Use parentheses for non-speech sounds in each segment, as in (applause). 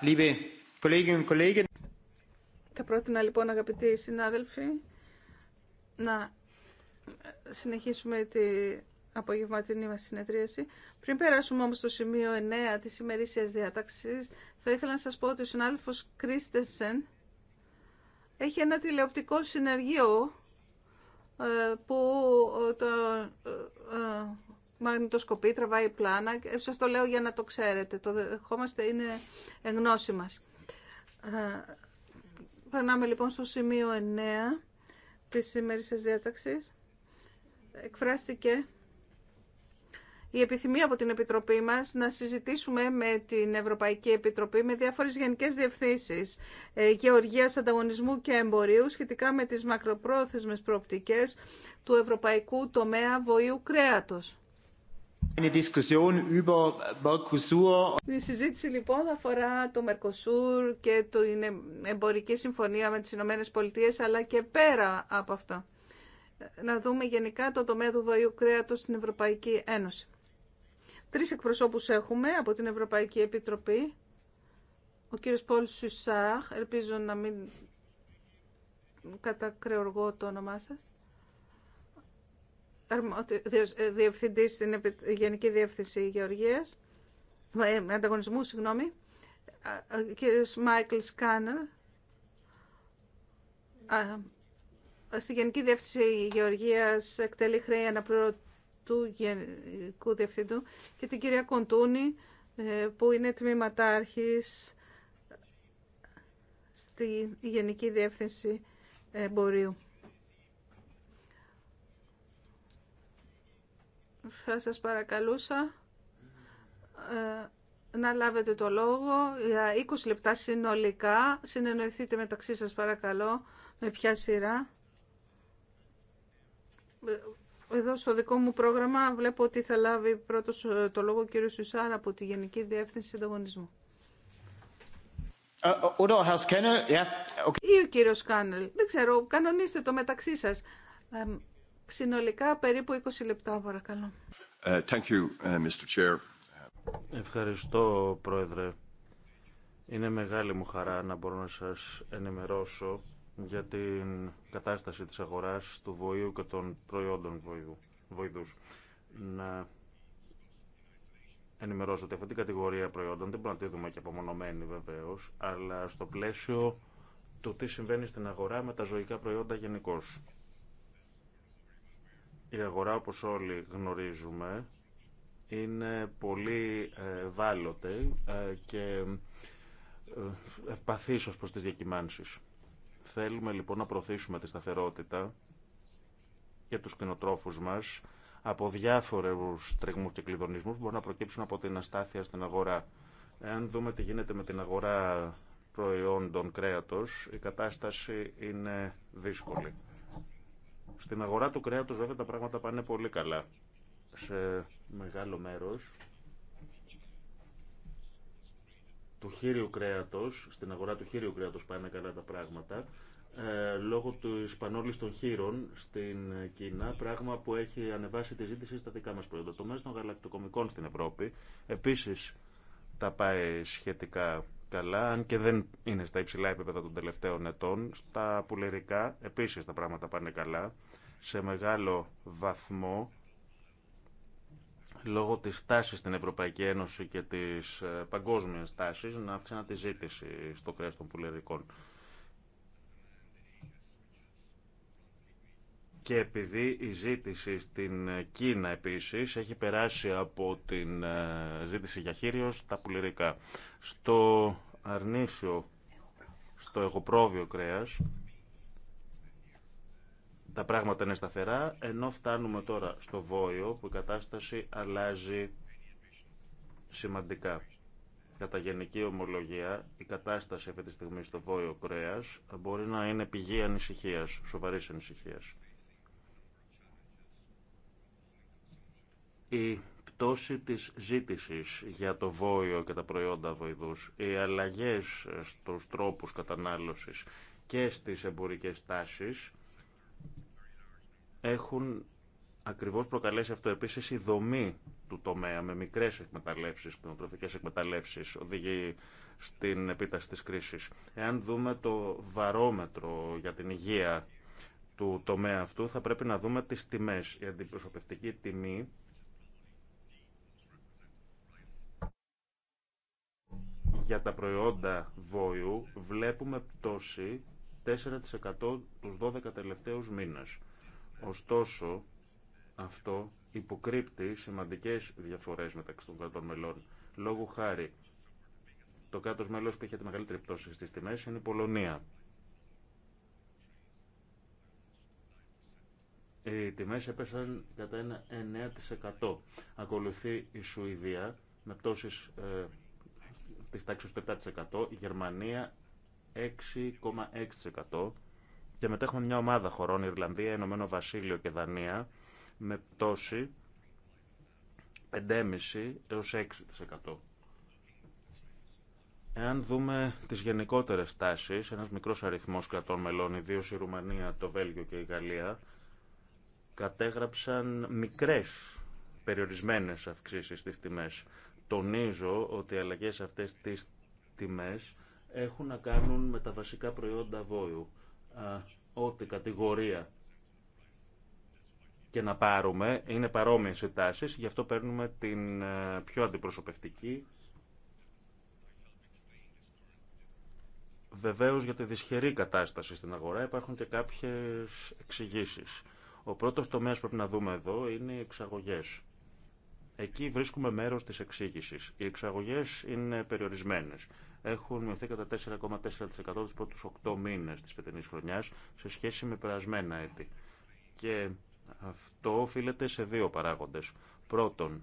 liebe Kolleginnen und Kollegen. Θα πρότεινα λοιπόν αγαπητοί συνάδελφοι να συνεχίσουμε τη απογευματινή μας συνεδρίαση. Πριν περάσουμε όμως στο σημείο 9 της ημερήσιας διάταξης, θα ήθελα να σας πω ότι ο συνάδελφος Κρίστεσεν έχει ένα τηλεοπτικό συνεργείο ε, που ε, το ε, Μαγνητοσκοπή, τραβάει πλάνα. Ε, σα το λέω για να το ξέρετε. Το δεχόμαστε, είναι εγνώση μας. Ε, περνάμε λοιπόν στο σημείο 9 της σα διάταξης. Εκφράστηκε η επιθυμία από την Επιτροπή μας να συζητήσουμε με την Ευρωπαϊκή Επιτροπή με διάφορες γενικές διευθύνσεις ε, γεωργία ανταγωνισμού και εμπορίου σχετικά με τις μακροπρόθεσμες προοπτικές του ευρωπαϊκού τομέα βοήου κρέατος. Η συζήτηση λοιπόν αφορά το Μερκοσούρ και την εμπορική συμφωνία με τις Ηνωμένες Πολιτείες αλλά και πέρα από αυτό. Να δούμε γενικά το τομέα του βαϊού κρέατος στην Ευρωπαϊκή Ένωση. Τρεις εκπροσώπους έχουμε από την Ευρωπαϊκή Επιτροπή. Ο κύριος Πολ Σουσάχ, ελπίζω να μην κατακρεωργώ το όνομά σας. Ε, Διευθυντή στην Γενική Διεύθυνση Γεωργίας, ανταγωνισμού, συγγνώμη, κύριος Μάικλ Σκάνερ, στη Γενική Διεύθυνση Γεωργίας εκτελεί χρέη αναπληρωτού Γενικού Διευθυντού και την κυρία Κοντούνη, ε, που είναι τμήματάρχη στη Γενική Διεύθυνση Εμπορίου. θα σας παρακαλούσα ε, να λάβετε το λόγο για 20 λεπτά συνολικά. Συνεννοηθείτε μεταξύ σας παρακαλώ με ποια σειρά. Εδώ στο δικό μου πρόγραμμα βλέπω ότι θα λάβει πρώτος ε, το λόγο ο κύριος Ισάρα από τη Γενική Διεύθυνση Συνταγωνισμού. Ε, Ή ο κύριος Κάνελ. Δεν ξέρω, κανονίστε το μεταξύ σας. Συνολικά περίπου 20 λεπτά παρακαλώ. Ε, ε, Ευχαριστώ Πρόεδρε. Είναι μεγάλη μου χαρά να μπορώ να σας ενημερώσω για την κατάσταση της αγοράς του βοήου και των προϊόντων βοηδού. βοηδούς. Να ενημερώσω ότι αυτή την κατηγορία προϊόντων δεν μπορούμε να τη δούμε και απομονωμένη βεβαίω, αλλά στο πλαίσιο του τι συμβαίνει στην αγορά με τα ζωικά προϊόντα γενικώ. Η αγορά, όπως όλοι γνωρίζουμε, είναι πολύ ε, ευάλωτη ε, και ε, ευπαθής ως προς τις διακυμάνσεις. Θέλουμε λοιπόν να προωθήσουμε τη σταθερότητα και τους κοινοτρόφους μας από διάφορους τρεγμούς και κλειδονισμούς που μπορούν να προκύψουν από την αστάθεια στην αγορά. Εάν δούμε τι γίνεται με την αγορά προϊόντων κρέατος, η κατάσταση είναι δύσκολη. Στην αγορά του κρέατος βέβαια τα πράγματα πάνε πολύ καλά. Σε μεγάλο μέρος του χείριου κρέατο. στην αγορά του χείριου κρέατος πάνε καλά τα πράγματα, ε, λόγω του πανόλη των χείρων στην Κίνα, πράγμα που έχει ανεβάσει τη ζήτηση στα δικά μας προϊόντα. Το μέσο των γαλακτοκομικών στην Ευρώπη επίσης τα πάει σχετικά καλά, αν και δεν είναι στα υψηλά επίπεδα των τελευταίων ετών. Στα πουλερικά επίση τα πράγματα πάνε καλά σε μεγάλο βαθμό λόγω της τάσης στην Ευρωπαϊκή Ένωση και της ε, παγκόσμιας τάσης να αυξάνεται τη ζήτηση στο κρέας των πουλερικών. Και επειδή η ζήτηση στην Κίνα επίσης έχει περάσει από την ε, ζήτηση για χείριο τα πουλερικά. Στο αρνήσιο, στο εγωπρόβιο κρέας, τα πράγματα είναι σταθερά, ενώ φτάνουμε τώρα στο Βόιο που η κατάσταση αλλάζει σημαντικά. Κατά γενική ομολογία, η κατάσταση αυτή τη στιγμή στο Βόιο Κρέας μπορεί να είναι πηγή ανησυχίας, σοβαρής ανησυχίας. Η πτώση της ζήτησης για το βόιο και τα προϊόντα βοηδούς, οι αλλαγές στους τρόπους κατανάλωσης και στις εμπορικές τάσεις έχουν ακριβώς προκαλέσει αυτό. Επίσης η δομή του τομέα με μικρές εκμεταλλεύσεις, κτηνοτροφικές εκμεταλλεύσεις οδηγεί στην επίταση της κρίσης. Εάν δούμε το βαρόμετρο για την υγεία του τομέα αυτού θα πρέπει να δούμε τις τιμές. Η αντιπροσωπευτική τιμή για τα προϊόντα βόηου βλέπουμε πτώση 4% τους 12 τελευταίους μήνες. Ωστόσο, αυτό υποκρύπτει σημαντικές διαφορές μεταξύ των κρατών μελών. Λόγω χάρη, το κάτω μέλος που είχε τη μεγαλύτερη πτώση στις τιμές είναι η Πολωνία. Οι τιμές έπεσαν κατά ένα 9%. Ακολουθεί η Σουηδία με πτώσεις ε, της τάξης του 7%, η Γερμανία 6,6%, και μετά έχουμε μια ομάδα χωρών, Ιρλανδία, Ενωμένο Βασίλειο και Δανία, με πτώση 5,5 έως 6%. Εάν δούμε τις γενικότερες τάσεις, ένας μικρός αριθμός κρατών μελών, ιδίω η Ρουμανία, το Βέλγιο και η Γαλλία, κατέγραψαν μικρές περιορισμένες αυξήσεις στις τιμές. Τονίζω ότι οι αλλαγές αυτές τις τιμές έχουν να κάνουν με τα βασικά προϊόντα βόλου ό,τι κατηγορία και να πάρουμε, είναι παρόμοιες οι τάσεις, γι' αυτό παίρνουμε την ε, πιο αντιπροσωπευτική. Βεβαίως για τη δυσχερή κατάσταση στην αγορά υπάρχουν και κάποιες εξηγήσει. Ο πρώτος τομέας που πρέπει να δούμε εδώ είναι οι εξαγωγές. Εκεί βρίσκουμε μέρος της εξήγησης. Οι εξαγωγές είναι περιορισμένες έχουν μειωθεί κατά 4,4% του πρώτου 8 μήνε τη φετινή χρονιά σε σχέση με περασμένα έτη. Και αυτό οφείλεται σε δύο παράγοντε. Πρώτον,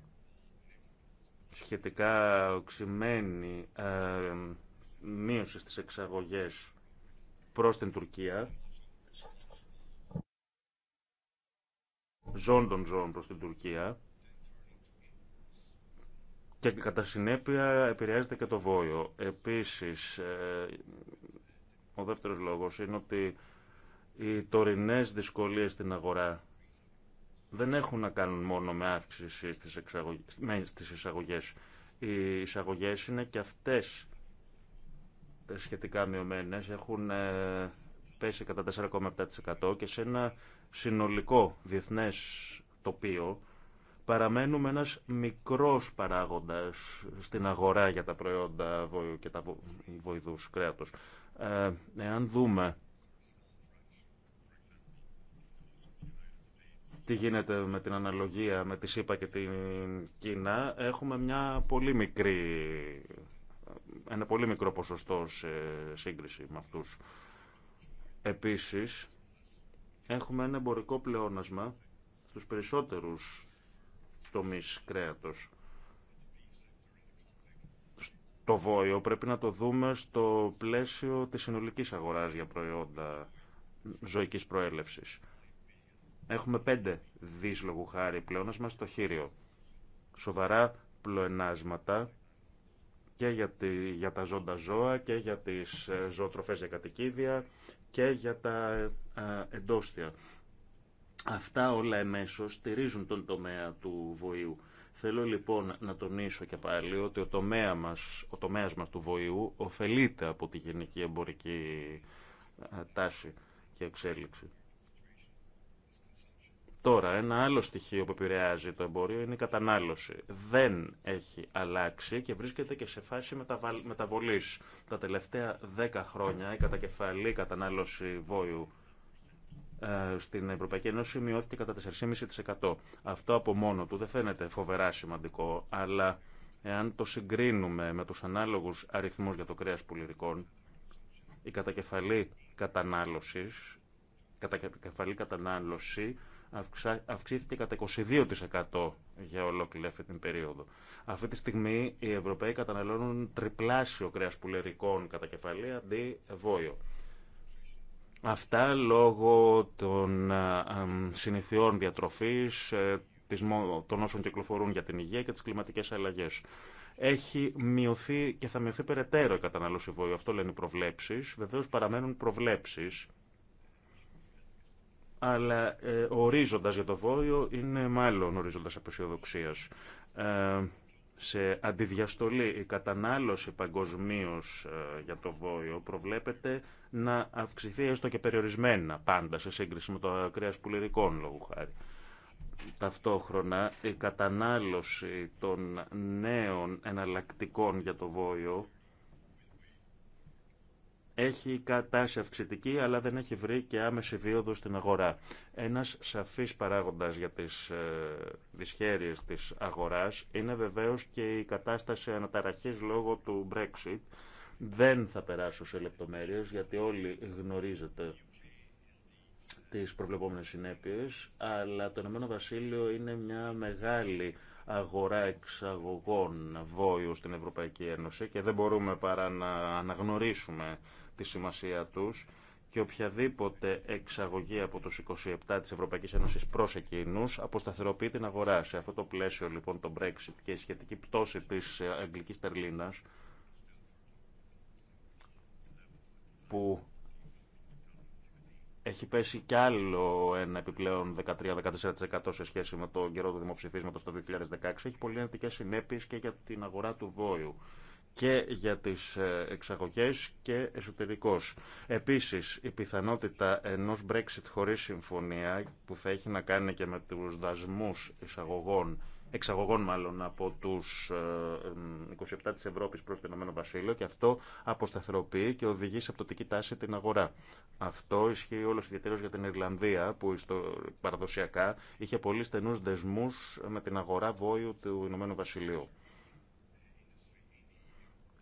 σχετικά οξυμένη ε, μείωση στις εξαγωγές προς την Τουρκία, ζών των ζώων προς την Τουρκία, και κατά συνέπεια επηρεάζεται και το βόλιο. Επίσης, ε, ο δεύτερος λόγος είναι ότι οι τωρινές δυσκολίες στην αγορά δεν έχουν να κάνουν μόνο με αύξηση στις, εξαγωγές, εισαγωγές. Οι εισαγωγές είναι και αυτές ε, σχετικά μειωμένες, έχουν ε, πέσει κατά 4,7% και σε ένα συνολικό διεθνές τοπίο παραμένουμε ένας μικρός παράγοντας στην αγορά για τα προϊόντα και τα βοηδούς κρέατος. Ε, εάν δούμε τι γίνεται με την αναλογία με τη ΣΥΠΑ και την Κίνα, έχουμε μια πολύ μικρή, ένα πολύ μικρό ποσοστό σε σύγκριση με αυτούς. Επίσης, έχουμε ένα εμπορικό πλεόνασμα στους περισσότερους τομείς κρέατος. Το βόλιο πρέπει να το δούμε στο πλαίσιο της συνολικής αγοράς για προϊόντα ζωικής προέλευσης. Έχουμε πέντε δις λόγου χάρη μα στο χείριο. Σοβαρά πλοενάσματα και για, για τα ζώντα ζώα και για τις ε, ζωοτροφές για κατοικίδια και για τα ε, ε, εντόστια. Αυτά όλα εμέσως στηρίζουν τον τομέα του βοηού. Θέλω λοιπόν να τονίσω και πάλι ότι ο, τομέα μας, ο τομέας μας του βοηού ωφελείται από τη γενική εμπορική ε, τάση και εξέλιξη. Τώρα, ένα άλλο στοιχείο που επηρεάζει το εμπόριο είναι η κατανάλωση. Δεν έχει αλλάξει και βρίσκεται και σε φάση μεταβολής. Τα τελευταία 10 χρόνια η κατακεφαλή κατανάλωση βόηου ε, στην Ευρωπαϊκή Ένωση μειώθηκε κατά 4,5%. Αυτό από μόνο του δεν φαίνεται φοβερά σημαντικό, αλλά εάν το συγκρίνουμε με τους ανάλογους αριθμούς για το κρέας πουλερικών, η κατακεφαλή κατανάλωση κατακεφαλή κατανάλωση αυξήθηκε κατά 22% για ολόκληρη αυτή την περίοδο. Αυτή τη στιγμή οι Ευρωπαίοι καταναλώνουν τριπλάσιο κρέας πουλερικών κατά κεφαλή αντί βόλιο. Αυτά λόγω των συνηθιών διατροφής, ε, των όσων κυκλοφορούν για την υγεία και τις κλιματικές αλλαγές. Έχει μειωθεί και θα μειωθεί περαιτέρω η κατανάλωση βόλου. Αυτό λένε οι προβλέψεις. Βεβαίως παραμένουν προβλέψεις. Αλλά ο ε, ορίζοντας για το βόλιο είναι μάλλον ορίζοντας απεσιοδοξίας. Ε, σε αντιδιαστολή η κατανάλωση παγκοσμίω ε, για το βόλιο προβλέπεται να αυξηθεί έστω και περιορισμένα πάντα σε σύγκριση με το κρέας πουλερικών λόγου χάρη. Ταυτόχρονα η κατανάλωση των νέων εναλλακτικών για το βόλιο έχει κατάσταση αυξητική, αλλά δεν έχει βρει και άμεση δίωδο στην αγορά. Ένας σαφής παράγοντας για τις ε, δυσχέρειες της αγοράς είναι βεβαίως και η κατάσταση αναταραχής λόγω του Brexit. Δεν θα περάσω σε λεπτομέρειες, γιατί όλοι γνωρίζετε τις προβλεπόμενες συνέπειες, αλλά το Ηνωμένο Βασίλειο είναι μια μεγάλη αγορά εξαγωγών βόηου στην Ευρωπαϊκή Ένωση και δεν μπορούμε παρά να αναγνωρίσουμε τη σημασία τους και οποιαδήποτε εξαγωγή από τους 27 της Ευρωπαϊκής Ένωσης προς εκείνους αποσταθεροποιεί την αγορά. Σε αυτό το πλαίσιο λοιπόν το Brexit και η σχετική πτώση της ε, αγγλική Τερλίνας που έχει πέσει κι άλλο ένα επιπλέον 13-14% σε σχέση με τον καιρό του δημοψηφίσματος το 2016. Έχει πολύ αρνητικές συνέπειες και για την αγορά του βόλου και για τις ε, εξαγωγές και εσωτερικώς. Επίσης, η πιθανότητα ενός Brexit χωρίς συμφωνία που θα έχει να κάνει και με τους δασμούς εξαγωγών μάλλον από τους 27 ε, της Ευρώπης προς το Ηνωμένο Βασίλειο και αυτό αποσταθεροποιεί και οδηγεί σε πτωτική τάση την αγορά. Αυτό ισχύει όλος ιδιαίτερος για την Ιρλανδία που παραδοσιακά είχε πολύ στενούς δεσμούς με την αγορά βόηου του Ηνωμένου Βασιλείου.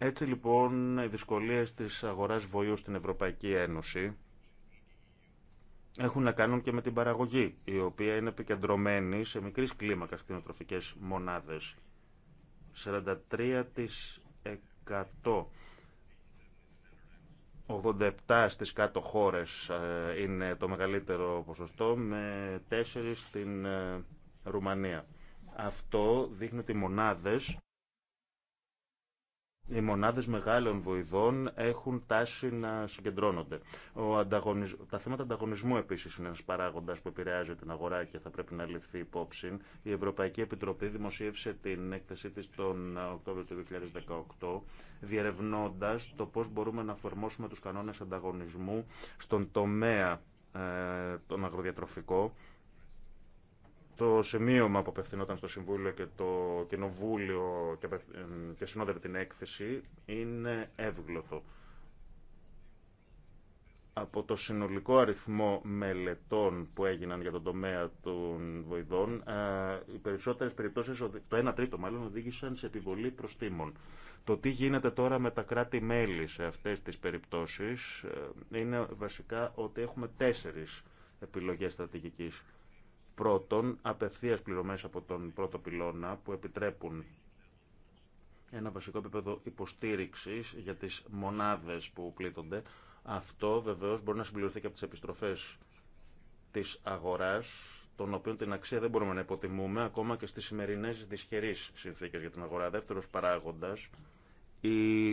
Έτσι λοιπόν οι δυσκολίες της αγοράς βοήου στην Ευρωπαϊκή Ένωση έχουν να κάνουν και με την παραγωγή, η οποία είναι επικεντρωμένη σε μικρής κλίμακας κτηνοτροφικές μονάδες. 43% 87% στις κάτω χώρες ε, είναι το μεγαλύτερο ποσοστό με 4% στην ε, Ρουμανία. Αυτό δείχνει ότι οι μονάδες οι μονάδες μεγάλων βοηδών έχουν τάση να συγκεντρώνονται. Ο ανταγωνισ... Τα θέματα ανταγωνισμού επίσης είναι ένας παράγοντας που επηρεάζει την αγορά και θα πρέπει να ληφθεί υπόψη. Η Ευρωπαϊκή Επιτροπή δημοσίευσε την έκθεσή της τον Οκτώβριο του 2018 διερευνώντας το πώς μπορούμε να εφαρμόσουμε τους κανόνες ανταγωνισμού στον τομέα ε, τον αγροδιατροφικό το σημείωμα που απευθυνόταν στο Συμβούλιο και το Κοινοβούλιο και, και συνόδευε την έκθεση είναι εύγλωτο. Από το συνολικό αριθμό μελετών που έγιναν για τον τομέα των βοηδών, ε, οι περισσότερες περιπτώσεις, το 1 τρίτο μάλλον, οδήγησαν σε επιβολή προστήμων. Το τι γίνεται τώρα με τα κράτη-μέλη σε αυτές τις περιπτώσει ε, είναι βασικά ότι έχουμε τέσσερι επιλογέ στρατηγική. Πρώτον, απευθείας πληρωμές από τον πρώτο πυλώνα που επιτρέπουν ένα βασικό επίπεδο υποστήριξης για τις μονάδες που πλήττονται. Αυτό βεβαίως μπορεί να συμπληρωθεί και από τις επιστροφές της αγοράς, των οποίων την αξία δεν μπορούμε να υποτιμούμε, ακόμα και στις σημερινές δυσχερείς συνθήκες για την αγορά. Δεύτερος παράγοντας, η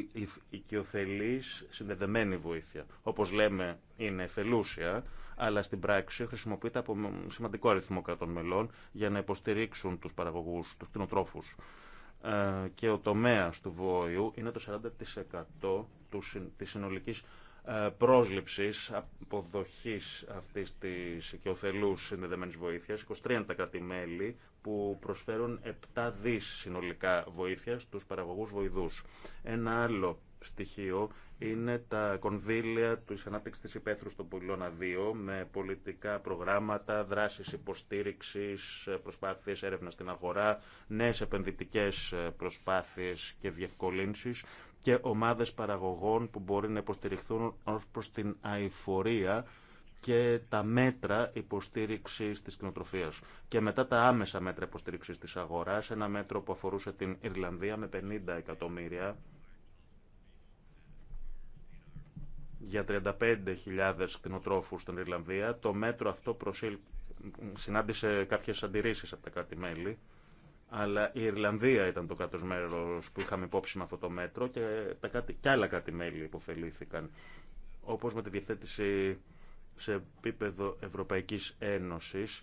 οικειοθελής συνδεδεμένη βοήθεια. Όπως λέμε, είναι θελούσια αλλά στην πράξη χρησιμοποιείται από σημαντικό αριθμό κρατών μελών για να υποστηρίξουν τους παραγωγούς, τους κτηνοτρόφους. Ε, και ο τομέας του βόηου είναι το 40% του, της συνολικής ε, πρόσληψης, αποδοχής αυτής της οθελούς συνδεδεμένης βοήθειας, 23 τα που προσφέρουν 7 δις συνολικά βοήθεια στους παραγωγούς βοηδούς. Ένα άλλο στοιχείο είναι τα κονδύλια τη ανάπτυξη τη υπαίθρου των Πολιών 2 με πολιτικά προγράμματα, δράσει υποστήριξη, προσπάθειε έρευνα στην αγορά, νέε επενδυτικέ προσπάθειε και διευκολύνσει και ομάδε παραγωγών που μπορεί να υποστηριχθούν ω προ την αηφορία και τα μέτρα υποστήριξη τη κοινοτροφία. Και μετά τα άμεσα μέτρα υποστήριξη τη αγορά, ένα μέτρο που αφορούσε την Ιρλανδία με 50 εκατομμύρια για 35.000 κτηνοτρόφους στην Ιρλανδία. Το μέτρο αυτό προσήλ... συνάντησε κάποιες αντιρρήσεις από τα κράτη-μέλη, αλλά η Ιρλανδία ήταν το κάτω μέρος που είχαμε υπόψη με αυτό το μέτρο και, τα κάτι και άλλα κράτη-μέλη υποφελήθηκαν. Όπως με τη διευθέτηση σε επίπεδο Ευρωπαϊκής Ένωσης,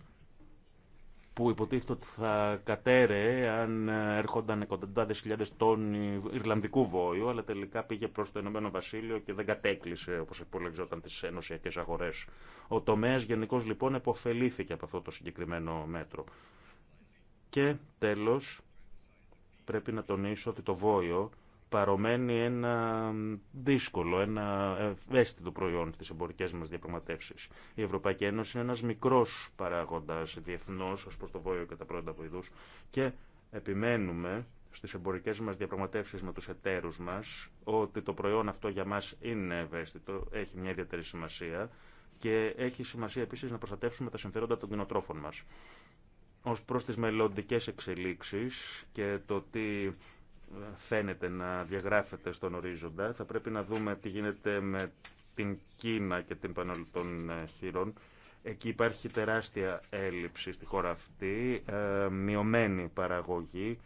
που υποτίθεται ότι θα κατέρε αν έρχονταν εκατοντάδε χιλιάδε τόνοι Ιρλανδικού βόηου, αλλά τελικά πήγε προ το Ηνωμένο Βασίλειο και δεν κατέκλυσε όπω υπολογιζόταν τι ενωσιακέ αγορέ. Ο τομέα γενικώ λοιπόν επωφελήθηκε από αυτό το συγκεκριμένο μέτρο. Και τέλο, πρέπει να τονίσω ότι το βόλιο παρομένει ένα δύσκολο, ένα ευαίσθητο προϊόν στις εμπορικές μας διαπραγματεύσεις. Η Ευρωπαϊκή Ένωση είναι ένας μικρός παράγοντας διεθνώς ως προς το βόλιο και τα πρώτα βοηθούς και επιμένουμε στις εμπορικές μας διαπραγματεύσεις με τους εταίρους μας ότι το προϊόν αυτό για μας είναι ευαίσθητο, έχει μια ιδιαίτερη σημασία και έχει σημασία επίσης να προστατεύσουμε τα συμφέροντα των κοινοτρόφων μας. Ως προς τις μελλοντικέ εξελίξεις και το τι φαίνεται να διαγράφεται στον ορίζοντα. Θα πρέπει να δούμε τι γίνεται με την Κίνα και την Πανόλη των ε, Χείρων. Εκεί υπάρχει τεράστια έλλειψη στη χώρα αυτή, ε, μειωμένη παραγωγή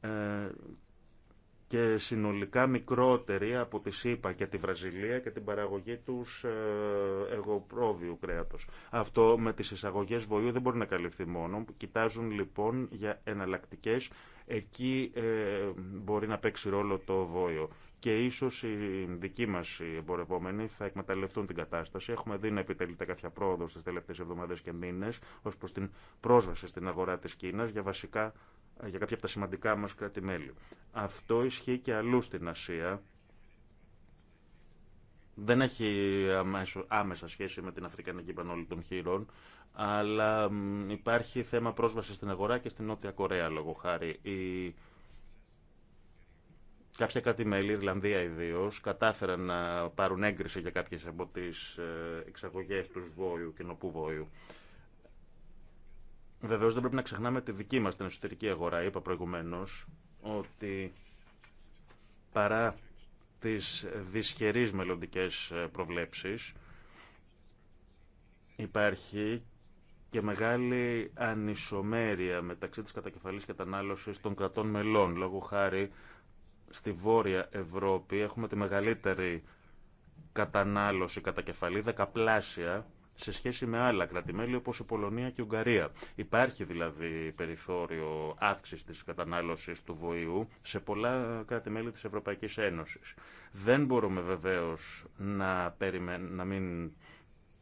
ε, και συνολικά μικρότερη από τη ΣΥΠΑ και τη Βραζιλία και την παραγωγή τους εγωπρόβιου κρέατος. Αυτό με τις εισαγωγές βοηού δεν μπορεί να καλυφθεί μόνο. Κοιτάζουν λοιπόν για εναλλακτικές Εκεί ε, μπορεί να παίξει ρόλο το βόλιο και ίσω οι δικοί μα οι εμπορευόμενοι θα εκμεταλλευτούν την κατάσταση. Έχουμε δει να επιτελείται κάποια πρόοδο στι τελευταίε εβδομάδε και μήνε ω προ την πρόσβαση στην αγορά τη Κίνα για βασικά για κάποια από τα σημαντικά μας κράτη-μέλη. Αυτό ισχύει και αλλού στην Ασία. Δεν έχει άμεσα σχέση με την Αφρικανική Πανόλη των Χείρων, αλλά υπάρχει θέμα πρόσβαση στην αγορά και στην Νότια Κορέα λόγω χάρη. Κάποια κράτη-μέλη, Ιρλανδία ιδίω, κατάφεραν να πάρουν έγκριση για κάποιε από τι ε, εξαγωγέ του βόλου και νοπού βόλου. Βεβαίω δεν πρέπει να ξεχνάμε τη δική μα την εσωτερική αγορά. Είπα προηγουμένω ότι παρά τις δυσχερεί μελλοντικέ ε, προβλέψεις υπάρχει και μεγάλη ανισομέρεια μεταξύ της κατακεφαλής κατανάλωσης των κρατών μελών. Λόγω χάρη στη Βόρεια Ευρώπη έχουμε τη μεγαλύτερη κατανάλωση κατακεφαλή, δεκαπλάσια, σε σχέση με άλλα κρατημέλη όπως η Πολωνία και η Ουγγαρία. Υπάρχει δηλαδή περιθώριο αύξηση της κατανάλωσης του βοηού σε πολλά κρατημέλη της Ευρωπαϊκής Ένωσης. Δεν μπορούμε βεβαίως να, να μην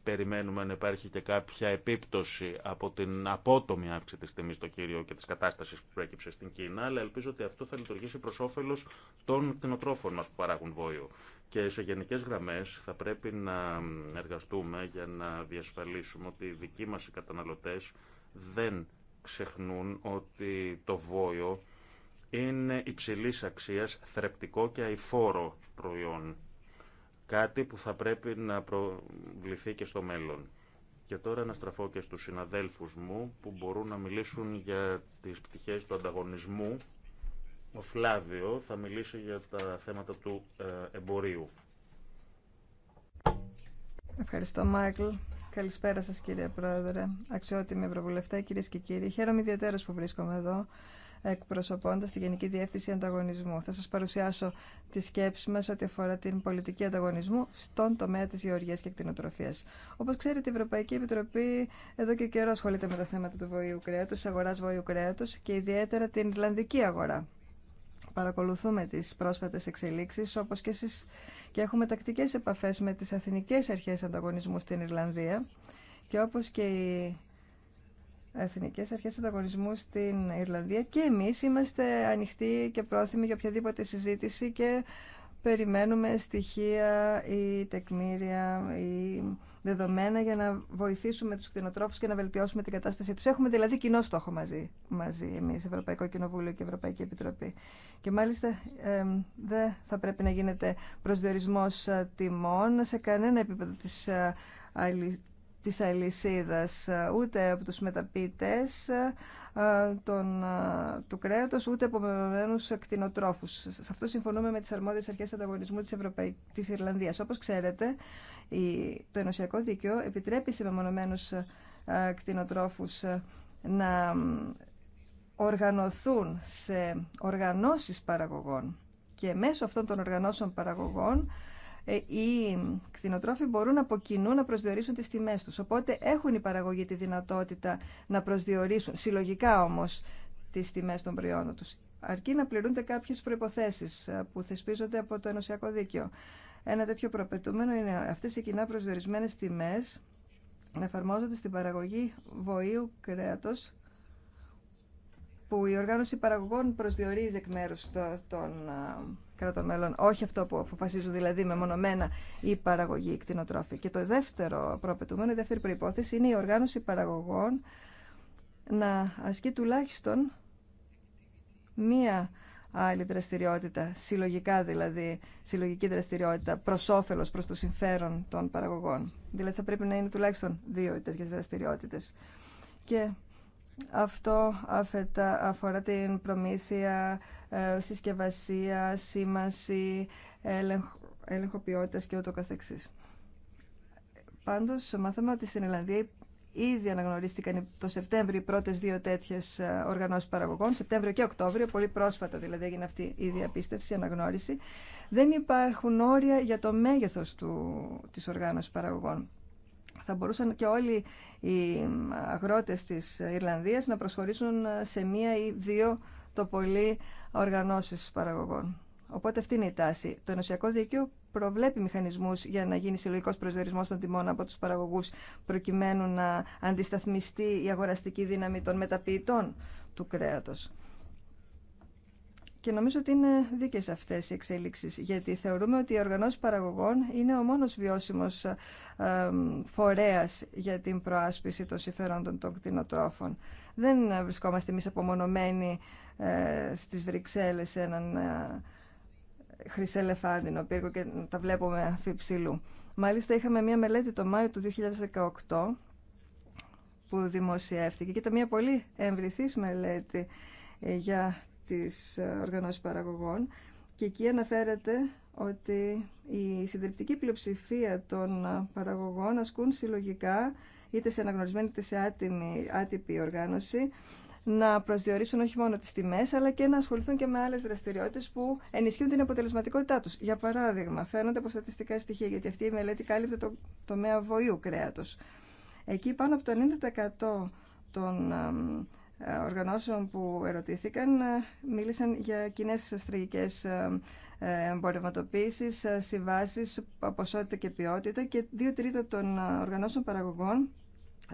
περιμένουμε να υπάρχει και κάποια επίπτωση από την απότομη αύξηση της τιμής στο κύριο και της κατάστασης που προέκυψε στην Κίνα, αλλά ελπίζω ότι αυτό θα λειτουργήσει προς όφελος των κτηνοτρόφων μας που παράγουν βόλιο. Και σε γενικές γραμμές θα πρέπει να εργαστούμε για να διασφαλίσουμε ότι οι δικοί μας οι καταναλωτές δεν ξεχνούν ότι το βόλιο είναι υψηλής αξίας θρεπτικό και αηφόρο προϊόν Κάτι που θα πρέπει να προβληθεί και στο μέλλον. Και τώρα να στραφώ και στους συναδέλφους μου που μπορούν να μιλήσουν για τις πτυχές του ανταγωνισμού. Ο Φλάβιο θα μιλήσει για τα θέματα του ε, εμπορίου. Ευχαριστώ Μάικλ. Καλησπέρα σας κύριε Πρόεδρε, αξιότιμοι ευρωβουλευτέ, κυρίες και κύριοι. Χαίρομαι ιδιαίτερα που βρίσκομαι εδώ εκπροσωπώντα τη Γενική Διεύθυνση Ανταγωνισμού. Θα σα παρουσιάσω τη σκέψη μα ό,τι αφορά την πολιτική ανταγωνισμού στον τομέα τη γεωργία και κτηνοτροφία. Όπω ξέρετε, η Ευρωπαϊκή Επιτροπή εδώ και καιρό ασχολείται με τα θέματα του βοηού κρέατο, τη αγορά βοηού κρέατο και ιδιαίτερα την Ιρλανδική αγορά. Παρακολουθούμε τις πρόσφατες εξελίξεις όπως και εσείς και έχουμε τακτικές επαφές με τις αθηνικές αρχές ανταγωνισμού στην Ιρλανδία και όπως και η εθνικές αρχές ανταγωνισμού στην Ιρλανδία και εμείς είμαστε ανοιχτοί και πρόθυμοι για οποιαδήποτε συζήτηση και περιμένουμε στοιχεία ή τεκμήρια ή δεδομένα για να βοηθήσουμε τους κτηνοτρόφους και να βελτιώσουμε την κατάστασή τους. Έχουμε δηλαδή κοινό στόχο μαζί, μαζί εμείς, Ευρωπαϊκό Κοινοβούλιο και Ευρωπαϊκή Επιτροπή. Και μάλιστα δεν θα πρέπει να γίνεται προσδιορισμός ε, τιμών σε κανένα επίπεδο της ε, της αλυσίδας, ε, ούτε από τους μεταπίτες ε, ε, τον, του κρέατος, ούτε από μεμονωμένους κτηνοτρόφους. Σε αυτό συμφωνούμε με τις αρμόδιες αρχές ανταγωνισμού της, Ευρωπαϊ... της Ιρλανδίας. Όπως ξέρετε, το ενωσιακό δίκαιο επιτρέπει σε μεμονωμένους κτηνοτρόφους να οργανωθούν σε οργανώσεις παραγωγών και μέσω αυτών των οργανώσεων παραγωγών ε, οι κτηνοτρόφοι μπορούν από κοινού να προσδιορίσουν τις τιμές τους. Οπότε έχουν οι παραγωγοί τη δυνατότητα να προσδιορίσουν, συλλογικά όμως, τις τιμές των προϊόντων τους. Αρκεί να πληρούνται κάποιες προϋποθέσεις ε, που θεσπίζονται από το Ενωσιακό Δίκαιο. Ένα τέτοιο προπετούμενο είναι αυτές οι κοινά προσδιορισμένες τιμές να εφαρμόζονται στην παραγωγή βοήου κρέατος που η οργάνωση παραγωγών προσδιορίζει εκ μέρους των ε, όχι αυτό που αποφασίζουν δηλαδή μεμονωμένα η παραγωγή κτηνοτρόφη. Και το δεύτερο προαπαιτούμενο, η δεύτερη προϋπόθεση είναι η οργάνωση παραγωγών να ασκεί τουλάχιστον μία άλλη δραστηριότητα, συλλογικά δηλαδή, συλλογική δραστηριότητα προ όφελο, προ το συμφέρον των παραγωγών. Δηλαδή θα πρέπει να είναι τουλάχιστον δύο τέτοιε δραστηριότητε. Και αυτό αφορά την προμήθεια, ε, συσκευασία, σήμανση, έλεγχο, ποιότητας και ούτω καθεξής. Πάντως, μάθαμε ότι στην Ελλανδία ήδη αναγνωρίστηκαν το Σεπτέμβριο οι πρώτες δύο τέτοιες ε, οργανώσεις παραγωγών, Σεπτέμβριο και Οκτώβριο, πολύ πρόσφατα δηλαδή έγινε αυτή η διαπίστευση, η αναγνώριση. Δεν υπάρχουν όρια για το μέγεθος του, της οργάνωσης παραγωγών. Θα μπορούσαν και όλοι οι αγρότες της Ιρλανδίας να προσχωρήσουν ε, σε μία ή δύο το πολύ οργανώσει παραγωγών. Οπότε αυτή είναι η τάση. Το ενωσιακό δίκαιο προβλέπει μηχανισμού για να γίνει συλλογικό προσδιορισμό των τιμών από του παραγωγού, προκειμένου να αντισταθμιστεί η αγοραστική δύναμη των μεταποιητών του κρέατο. Και νομίζω ότι είναι δίκαιε αυτέ οι εξέλιξει, γιατί θεωρούμε ότι οι οργανώσει παραγωγών είναι ο μόνο βιώσιμο ε, φορέα για την προάσπιση των συμφερόντων των κτηνοτρόφων. Δεν ε, βρισκόμαστε εμεί απομονωμένοι ε, στις Βρυξέλλες έναν ε, χρυσελεφάντινο πύργο και τα βλέπουμε αφιψηλού. Μάλιστα είχαμε μία μελέτη το Μάιο του 2018 που δημοσιεύθηκε και ήταν μία πολύ εμβριθής μελέτη ε, για τις οργανώσεις παραγωγών και εκεί αναφέρεται ότι η συντριπτική πλειοψηφία των παραγωγών ασκούν συλλογικά είτε σε αναγνωρισμένη είτε σε άτυπη οργάνωση να προσδιορίσουν όχι μόνο τις τιμές, αλλά και να ασχοληθούν και με άλλες δραστηριότητες που ενισχύουν την αποτελεσματικότητά τους. Για παράδειγμα, φαίνονται από στατιστικά στοιχεία, γιατί αυτή η μελέτη κάλυπτε το τομέα βοήου κρέατος. Εκεί πάνω από το 90% των ε, οργανώσεων που ερωτήθηκαν ε, μίλησαν για κοινέ στρατηγικέ ε, εμπορευματοποίησει, συμβάσει, ποσότητα και ποιότητα και δύο τρίτα των οργανώσεων παραγωγών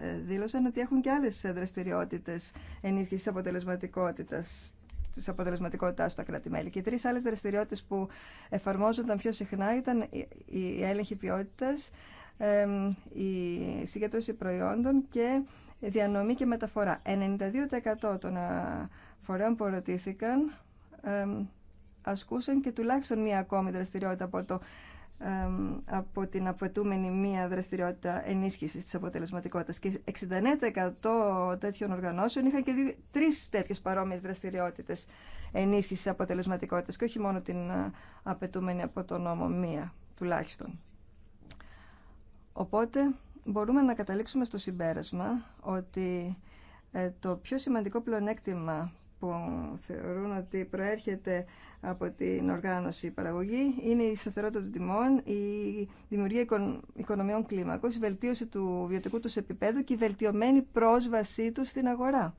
ε, δήλωσαν ότι έχουν και άλλες δραστηριότητες ενίσχυσης αποτελεσματικότητας τη αποτελεσματικότητά στα κράτη-μέλη. Και οι τρει άλλε δραστηριότητε που εφαρμόζονταν πιο συχνά ήταν η έλεγχη ποιότητα, η συγκέντρωση προϊόντων και διανομή και μεταφορά. 92% των ε, φορέων που ερωτήθηκαν ασκούσαν και τουλάχιστον μία ακόμη δραστηριότητα από το από την απαιτούμενη μία δραστηριότητα ενίσχυσης της αποτελεσματικότητας και 69% τέτοιων οργανώσεων είχαν και δύο, τρεις τέτοιες παρόμοιες δραστηριότητες ενίσχυσης της αποτελεσματικότητας και όχι μόνο την ε, απαιτούμενη από τον νόμο μία τουλάχιστον. Οπότε μπορούμε να καταλήξουμε στο συμπέρασμα ότι ε, το πιο σημαντικό πλεονέκτημα που θεωρούν ότι προέρχεται από την οργάνωση παραγωγή είναι η σταθερότητα των τιμών, η δημιουργία οικονομιών κλίμακος, η βελτίωση του βιωτικού του επίπεδου και η βελτιωμένη πρόσβασή τους στην αγορά.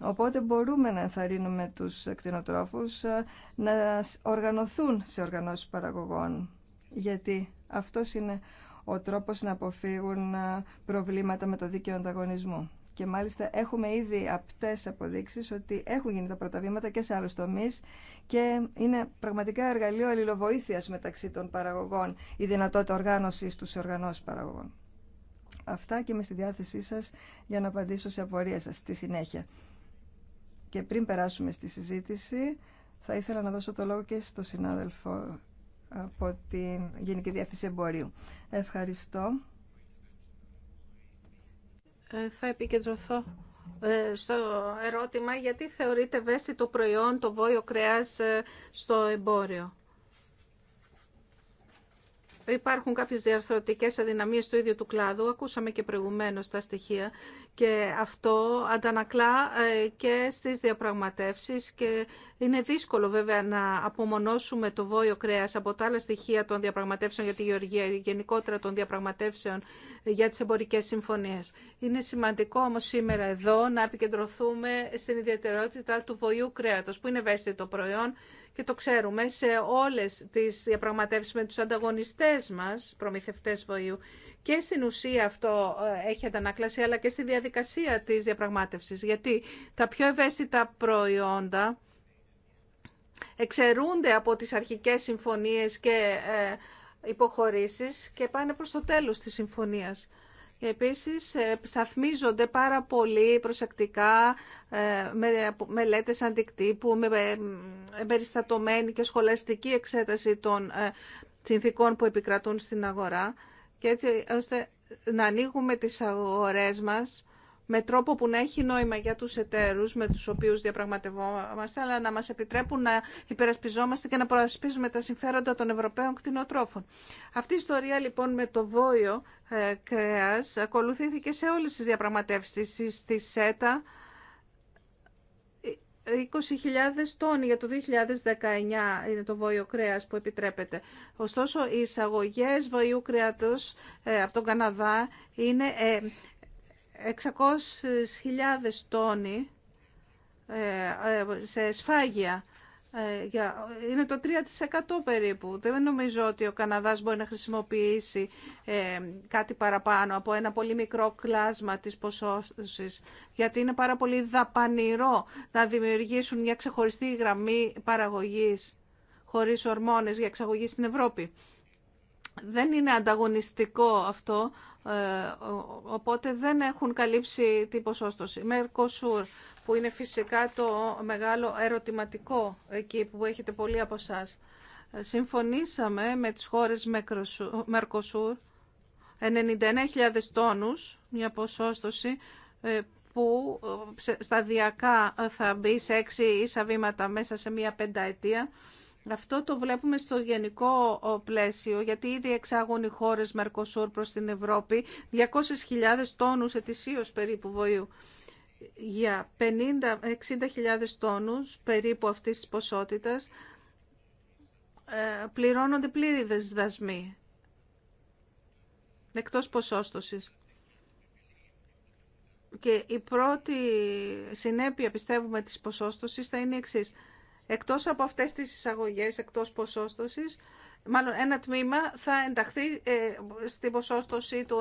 Οπότε μπορούμε να ενθαρρύνουμε τους κτηνοτρόφους ε, να οργανωθούν σε οργανώσεις παραγωγών, γιατί αυτός είναι ο τρόπος να αποφύγουν ε, προβλήματα με το δίκαιο ανταγωνισμού. Και μάλιστα έχουμε ήδη απτές αποδείξεις ότι έχουν γίνει τα πρώτα βήματα και σε άλλους τομείς και είναι πραγματικά εργαλείο αλληλοβοήθειας μεταξύ των παραγωγών η δυνατότητα οργάνωσης τους σε οργανώσεις παραγωγών. Αυτά και είμαι στη διάθεσή σας για να απαντήσω σε απορίες σας στη συνέχεια. Και πριν περάσουμε στη συζήτηση, θα ήθελα να δώσω το λόγο και στο συνάδελφο από την Γενική Διεύθυνση Εμπορίου. Ευχαριστώ. Ε, θα επικεντρωθώ ε, στο ερώτημα γιατί θεωρείται το προϊόν το βόλιο κρέας ε, στο εμπόριο. Υπάρχουν κάποιες διαρθρωτικές αδυναμίες του ίδιου του κλάδου, ακούσαμε και προηγουμένως τα στοιχεία και αυτό αντανακλά ε, και στις διαπραγματεύσεις και είναι δύσκολο βέβαια να απομονώσουμε το βόλιο κρέας από τα άλλα στοιχεία των διαπραγματεύσεων για τη γεωργία, γενικότερα των διαπραγματεύσεων για τις εμπορικές συμφωνίες. Είναι σημαντικό όμως σήμερα εδώ να επικεντρωθούμε στην ιδιαιτερότητα του βοηού κρέατος που είναι ευαίσθητο προϊόν και το ξέρουμε σε όλες τις διαπραγματεύσεις με τους ανταγωνιστές μας, προμηθευτές βοήου. Και στην ουσία αυτό ε, έχει αντανάκλαση, αλλά και στη διαδικασία της διαπραγμάτευσης. Γιατί τα πιο ευαίσθητα προϊόντα εξαιρούνται από τις αρχικές συμφωνίες και ε, υποχωρήσεις και πάνε προς το τέλος της συμφωνίας. Επίσης, ε, σταθμίζονται πάρα πολύ προσεκτικά ε, με μελέτες αντικτύπου, με ε, περιστατωμένη και σχολαστική εξέταση των συνθήκων που επικρατούν στην αγορά και έτσι ώστε να ανοίγουμε τις αγορές μας με τρόπο που να έχει νόημα για τους εταίρους με τους οποίους διαπραγματευόμαστε, αλλά να μας επιτρέπουν να υπερασπιζόμαστε και να προασπίζουμε τα συμφέροντα των Ευρωπαίων κτηνοτρόφων. Αυτή η ιστορία λοιπόν με το βόιο ε, κρέας ακολουθήθηκε σε όλες τις διαπραγματεύσεις στη ΣΕΤΑ. 20.000 ε, τόνοι για το 2019 είναι το βόηο κρέας που επιτρέπεται. Ωστόσο, οι εισαγωγές βοηού κρέατος ε, από τον Καναδά είναι ε, 600.000 τόνοι ε, ε, σε σφάγια. Ε, είναι το 3% περίπου. Δεν νομίζω ότι ο Καναδάς μπορεί να χρησιμοποιήσει κάτι παραπάνω από ένα πολύ μικρό κλάσμα της ποσόσης, γιατί είναι πάρα πολύ δαπανηρό να δημιουργήσουν μια ξεχωριστή γραμμή παραγωγής χωρίς ορμόνες για εξαγωγή στην Ευρώπη. Δεν είναι ανταγωνιστικό αυτό ε, οπότε δεν έχουν καλύψει την ποσόστοση. Μερκοσούρ, που είναι φυσικά το μεγάλο ερωτηματικό εκεί που έχετε πολλοί από εσά. Ε, συμφωνήσαμε με τις χώρες Μερκοσούρ, 99.000 τόνους, μια ποσόστοση ε, που σταδιακά θα μπει σε έξι ίσα βήματα μέσα σε μια πενταετία. Αυτό το βλέπουμε στο γενικό πλαίσιο, γιατί ήδη εξάγουν οι χώρε Μερκοσούρ προ την Ευρώπη 200.000 τόνου ετησίω περίπου βοήου. Για 50-60.000 τόνου περίπου αυτής της ποσότητας ε, πληρώνονται πλήρη δεσδασμή, εκτός ποσόστοσης. Και η πρώτη συνέπεια, πιστεύουμε, της ποσόστοσης θα είναι εξής. Εκτός από αυτές τις εισαγωγές, εκτός ποσόστοσης, μάλλον ένα τμήμα θα ενταχθεί ε, στην ποσόστοση των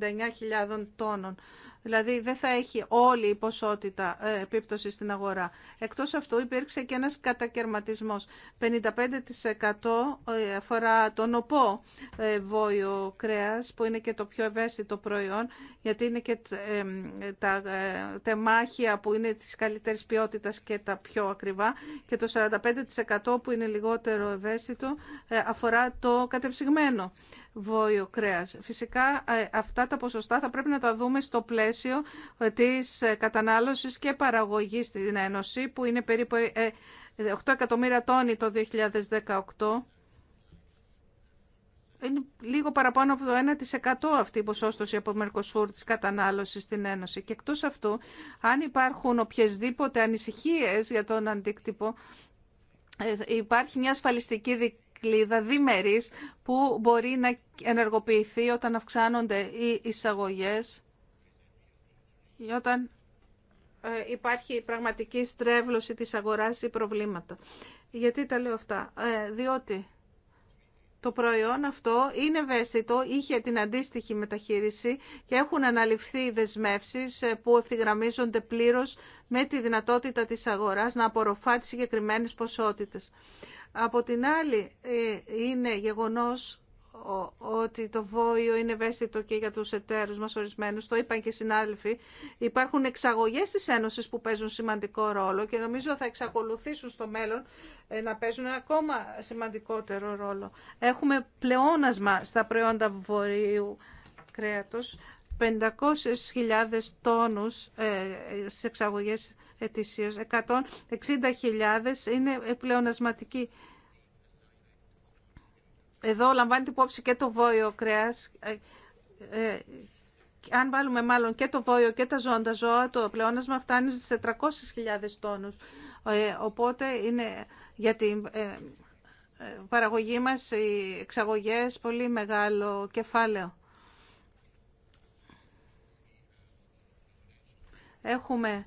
99.000 τόνων. Δηλαδή δεν θα έχει όλη η ποσότητα ε, επίπτωση στην αγορά. Εκτός αυτού υπήρξε και ένας κατακαιρματισμός. 55% ε, αφορά τον οπό ε, βόιο κρέας που είναι και το πιο ευαίσθητο προϊόν γιατί είναι και τα τεμάχια που είναι της καλύτερης ποιότητας και τα πιο ακριβά και το 45% που είναι λιγότερο ευαίσθητο αφορά το κατεψυγμένο βόλιο κρέας. Φυσικά ε, αυτά τα ποσοστά θα πρέπει να τα δούμε στο πλαίσιο ε, της ε, κατανάλωσης και παραγωγής στην Ένωση που είναι περίπου 8 εκατομμύρια τόνοι το 2018 είναι λίγο παραπάνω από το 1% αυτή η ποσόστοση από Μερκοσούρ της κατανάλωσης στην Ένωση. Και εκτός αυτού, αν υπάρχουν οποιασδήποτε ανησυχίες για τον αντίκτυπο, υπάρχει μια ασφαλιστική κλίδα διμερής που μπορεί να ενεργοποιηθεί όταν αυξάνονται οι εισαγωγές ή όταν ε, υπάρχει πραγματική στρέβλωση της αγοράς ή προβλήματα. Γιατί τα λέω αυτά. Ε, διότι το προϊόν αυτό είναι ευαίσθητο, είχε την αντίστοιχη μεταχείριση και έχουν αναλυφθεί δεσμεύσεις ε, που ευθυγραμμίζονται πλήρως με τη δυνατότητα της αγοράς να απορροφά τις συγκεκριμένες ποσότητες. Από την άλλη, ε, είναι γεγονός ότι το βόηο είναι ευαίσθητο και για τους εταίρους μας ορισμένους, το είπαν και οι συνάδελφοι, υπάρχουν εξαγωγές της Ένωσης που παίζουν σημαντικό ρόλο και νομίζω θα εξακολουθήσουν στο μέλλον ε, να παίζουν ένα ακόμα σημαντικότερο ρόλο. Έχουμε πλεόνασμα στα προϊόντα βορείου κρέατος, 500.000 τόνους σε ε, εξαγωγές ετησίως. 160.000 είναι πλεονασματική. Εδώ λαμβάνει την υπόψη και το βόηο κρέας. Ε, ε, αν βάλουμε μάλλον και το βόηο και τα ζώντα ζώα, το πλεόνασμα φτάνει στις 400.000 τόνους. Ε, οπότε είναι για την παραγωγή μας οι εξαγωγές πολύ μεγάλο κεφάλαιο. Έχουμε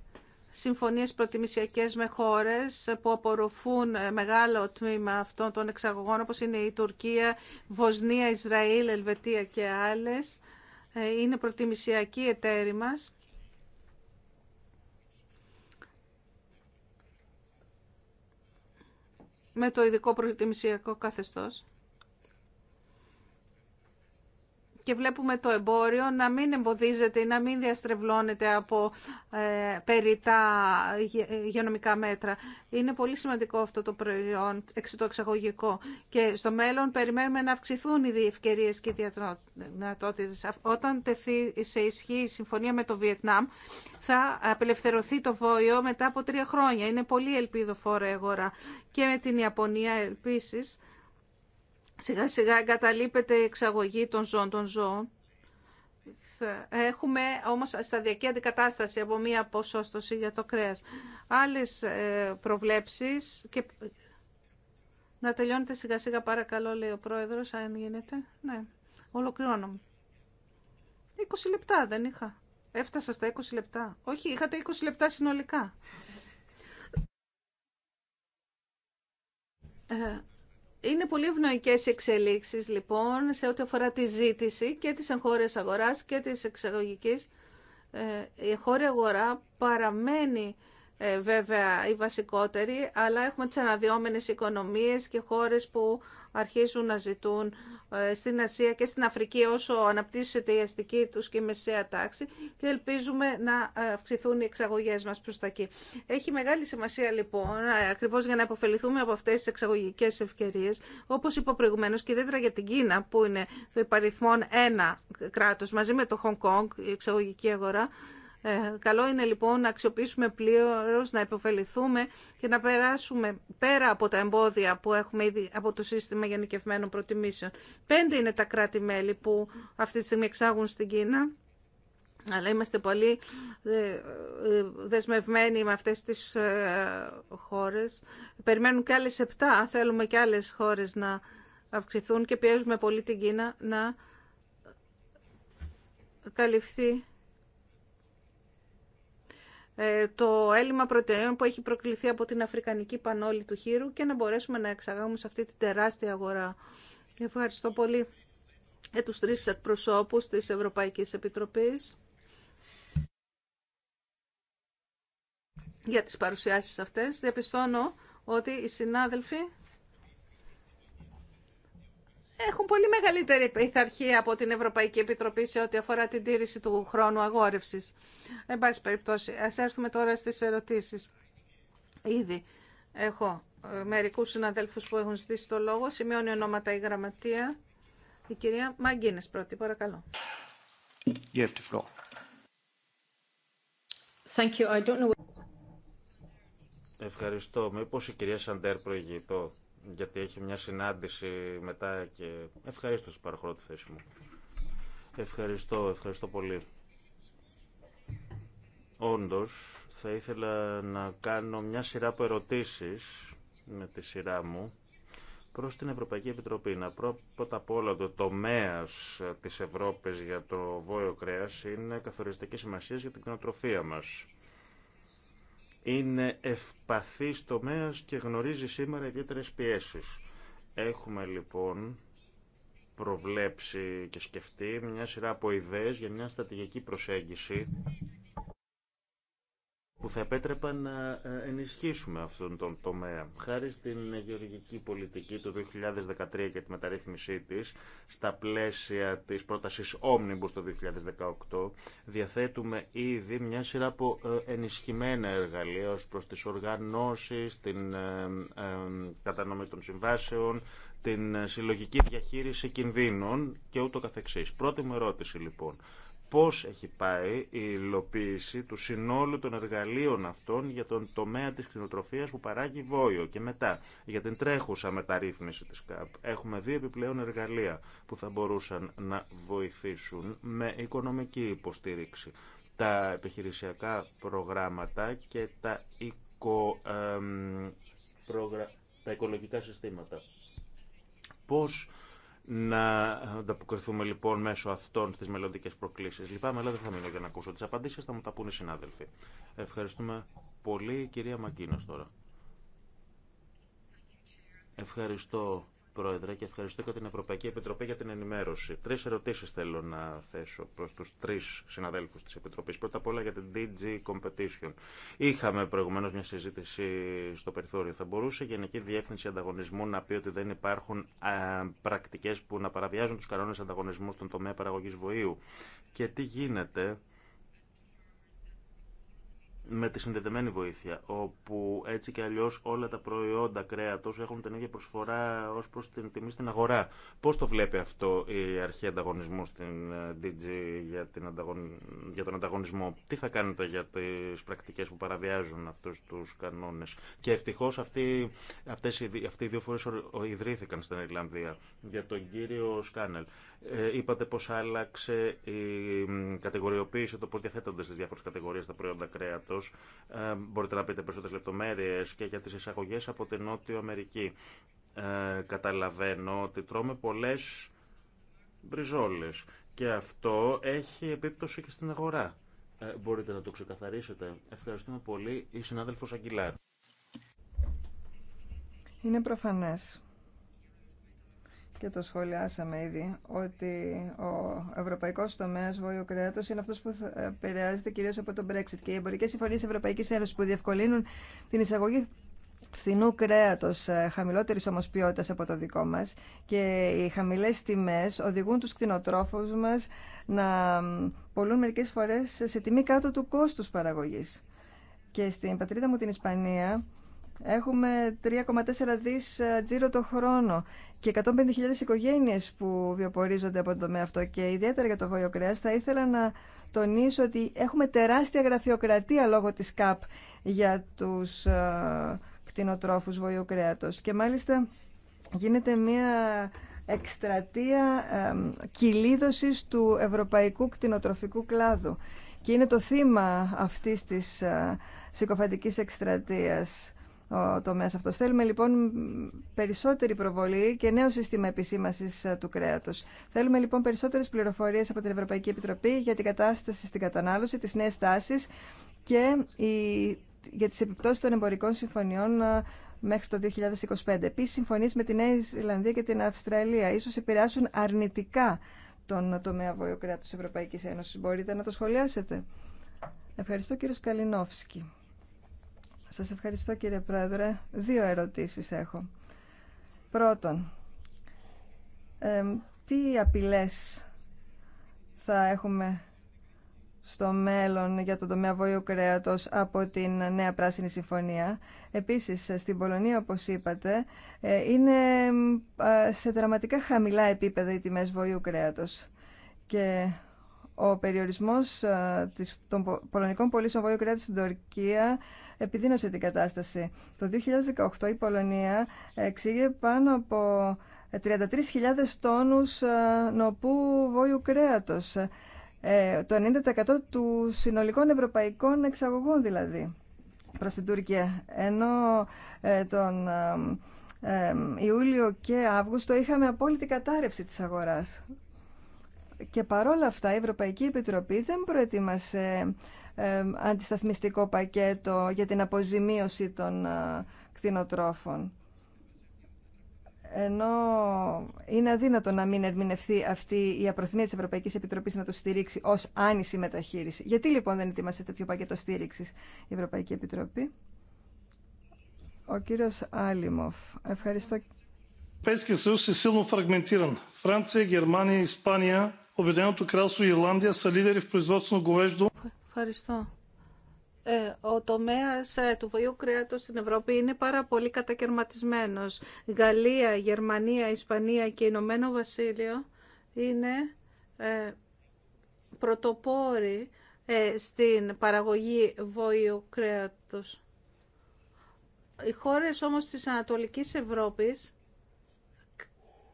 συμφωνίες προτιμησιακές με χώρες που απορροφούν μεγάλο τμήμα αυτών των εξαγωγών, όπως είναι η Τουρκία, Βοσνία, Ισραήλ, Ελβετία και άλλες. Ε, είναι προτιμησιακοί εταίρη μας. με το ειδικό προτιμησιακό καθεστώς. και βλέπουμε το εμπόριο να μην εμποδίζεται ή να μην διαστρεβλώνεται από ε, περιτά υγειονομικά μέτρα. Είναι πολύ σημαντικό αυτό το προϊόν, το εξαγωγικό. Και στο μέλλον περιμένουμε να αυξηθούν οι ευκαιρίε και οι δυνατότητε. Όταν τεθεί σε ισχύ η συμφωνία με το Βιετνάμ, θα απελευθερωθεί το βόλιο μετά από τρία χρόνια. Είναι πολύ ελπίδοφόρα η αγορά. Και με την Ιαπωνία επίση σιγά σιγά εγκαταλείπεται η εξαγωγή των ζώων των ζώων. έχουμε όμως σταδιακή αντικατάσταση από μία ποσόστοση για το κρέας. Άλλες ε, προβλέψεις και... Να τελειώνετε σιγά σιγά παρακαλώ λέει ο πρόεδρος αν γίνεται. Ναι, ολοκληρώνω. 20 λεπτά δεν είχα. Έφτασα στα 20 λεπτά. Όχι, είχατε 20 λεπτά συνολικά. Ε, είναι πολύ ευνοϊκέ οι εξελίξει λοιπόν σε ό,τι αφορά τη ζήτηση και τη εγχώρια αγορά και τη εξαγωγική. Ε, η εγχώρια αγορά παραμένει ε, βέβαια οι βασικότεροι, αλλά έχουμε τις αναδυόμενες οικονομίες και χώρες που αρχίζουν να ζητούν ε, στην Ασία και στην Αφρική όσο αναπτύσσεται η αστική τους και η μεσαία τάξη και ελπίζουμε να ε, αυξηθούν οι εξαγωγές μας προς τα εκεί. Έχει μεγάλη σημασία λοιπόν, ε, ακριβώς για να υποφεληθούμε από αυτές τις εξαγωγικές ευκαιρίες, όπως είπα προηγουμένως και ιδιαίτερα για την Κίνα που είναι το υπαριθμόν ένα κράτος μαζί με το Χονγκ Κόνγκ, η εξαγωγική αγορά, ε, καλό είναι λοιπόν να αξιοποιήσουμε πλήρως, να υποφεληθούμε και να περάσουμε πέρα από τα εμπόδια που έχουμε ήδη από το σύστημα γενικευμένων προτιμήσεων. Πέντε είναι τα κράτη-μέλη που αυτή τη στιγμή εξάγουν στην Κίνα. Αλλά είμαστε πολύ ε, ε, δεσμευμένοι με αυτές τις χώρες. Περιμένουν και άλλες επτά, θέλουμε και άλλες χώρες να αυξηθούν και πιέζουμε πολύ την Κίνα να καλυφθεί ε, το έλλειμμα πρωτεΐνων που έχει προκληθεί από την Αφρικανική Πανόλη του Χείρου και να μπορέσουμε να εξαγάγουμε σε αυτή τη τεράστια αγορά. Ευχαριστώ πολύ ε, τους τρεις εκπροσώπους της Ευρωπαϊκής Επιτροπής για τις παρουσιάσεις αυτές. Διαπιστώνω ότι οι συνάδελφοι έχουν πολύ μεγαλύτερη πειθαρχία από την Ευρωπαϊκή Επιτροπή σε ό,τι αφορά την τήρηση του χρόνου αγόρευσης. Εν πάση περιπτώσει, ας έρθουμε τώρα στις ερωτήσεις. Ήδη έχω ε, μερικούς συναδέλφους που έχουν ζητήσει το λόγο. Σημειώνει ονόματα η γραμματεία. Η κυρία Μαγκίνες πρώτη, παρακαλώ. Ευχαριστώ. Ευχαριστώ. Μήπως η κυρία Σαντέρ προηγητώ γιατί έχει μια συνάντηση μετά και ευχαρίστω παραχωρώ τη θέση μου. Ευχαριστώ, ευχαριστώ πολύ. Όντως, θα ήθελα να κάνω μια σειρά από ερωτήσεις με τη σειρά μου προς την Ευρωπαϊκή Επιτροπή. Να πρώτα απ' όλα το τομέας της Ευρώπης για το βόλιο κρέας είναι καθοριστική σημασία για την κοινοτροφία μας είναι ευπαθής τομέας και γνωρίζει σήμερα ιδιαίτερες πιέσεις. Έχουμε λοιπόν προβλέψει και σκεφτεί μια σειρά από ιδέες για μια στρατηγική προσέγγιση που θα επέτρεπαν να ε, ενισχύσουμε αυτόν τον τομέα. Χάρη στην γεωργική πολιτική του 2013 και τη μεταρρύθμισή της, στα πλαίσια της πρότασης Omnibus το 2018, διαθέτουμε ήδη μια σειρά από ε, ενισχυμένα εργαλεία ω προς τις οργανώσει, την ε, κατανομή των συμβάσεων, την συλλογική διαχείριση κινδύνων και ούτω καθεξής. Πρώτη μου ερώτηση λοιπόν πώς έχει πάει η υλοποίηση του συνόλου των εργαλείων αυτών για τον τομέα της κτηνοτροφίας που παράγει βόλιο και μετά για την τρέχουσα μεταρρύθμιση της ΚΑΠ. Έχουμε δύο επιπλέον εργαλεία που θα μπορούσαν να βοηθήσουν με οικονομική υποστήριξη. Τα επιχειρησιακά προγράμματα και τα, οικο, τα οικολογικά συστήματα. Πώς να ανταποκριθούμε λοιπόν μέσω αυτών στι μελλοντικέ προκλήσει. Λυπάμαι, αλλά δεν θα μείνω για να ακούσω τι απαντήσει, θα μου τα πούνε οι συνάδελφοι. Ευχαριστούμε πολύ, κυρία Μακίνα τώρα. Ευχαριστώ, Πρόεδρε, και ευχαριστώ και την Ευρωπαϊκή Επιτροπή για την ενημέρωση. Τρει ερωτήσει θέλω να θέσω προ του τρει συναδέλφου τη Επιτροπή. Πρώτα απ' όλα για την DG Competition. Είχαμε προηγουμένω μια συζήτηση στο περιθώριο. Θα μπορούσε η Γενική Διεύθυνση Ανταγωνισμού να πει ότι δεν υπάρχουν πρακτικέ που να παραβιάζουν του κανόνε ανταγωνισμού στον τομέα παραγωγή βοήου. Και τι γίνεται με τη συνδεδεμένη βοήθεια, όπου έτσι και αλλιώ όλα τα προϊόντα κρέατο έχουν την ίδια προσφορά ω προ την τιμή στην αγορά. Πώ το βλέπει αυτό η αρχή ανταγωνισμού στην ε, DG για, την τον ανταγωνισμό, τι θα κάνετε για τι πρακτικέ που παραβιάζουν αυτού του κανόνε. Και ευτυχώ αυτοί, αυτές οι... οι δύο φορέ ιδρύθηκαν στην Ιρλανδία για τον κύριο Σκάνελ. Ε, είπατε πώ άλλαξε η κατηγοριοποίηση, το πώ διαθέτονται στι διάφορε κατηγορίε τα προϊόντα κρέατο. Ε, μπορείτε να πείτε περισσότερε λεπτομέρειε και για τι εισαγωγέ από την Νότιο Αμερική. Ε, καταλαβαίνω ότι τρώμε πολλέ μπριζόλε και αυτό έχει επίπτωση και στην αγορά. Ε, μπορείτε να το ξεκαθαρίσετε. Ευχαριστούμε πολύ. Η συνάδελφος Αγγιλάρ. Είναι προφανές και το σχολιάσαμε ήδη, ότι ο ευρωπαϊκό τομέα βόλου κρέατο είναι αυτό που επηρεάζεται κυρίω από τον Brexit. Και οι εμπορικέ συμφωνίε Ευρωπαϊκή Ένωση που διευκολύνουν την εισαγωγή φθηνού κρέατο ε, χαμηλότερη όμω ποιότητα από το δικό μα και οι χαμηλέ τιμέ οδηγούν του κτηνοτρόφου μα να πολλούν μερικέ φορέ σε τιμή κάτω του κόστου παραγωγή. Και στην πατρίδα μου την Ισπανία Έχουμε 3,4 δις ε, τζίρο το χρόνο και 150.000 οικογένειες που βιοπορίζονται από τον τομέα αυτό και ιδιαίτερα για το βόλιο θα ήθελα να τονίσω ότι έχουμε τεράστια γραφειοκρατία λόγω της ΚΑΠ για τους ε, κτηνοτρόφους βόλιο κρέατος και μάλιστα γίνεται μια εκστρατεία ε, κυλίδωσης του ευρωπαϊκού κτηνοτροφικού κλάδου και είναι το θύμα αυτής της συκοφαντικής εκστρατείας ο τομέας αυτός. Θέλουμε λοιπόν περισσότερη προβολή και νέο σύστημα επισήμασης ε, του κρέατος. Θέλουμε λοιπόν περισσότερες πληροφορίες από την Ευρωπαϊκή Επιτροπή για την κατάσταση στην κατανάλωση, τις νέες τάσεις και για τις επιπτώσεις των εμπορικών συμφωνιών ε, μέχρι το 2025. Επίσης, συμφωνίες με τη Νέα Ισλανδία και την Αυστραλία ίσως επηρεάσουν αρνητικά τον τομέα βοιοκράτος της Ευρωπαϊκής Ένωσης. Μπορείτε να το σχολιάσετε. Ευχαριστώ κύριο Σκαλινόφσκι. Σας ευχαριστώ κύριε Πρόεδρε. Δύο ερωτήσεις έχω. Πρώτον, τι απειλές θα έχουμε στο μέλλον για τον τομέα βοήου κρέατος από την Νέα Πράσινη Συμφωνία. Επίσης, στην Πολωνία, όπως είπατε, ε, είναι ε, σε δραματικά χαμηλά επίπεδα οι τιμές βοήου κρέατος. Και ο περιορισμός ε, των πολωνικών πωλήσεων βόλιο κρέατος στην Τουρκία επιδίνωσε την κατάσταση. Το 2018 η Πολωνία εξήγε πάνω από 33.000 ε, τόνους ε, νοπού βόλου κρέατος. Το 90% του συνολικών ευρωπαϊκών εξαγωγών δηλαδή προς την Τουρκία. Ενώ τον Ιούλιο και Αύγουστο είχαμε απόλυτη κατάρρευση της αγοράς. Και παρόλα αυτά η Ευρωπαϊκή Επιτροπή δεν προετοίμασε ε, αντισταθμιστικό πακέτο για την αποζημίωση των ε, κτηνοτρόφων. Ενώ είναι αδύνατο να μην ερμηνευτεί αυτή η απροθυμία της Ευρωπαϊκής Επιτροπής να το στηρίξει ως άνηση μεταχείριση. Γιατί λοιπόν δεν ετοίμασε τέτοιο πακέτο στήριξης η Ευρωπαϊκή Επιτροπή. Ο κύριος Άλιμοφ. Ευχαριστώ. είναι Обединеното кралство и Ирландия са лидери в говеждо. Ε, ο τομέας του βοηού κρέατο στην Ευρώπη είναι πάρα πολύ κατακαιρματισμένο. Γαλλία, Γερμανία, Ισπανία και Ηνωμένο Βασίλειο είναι ε, πρωτοπόροι ε, στην παραγωγή βοηού κρέατο. Οι χώρε όμω της Ανατολική Ευρώπη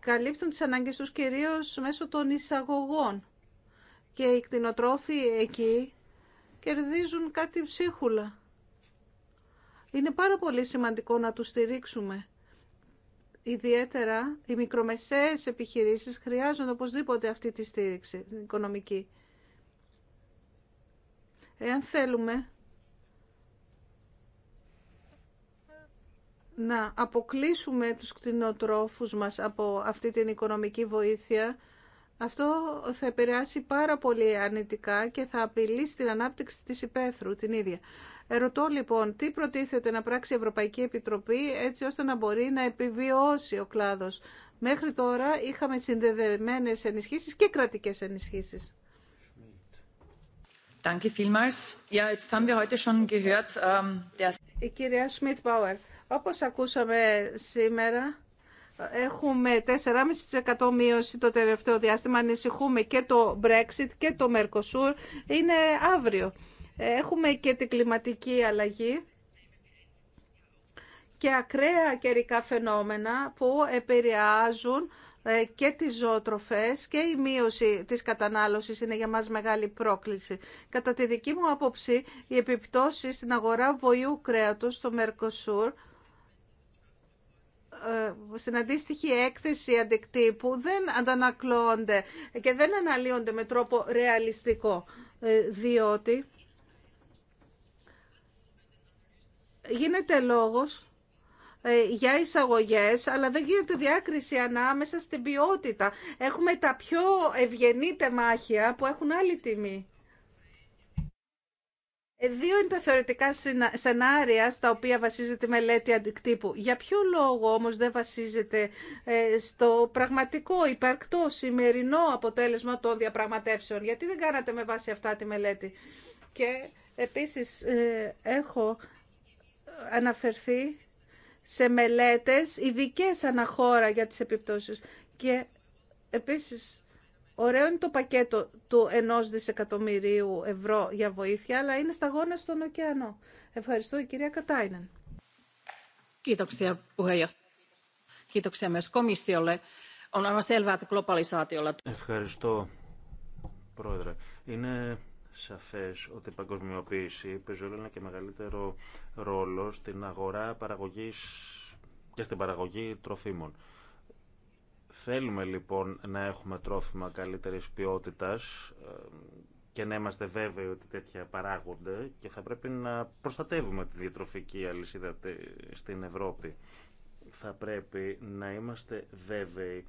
καλύπτουν τις ανάγκες τους κυρίως μέσω των εισαγωγών. Και οι κτηνοτρόφοι εκεί κερδίζουν κάτι ψίχουλα. Είναι πάρα πολύ σημαντικό να τους στηρίξουμε. Ιδιαίτερα οι μικρομεσαίες επιχειρήσεις χρειάζονται οπωσδήποτε αυτή τη στήριξη οικονομική. Εάν θέλουμε να αποκλείσουμε τους κτηνοτρόφους μας από αυτή την οικονομική βοήθεια, αυτό θα επηρεάσει πάρα πολύ αρνητικά και θα απειλεί στην ανάπτυξη της υπαίθρου την ίδια. Ερωτώ λοιπόν τι προτίθεται να πράξει η Ευρωπαϊκή Επιτροπή έτσι ώστε να μπορεί να επιβιώσει ο κλάδος. Μέχρι τώρα είχαμε συνδεδεμένες ενισχύσεις και κρατικές ενισχύσεις. Η κυρία Σμιτ Μπάουερ. Όπως ακούσαμε σήμερα, έχουμε 4,5% μείωση το τελευταίο διάστημα. Ανησυχούμε και το Brexit και το Mercosur. Είναι αύριο. Έχουμε και την κλιματική αλλαγή και ακραία καιρικά φαινόμενα που επηρεάζουν ε, και τις ζωοτροφές και η μείωση της κατανάλωσης είναι για μας μεγάλη πρόκληση. Κατά τη δική μου άποψη, οι επιπτώσεις στην αγορά βοηού κρέατος στο Mercosur ε, στην αντίστοιχη έκθεση αντικτύπου δεν αντανακλώνται και δεν αναλύονται με τρόπο ρεαλιστικό, ε, διότι γίνεται λόγος ε, για εισαγωγές, αλλά δεν γίνεται διάκριση ανάμεσα στην ποιότητα. Έχουμε τα πιο ευγενή τεμάχια που έχουν άλλη τιμή. Ε, δύο είναι τα θεωρητικά σενάρια στα οποία βασίζεται η μελέτη αντικτύπου. Για ποιο λόγο όμως δεν βασίζεται ε, στο πραγματικό, υπαρκτό, σημερινό αποτέλεσμα των διαπραγματεύσεων. Γιατί δεν κάνατε με βάση αυτά τη μελέτη. Και επίσης ε, έχω αναφερθεί σε μελέτες ειδικέ αναχώρα για τις επιπτώσεις. Και επίσης Ωραίο είναι το πακέτο του 1 δισεκατομμυρίου ευρώ για βοήθεια, αλλά είναι σταγόνα στον ωκεανό. Ευχαριστώ η κυρία Κατάινεν. Ευχαριστώ, Πρόεδρε. Είναι σαφές ότι η παγκοσμιοποίηση παίζει όλο ένα και μεγαλύτερο ρόλο στην αγορά παραγωγής και στην παραγωγή τροφίμων. Θέλουμε λοιπόν να έχουμε τρόφιμα καλύτερης ποιότητας ε, και να είμαστε βέβαιοι ότι τέτοια παράγονται και θα πρέπει να προστατεύουμε τη διατροφική αλυσίδα στην Ευρώπη. Θα πρέπει να είμαστε βέβαιοι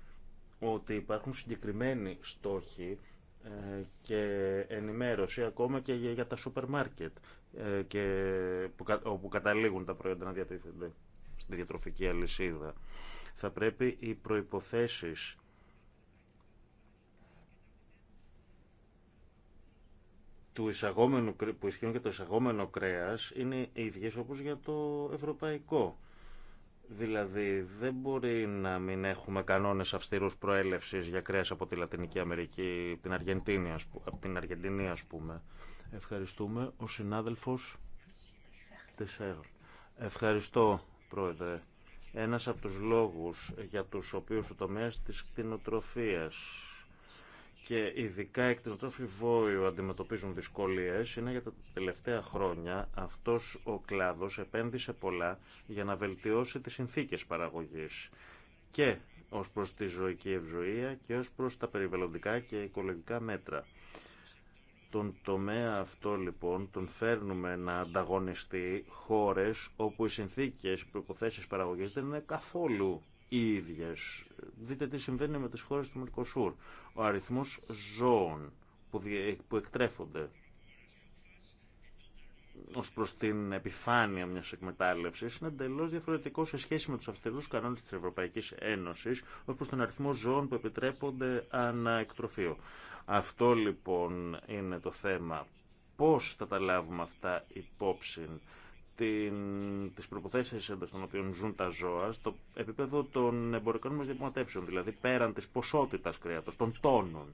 ότι υπάρχουν συγκεκριμένοι στόχοι ε, και ενημέρωση ακόμα και για τα σούπερ μάρκετ ε, όπου καταλήγουν τα προϊόντα να διατίθενται στη διατροφική αλυσίδα. Θα πρέπει οι προϋποθέσεις του εισαγόμενου, που ισχύουν και το εισαγόμενο κρέας είναι οι ίδιες όπως για το ευρωπαϊκό. Δηλαδή δεν μπορεί να μην έχουμε κανόνες αυστηρούς προέλευσης για κρέας από τη Λατινική Αμερική, από την Αργεντινή, από την Αργεντινή ας πούμε. Ευχαριστούμε. Ο συνάδελφος Τεσέρ. Ευχαριστώ, Πρόεδρε. Ένας από τους λόγους για τους οποίους ο τομέας της κτηνοτροφίας και ειδικά οι κτηνοτρόφοι βόηου αντιμετωπίζουν δυσκολίες είναι για τα τελευταία χρόνια αυτός ο κλάδος επένδυσε πολλά για να βελτιώσει τις συνθήκες παραγωγής και ως προς τη ζωική ευζοία και ως προς τα περιβαλλοντικά και οικολογικά μέτρα. Τον τομέα αυτό λοιπόν τον φέρνουμε να ανταγωνιστεί χώρες όπου οι συνθήκες, οι προϋποθέσεις παραγωγής δεν είναι καθόλου οι ίδιες. Δείτε τι συμβαίνει με τις χώρες του Μερκοσούρ. Ο αριθμός ζώων που, που εκτρέφονται ως προς την επιφάνεια μιας εκμετάλλευσης είναι εντελώς διαφορετικό σε σχέση με τους αυστηρούς κανόνες της Ευρωπαϊκής Ένωσης ως προς τον αριθμό ζώων που επιτρέπονται αναεκτροφείο. Αυτό λοιπόν είναι το θέμα. Πώς θα τα λάβουμε αυτά υπόψη την, τις προποθέσεις εντός των οποίων ζουν τα ζώα στο επίπεδο των εμπορικών μας διαπραγματεύσεων, δηλαδή πέραν της ποσότητας κρέατος, των τόνων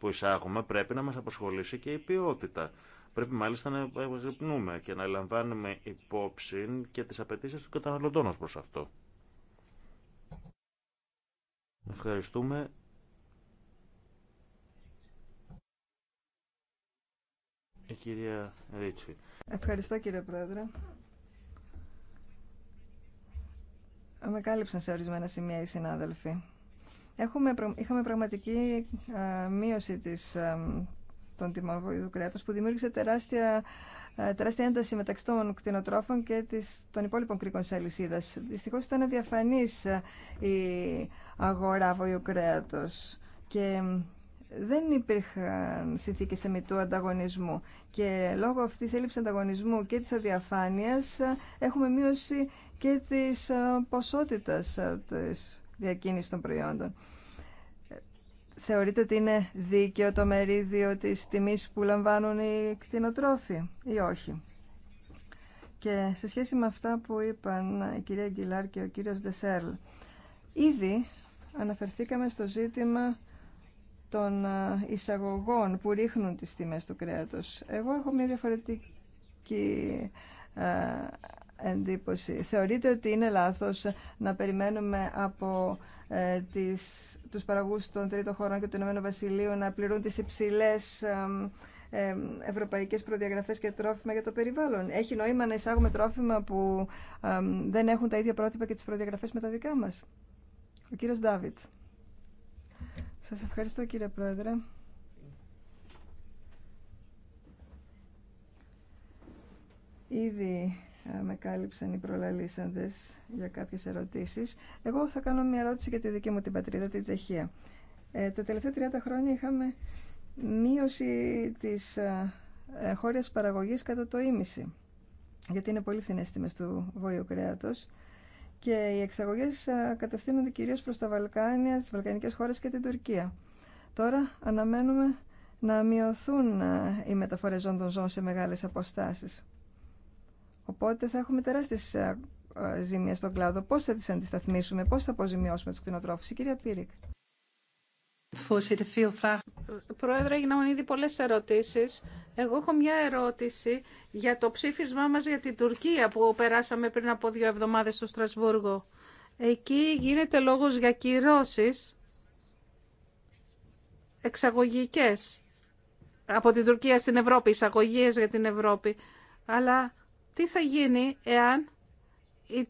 που εισάγουμε, πρέπει να μας απασχολήσει και η ποιότητα. Πρέπει μάλιστα να επαγρυπνούμε και να λαμβάνουμε υπόψη και τις απαιτήσει του καταναλωτών ως προς αυτό. Ευχαριστούμε. Η κυρία Ρίτσι. Ευχαριστώ κύριε Πρόεδρε. Με κάλυψαν σε ορισμένα σημεία οι συνάδελφοι. Έχουμε, είχαμε πραγματική ε, μείωση της ε, των τιμών βοηδού κρέατος που δημιούργησε τεράστια, ε, τεράστια ένταση μεταξύ των κτηνοτρόφων και της, των υπόλοιπων κρίκων τη αλυσίδα. Δυστυχώ ήταν αδιαφανής ε, η αγορά βοηθού κρέατο και δεν υπήρχαν συνθήκε θεμητού ανταγωνισμού και λόγω αυτή τη έλλειψη ανταγωνισμού και τη αδιαφάνεια ε, έχουμε μείωση και τη ποσότητα τη διακίνηση των προϊόντων θεωρείτε ότι είναι δίκαιο το μερίδιο της τιμής που λαμβάνουν οι κτηνοτρόφοι ή όχι. Και σε σχέση με αυτά που είπαν η κυρία Γκυλάρ και ο κύριος Δεσέρλ, ήδη αναφερθήκαμε στο ζήτημα των ε, εισαγωγών που ρίχνουν τις τιμές του κρέατος. Εγώ έχω μια διαφορετική ε, εντύπωση. Θεωρείτε ότι είναι λάθος να περιμένουμε από ε, τις, τους παραγούς των τρίτων χωρών και του Ηνωμένου Βασιλείου να πληρούν τις υψηλές ε, ευρωπαϊκές προδιαγραφές και τρόφιμα για το περιβάλλον. Έχει νόημα να εισάγουμε τρόφιμα που δεν έχουν τα ίδια πρότυπα και τις προδιαγραφές με τα δικά μας. Ο κύριος Ντάβιτ. Σας ευχαριστώ κύριε Πρόεδρε. Ήδη ε, με κάλυψαν οι προλαλήσαντες για κάποιες ερωτήσεις. Εγώ θα κάνω μια ερώτηση για τη δική μου την πατρίδα, την Τσεχία. Ε, τα τελευταία 30 χρόνια είχαμε μείωση της ε, ε χώρας παραγωγής κατά το ίμιση, γιατί είναι πολύ φθηνές τιμές του βόηου κρέατος και οι εξαγωγές ε, κατευθύνονται κυρίως προς τα Βαλκάνια, τις Βαλκανικές χώρες και την Τουρκία. Τώρα αναμένουμε να μειωθούν οι μεταφορές ζών των ζώων σε μεγάλες αποστάσεις. Οπότε θα έχουμε τεράστιες ε, ε, ζημιέ στον κλάδο. Πώ θα τι αντισταθμίσουμε, πώ θα αποζημιώσουμε του κτηνοτρόφου, Η κυρία Πύρικ. Πρόεδρε, έγιναν ήδη πολλέ ερωτήσει. Εγώ έχω μια ερώτηση για το ψήφισμά μα για την Τουρκία που περάσαμε πριν από δύο εβδομάδε στο Στρασβούργο. Εκεί γίνεται λόγο για κυρώσει εξαγωγικέ από την Τουρκία στην Ευρώπη, εισαγωγίες για την Ευρώπη. Αλλά τι θα γίνει εάν η,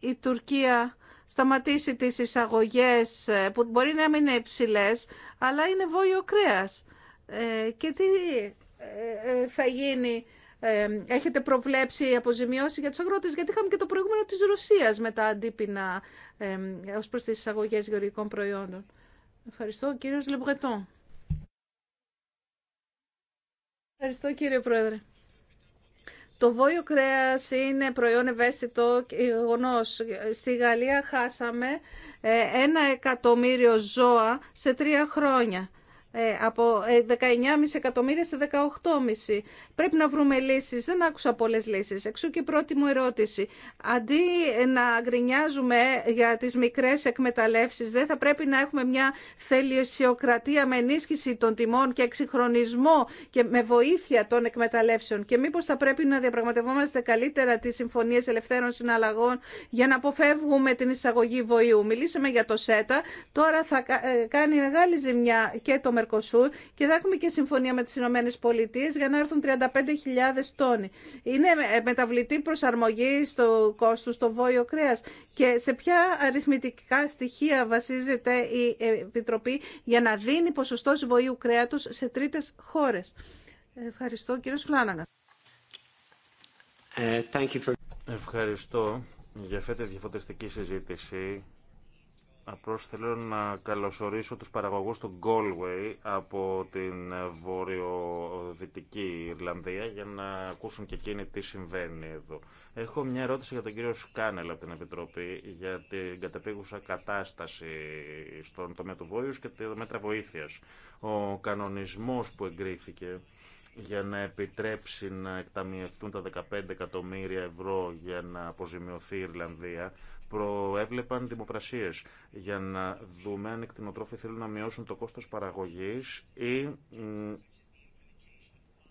η Τουρκία σταματήσει τις εισαγωγές ε, που μπορεί να μην είναι υψηλές, αλλά είναι βόλιο κρέας. Ε, και τι ε, ε θα γίνει, ε, έχετε προβλέψει αποζημιώσει για τους αγρότες, γιατί είχαμε και το προηγούμενο της Ρωσίας με τα αντίπεινα ε, ως προς τις εισαγωγές γεωργικών προϊόντων. Ευχαριστώ, κύριος Λεμπρετών. Ευχαριστώ, κύριε Πρόεδρε. Το βόλιο κρέα είναι προϊόν ευαίσθητο γεγονό. Στη Γαλλία χάσαμε ε, ένα εκατομμύριο ζώα σε τρία χρόνια. Ε, από 19,5 ε, εκατομμύρια σε 18,5. Πρέπει να βρούμε λύσεις. Δεν άκουσα πολλές λύσεις. Εξού και η πρώτη μου ερώτηση. Αντί ε, να γκρινιάζουμε για τις μικρές εκμεταλλεύσεις, δεν θα πρέπει να έχουμε μια θελησιοκρατία με ενίσχυση των τιμών και εξυγχρονισμό και με βοήθεια των εκμεταλλεύσεων. Και μήπως θα πρέπει να διαπραγματευόμαστε καλύτερα τις συμφωνίες ελευθέρων συναλλαγών για να αποφεύγουμε την εισαγωγή βοηού. Μιλήσαμε για το ΣΕΤΑ. Τώρα θα κάνει μεγάλη ζημιά και το και θα έχουμε και συμφωνία με τις Ηνωμένες Πολιτείες για να έρθουν 35.000 τόνοι. Είναι ε, μεταβλητή προσαρμογή στο κόστος στο βόλιο κρέα. και σε ποια αριθμητικά στοιχεία βασίζεται η Επιτροπή για να δίνει ποσοστό βοήου κρέατος σε τρίτες χώρες. Ευχαριστώ κύριο Φλάναγκα. Ε, Ευχαριστώ για αυτή τη διαφωτιστική συζήτηση Απλώς θέλω να καλωσορίσω τους παραγωγούς του Galway από την βορειοδυτική Ιρλανδία για να ακούσουν και εκείνοι τι συμβαίνει εδώ. Έχω μια ερώτηση για τον κύριο Σκάνελ από την Επιτροπή για την κατεπίγουσα κατάσταση στον τομέα του Βόλου και τα μέτρα βοήθειας. Ο κανονισμός που εγκρίθηκε για να επιτρέψει να εκταμιευτούν τα 15 εκατομμύρια ευρώ για να αποζημιωθεί η Ιρλανδία προέβλεπαν δημοπρασίες για να δούμε αν οι θέλουν να μειώσουν το κόστος παραγωγής ή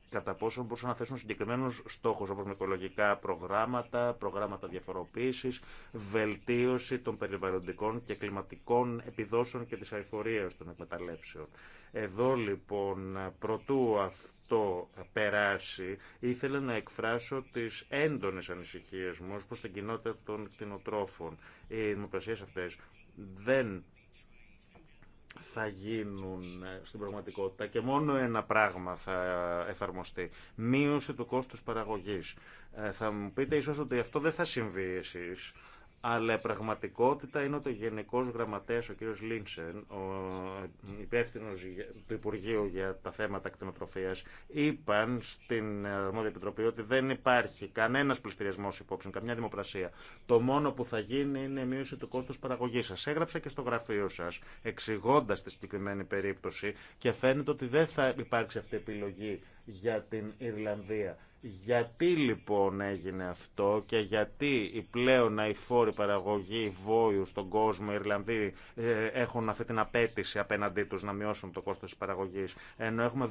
κατά πόσο μπορούσαν να θέσουν συγκεκριμένους στόχους όπως με οικολογικά προγράμματα, προγράμματα διαφοροποίησης, βελτίωση των περιβαλλοντικών και κλιματικών επιδόσεων και της αηφορία των εκμεταλλεύσεων. Εδώ λοιπόν, προτού αυτό περάσει, ήθελα να εκφράσω τις έντονες ανησυχίες μου ως προς την κοινότητα των κτηνοτρόφων. Οι δημοπρασίες αυτές δεν θα γίνουν στην πραγματικότητα και μόνο ένα πράγμα θα εφαρμοστεί. Μείωση του κόστους παραγωγής. Ε, θα μου πείτε ίσως ότι αυτό δεν θα συμβεί εσείς, αλλά πραγματικότητα είναι ότι ο Γενικός Γραμματέας, ο κύριος Λίνσεν, ο υπεύθυνο του Υπουργείου για τα θέματα κτηνοτροφίας, είπαν στην Αρμόδια Επιτροπή ότι δεν υπάρχει κανένας πληστηριασμός υπόψη, καμιά δημοπρασία. Το μόνο που θα γίνει είναι η μείωση του κόστος παραγωγής σας. Έγραψα και στο γραφείο σας, εξηγώντα τη συγκεκριμένη περίπτωση και φαίνεται ότι δεν θα υπάρξει αυτή η επιλογή για την Ιρλανδία γιατί λοιπόν έγινε αυτό και γιατί οι πλέον αηφόροι παραγωγοί βοιού στον κόσμο, οι Ιρλανδοί, ε, έχουν αυτή την απέτηση απέναντί τους να μειώσουν το κόστος τη παραγωγής, ενώ έχουμε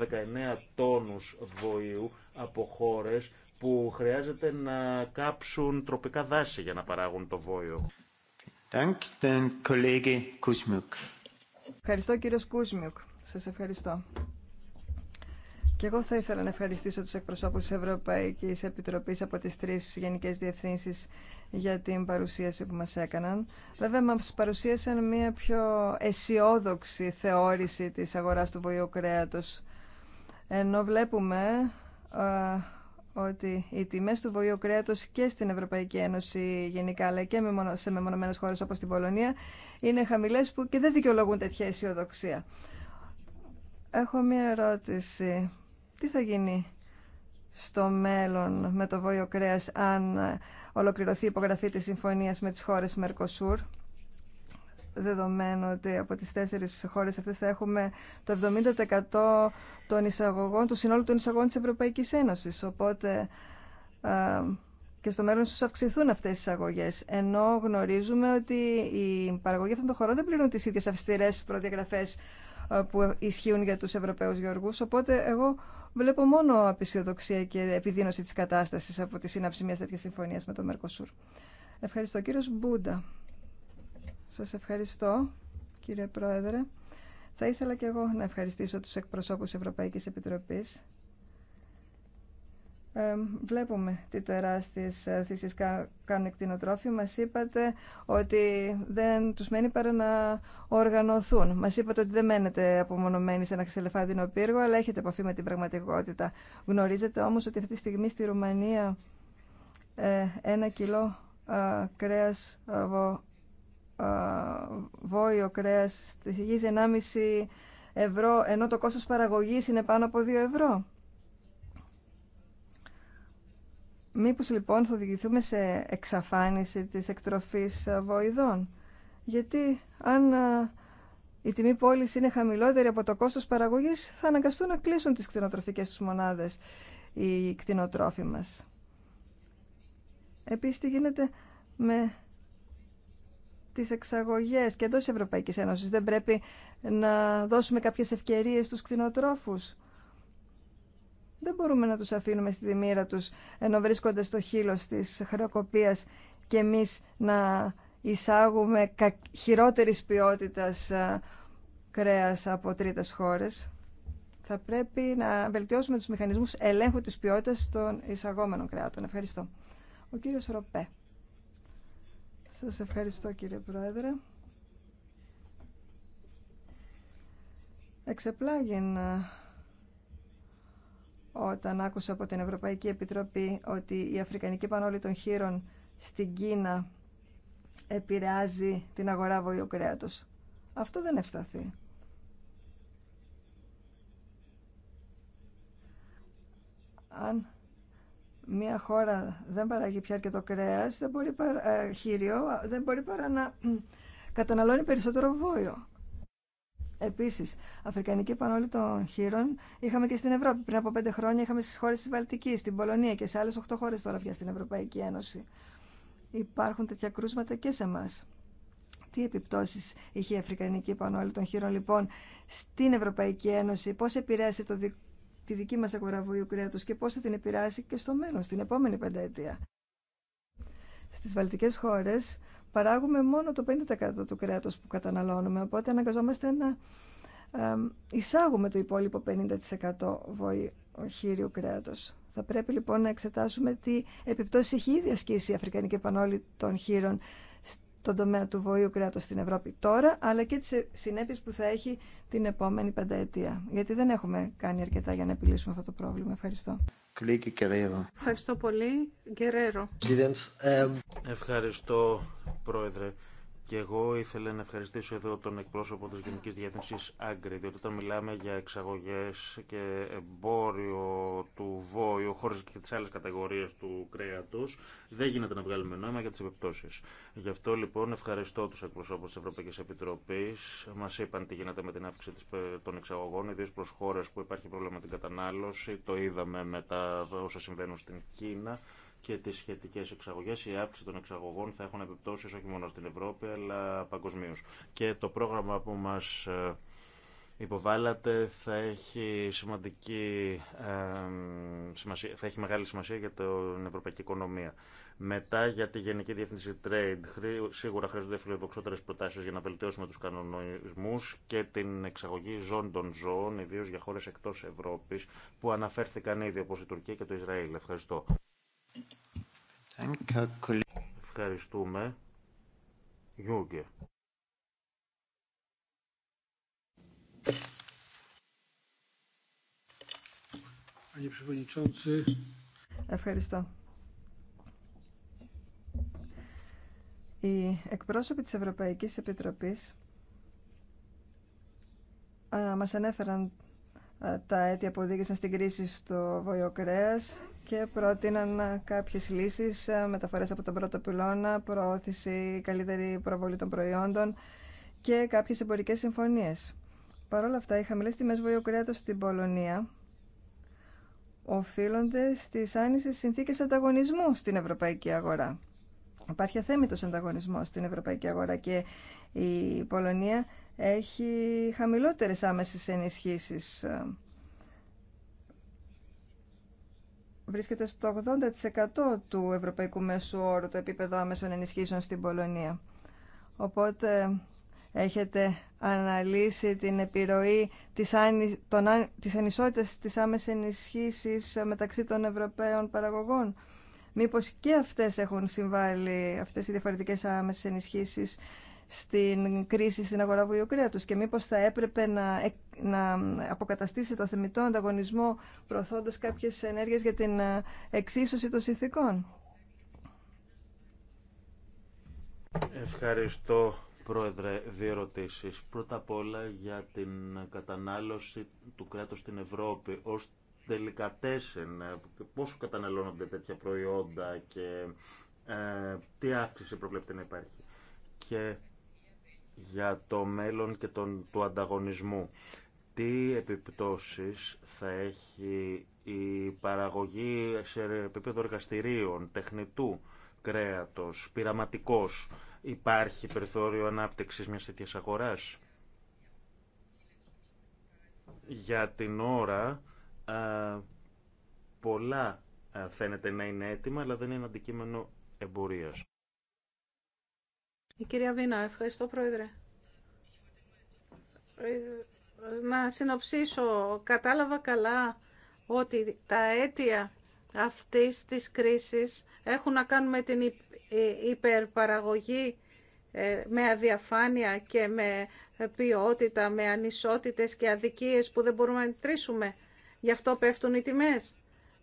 19 τόνους βόηου από χώρε που χρειάζεται να κάψουν τροπικά δάση για να παράγουν το βόηο. Ευχαριστώ κύριο Κούσμιουκ. Σας ευχαριστώ. Και εγώ θα ήθελα να ευχαριστήσω τους εκπροσώπους της Ευρωπαϊκής Επιτροπής από τις τρεις γενικές διευθύνσεις για την παρουσίαση που μας έκαναν. Βέβαια, μας παρουσίασαν μια πιο αισιόδοξη θεώρηση της αγοράς του βοηού κρέατος. Ενώ βλέπουμε ότι οι τιμές του βοηού κρέατος και στην Ευρωπαϊκή Ένωση γενικά, αλλά και σε μεμονωμένες χώρε όπω την Πολωνία, είναι χαμηλές που και δεν δικαιολογούν τέτοια αισιοδοξία. Έχω μία ερώτηση τι θα γίνει στο μέλλον με το Βόλιο Κρέα αν ολοκληρωθεί η υπογραφή της συμφωνίας με τις χώρες Μερκοσούρ δεδομένου ότι από τις τέσσερις χώρες αυτές θα έχουμε το 70% των εισαγωγών, του συνόλου των εισαγωγών της Ευρωπαϊκής Ένωσης. Οπότε και στο μέλλον στους αυξηθούν αυτές οι εισαγωγές. Ενώ γνωρίζουμε ότι οι παραγωγοί αυτών των χωρών δεν πληρούν τις ίδιες αυστηρές προδιαγραφές που ισχύουν για τους Ευρωπαίους γεωργούς. Οπότε εγώ Βλέπω μόνο απεισιοδοξία και επιδείνωση της κατάστασης από τη σύναψη μιας τέτοιας συμφωνίας με το Μερκοσούρ. Ευχαριστώ. Κύριος Μπούντα. Σας ευχαριστώ, κύριε Πρόεδρε. Θα ήθελα και εγώ να ευχαριστήσω τους εκπροσώπους Ευρωπαϊκής Επιτροπής βλέπουμε τι τεράστιες ε, θυσίες κάνουν οι Μας είπατε ότι δεν τους μένει παρά να οργανωθούν. Μας είπατε ότι δεν μένετε απομονωμένοι σε ένα ξελεφάντινο πύργο, αλλά έχετε επαφή με την πραγματικότητα. Γνωρίζετε όμως ότι αυτή τη στιγμή στη Ρουμανία ε, ένα κιλό ε, κρέας βόηο κρέας στη 1,5 ευρώ, ενώ το κόστος παραγωγής είναι πάνω από 2 ευρώ. Μήπως λοιπόν θα οδηγηθούμε σε εξαφάνιση της εκτροφής ε, βοηδών. Γιατί αν ε, η τιμή πώληση είναι χαμηλότερη από το κόστος παραγωγής, θα αναγκαστούν να κλείσουν τις κτηνοτροφικές τους μονάδες οι κτηνοτρόφοι μας. Επίσης, τι γίνεται με τις εξαγωγές και εντός Ευρωπαϊκή Ευρωπαϊκής Ένωσης. Δεν πρέπει να δώσουμε κάποιες ευκαιρίες στους κτηνοτρόφους δεν μπορούμε να τους αφήνουμε στη μοίρα τους ενώ βρίσκονται στο χείλο της χρεοκοπίας και εμείς να εισάγουμε χειρότερης ποιότητας ε, κρέας από τρίτες χώρες. Θα πρέπει να βελτιώσουμε τους μηχανισμούς ελέγχου της ποιότητας των εισαγόμενων κρεάτων. Ευχαριστώ. Ο κύριος Ροπέ. Σας ευχαριστώ κύριε Πρόεδρε. Εξεπλάγει όταν άκουσα από την Ευρωπαϊκή Επιτροπή ότι η Αφρικανική Πανόλη των Χείρων στην Κίνα επηρεάζει την αγορά βοηοκρέατος. Αυτό δεν ευσταθεί. Αν μια χώρα δεν παράγει πια αρκετό κρέας, δεν μπορεί παρά, ε, χείριο, δεν μπορεί παρά να (clears throat) καταναλώνει περισσότερο βόιο. Επίση, Αφρικανική Πανόλη των Χείρων είχαμε και στην Ευρώπη. Πριν από πέντε χρόνια είχαμε στι χώρε τη Βαλτική, στην Πολωνία και σε άλλε οχτώ χώρε τώρα πια στην Ευρωπαϊκή Ένωση. Υπάρχουν τέτοια κρούσματα και σε εμά. Τι επιπτώσει είχε η Αφρικανική Πανόλη των Χείρων λοιπόν στην Ευρωπαϊκή Ένωση, πώ επηρέασε το τη δική μα αγοραβού κρέατο και πώ θα την επηρεάσει και στο μέλλον, στην επόμενη πενταετία. Στι Βαλτικέ χώρε παράγουμε μόνο το 50% του κρέατος που καταναλώνουμε, οπότε αναγκαζόμαστε να εισάγουμε το υπόλοιπο 50% χείριου κρέατος. Θα πρέπει λοιπόν να εξετάσουμε τι επιπτώσεις έχει ήδη ασκήσει η Αφρικανική Πανόλη των Χείρων στον τομέα του βοήου κρέατος στην Ευρώπη τώρα, αλλά και τις συνέπειες που θα έχει την επόμενη πενταετία. Γιατί δεν έχουμε κάνει αρκετά για να επιλύσουμε αυτό το πρόβλημα. Ευχαριστώ. Ευχαριστώ πολύ, Γκερέρο. Ε, Ευχαριστώ, Πρόεδρε. Και εγώ ήθελα να ευχαριστήσω εδώ τον εκπρόσωπο της Γενικής Διεύθυνσης Άγκρη, διότι όταν μιλάμε για εξαγωγές και εμπόριο του βόηου, χωρίς και τις άλλες κατηγορίες του κρέατος, δεν γίνεται να βγάλουμε νόημα για τις επιπτώσεις. Γι' αυτό λοιπόν ευχαριστώ τους εκπροσώπους της Ευρωπαϊκής Επιτροπής. Μας είπαν τι γίνεται με την αύξηση ε, των εξαγωγών, ιδίως προς χώρες που υπάρχει πρόβλημα με την κατανάλωση. Το είδαμε με τα όσα συμβαίνουν στην Κίνα και τι σχετικέ εξαγωγέ. Η αύξηση των εξαγωγών θα έχουν επιπτώσει όχι μόνο στην Ευρώπη αλλά παγκοσμίω. Και το πρόγραμμα που μα ε, υποβάλλατε θα έχει, σημαντική, σημασία, θα έχει μεγάλη σημασία για την ευρωπαϊκή οικονομία. Μετά για τη Γενική Διεύθυνση Trade, σίγουρα χρειάζονται φιλοδοξότερε προτάσει για να βελτιώσουμε του κανονισμού και την εξαγωγή ζών των ζώων, ιδίω για χώρε εκτό Ευρώπη, που αναφέρθηκαν ήδη, όπω η Τουρκία και το Ισραήλ. Ευχαριστώ. Ευχαριστούμε. Γιούγκε. Ευχαριστώ. Οι εκπρόσωποι της Ευρωπαϊκής Επιτροπής μας ανέφεραν ε, τα αίτια που οδήγησαν στην κρίση στο κρέας και πρότειναν ε, κάποιες λύσεις, ε, μεταφορές από τον πρώτο πυλώνα, προώθηση, καλύτερη προβολή των προϊόντων και κάποιες εμπορικές συμφωνίες. Παρ' όλα αυτά, οι χαμηλές τιμές κρέατος στην Πολωνία οφείλονται στις άνισες συνθήκες ανταγωνισμού στην ευρωπαϊκή αγορά. Υπάρχει αθέμητος ανταγωνισμός στην ευρωπαϊκή αγορά και η Πολωνία έχει χαμηλότερες άμεσες ενισχύσεις. Βρίσκεται στο 80% του ευρωπαϊκού μέσου όρου το επίπεδο άμεσων ενισχύσεων στην Πολωνία. Οπότε έχετε αναλύσει την επιρροή της, ανι... της ανισότητας της άμεσης ενισχύσης μεταξύ των Ευρωπαίων παραγωγών. Μήπως και αυτές έχουν συμβάλει, αυτές οι διαφορετικές άμεσες ενισχύσεις, στην κρίση στην αγορά βιοκρέατος και μήπως θα έπρεπε να, να αποκαταστήσει το θεμητό ανταγωνισμό προωθώντας κάποιες ενέργειες για την ε, εξίσωση των συνθηκών. Ευχαριστώ Πρόεδρε, δύο ερωτήσει. Πρώτα απ' όλα για την κατανάλωση του κράτους στην Ευρώπη ως τελικατέσεν. Ε, πόσο καταναλώνονται τέτοια προϊόντα και ε, τι αύξηση προβλέπεται να υπάρχει. Και για το μέλλον και τον, του ανταγωνισμού. Τι επιπτώσεις θα έχει η παραγωγή σε επίπεδο εργαστηρίων, τεχνητού κρέατος, πειραματικός. Υπάρχει περιθώριο ανάπτυξης μιας τέτοιας αγοράς. Για την ώρα πολλά φαίνεται να είναι έτοιμα, αλλά δεν είναι αντικείμενο εμπορίας. Η κυρία Βίνα, ευχαριστώ πρόεδρε. Ε, να συνοψίσω, κατάλαβα καλά ότι τα αίτια αυτής της κρίσης έχουν να κάνουν με την ε, υπερπαραγωγή ε, με αδιαφάνεια και με ποιότητα, με ανισότητες και αδικίες που δεν μπορούμε να αντιτρήσουμε. Γι' αυτό πέφτουν οι τιμές.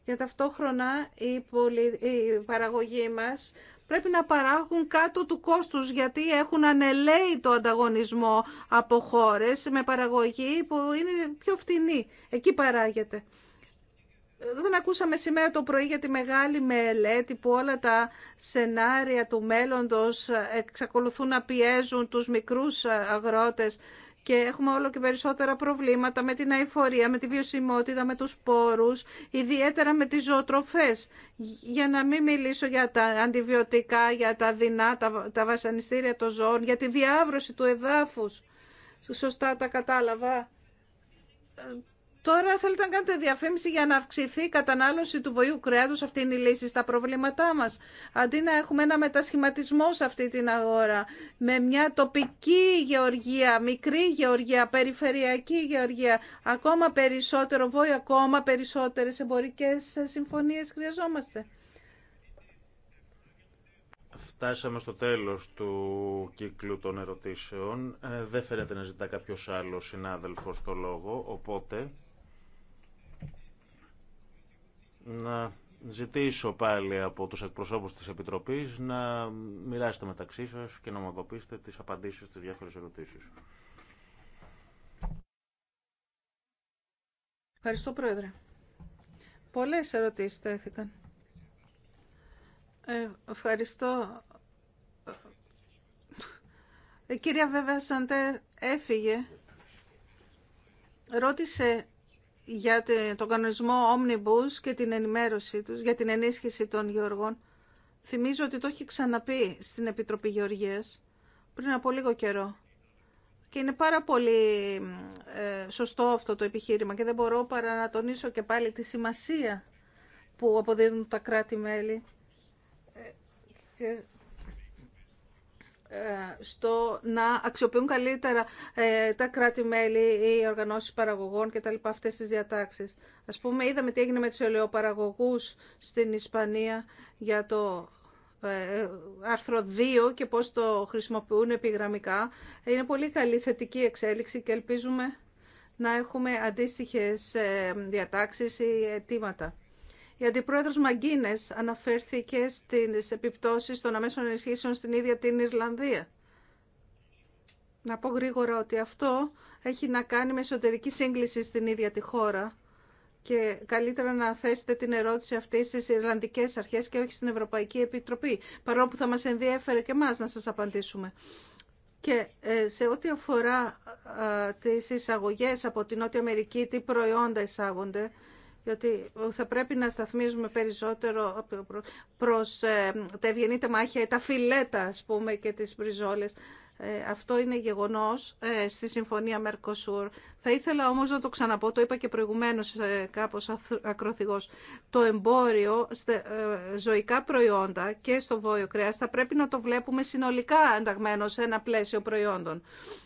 Για ταυτόχρονα η, η παραγωγή μας πρέπει να παράγουν κάτω του κόστους γιατί έχουν το ανταγωνισμό από χώρε με παραγωγή που είναι πιο φτηνή. Εκεί παράγεται. Δεν ακούσαμε σήμερα το πρωί για τη μεγάλη μελέτη που όλα τα σενάρια του μέλλοντος εξακολουθούν να πιέζουν τους μικρούς αγρότες και έχουμε όλο και περισσότερα προβλήματα με την αηφορία, με τη βιωσιμότητα, με τους πόρους, ιδιαίτερα με τις ζωοτροφές. Για να μην μιλήσω για τα αντιβιωτικά, για τα δεινά, τα βασανιστήρια των ζώων, για τη διάβρωση του εδάφους. Σωστά τα κατάλαβα Τώρα θέλετε να κάνετε διαφήμιση για να αυξηθεί η κατανάλωση του βοηού κρέατος. Αυτή είναι η λύση στα προβλήματά μας. Αντί να έχουμε ένα μετασχηματισμό σε αυτή την αγορά με μια τοπική γεωργία, μικρή γεωργία, περιφερειακή γεωργία, ακόμα περισσότερο βόη, ακόμα περισσότερες εμπορικές συμφωνίες χρειαζόμαστε. Φτάσαμε στο τέλος του κύκλου των ερωτήσεων. Ε, δεν φαίνεται να ζητά κάποιος άλλος συνάδελφος το λόγο, οπότε να ζητήσω πάλι από τους εκπροσώπους της Επιτροπής να μοιράσετε μεταξύ σας και να ομοδοποιήσετε τις απαντήσεις στις διάφορες ερωτήσεις. Ευχαριστώ, Πρόεδρε. Πολλές ερωτήσεις τέθηκαν. Ε, ευχαριστώ. Η ε, κυρία βέβαια έφυγε. Ρώτησε για τον κανονισμό Omnibus και την ενημέρωσή τους, για την ενίσχυση των γεωργών. Θυμίζω ότι το έχει ξαναπεί στην Επιτροπή Γεωργίας πριν από λίγο καιρό. Και είναι πάρα πολύ ε, σωστό αυτό το επιχείρημα και δεν μπορώ παρά να τονίσω και πάλι τη σημασία που αποδίδουν τα κράτη-μέλη ε, ε, στο να αξιοποιούν καλύτερα ε, τα κράτη-μέλη, οι οργανώσεις παραγωγών και τα λοιπά αυτές τις διατάξεις. Ας πούμε, είδαμε τι έγινε με τους ελαιοπαραγωγούς στην Ισπανία για το ε, άρθρο 2 και πώς το χρησιμοποιούν επιγραμμικά. Είναι πολύ καλή θετική εξέλιξη και ελπίζουμε να έχουμε αντίστοιχες διατάξεις ή αιτήματα. Η αντιπρόεδρο Μαγκίνε αναφέρθηκε στι επιπτώσει των αμέσων ενισχύσεων στην ίδια την Ιρλανδία. Να πω γρήγορα ότι αυτό έχει να κάνει με εσωτερική σύγκληση στην ίδια τη χώρα και καλύτερα να θέσετε την ερώτηση αυτή στις Ιρλανδικές αρχές και όχι στην Ευρωπαϊκή Επιτροπή, παρόλο που θα μας ενδιέφερε και εμά να σα απαντήσουμε. Και ε, σε ό,τι αφορά τι εισαγωγέ από την Νότια Αμερική, τι προϊόντα εισάγονται, γιατί θα πρέπει να σταθμίζουμε περισσότερο προς ε, τα ευγενή τα τα φιλέτα ας πούμε και τις μπριζόλες ε, αυτό είναι γεγονός ε, στη Συμφωνία Μερκοσούρ. Θα ήθελα όμως να το ξαναπώ, το είπα και προηγουμένως ε, κάπως ακροθυγός. Το εμπόριο ζωικά προϊόντα και στο βόλιο κρέας θα πρέπει να το βλέπουμε συνολικά ενταγμένο σε ένα πλαίσιο προϊόντων.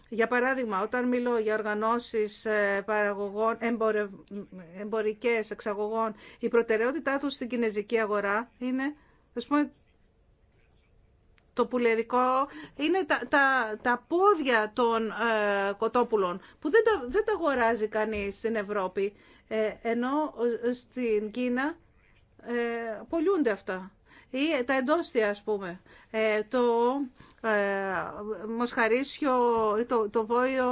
Για παράδειγμα, όταν μιλώ για οργανώσεις παραγωγών, εμπορε, εμπορικές εξαγωγών, η προτεραιότητά τους στην κινέζικη αγορά είναι ας πούμε, το πουλερικό είναι τα, τα, πόδια των ε, κοτόπουλων που δεν τα, δεν τα αγοράζει κανείς στην Ευρώπη ε, ενώ ε, στην Κίνα ε, πολλούνται αυτά ή τα εντόστια ας πούμε το μοσχαρίσιο το, το βόιο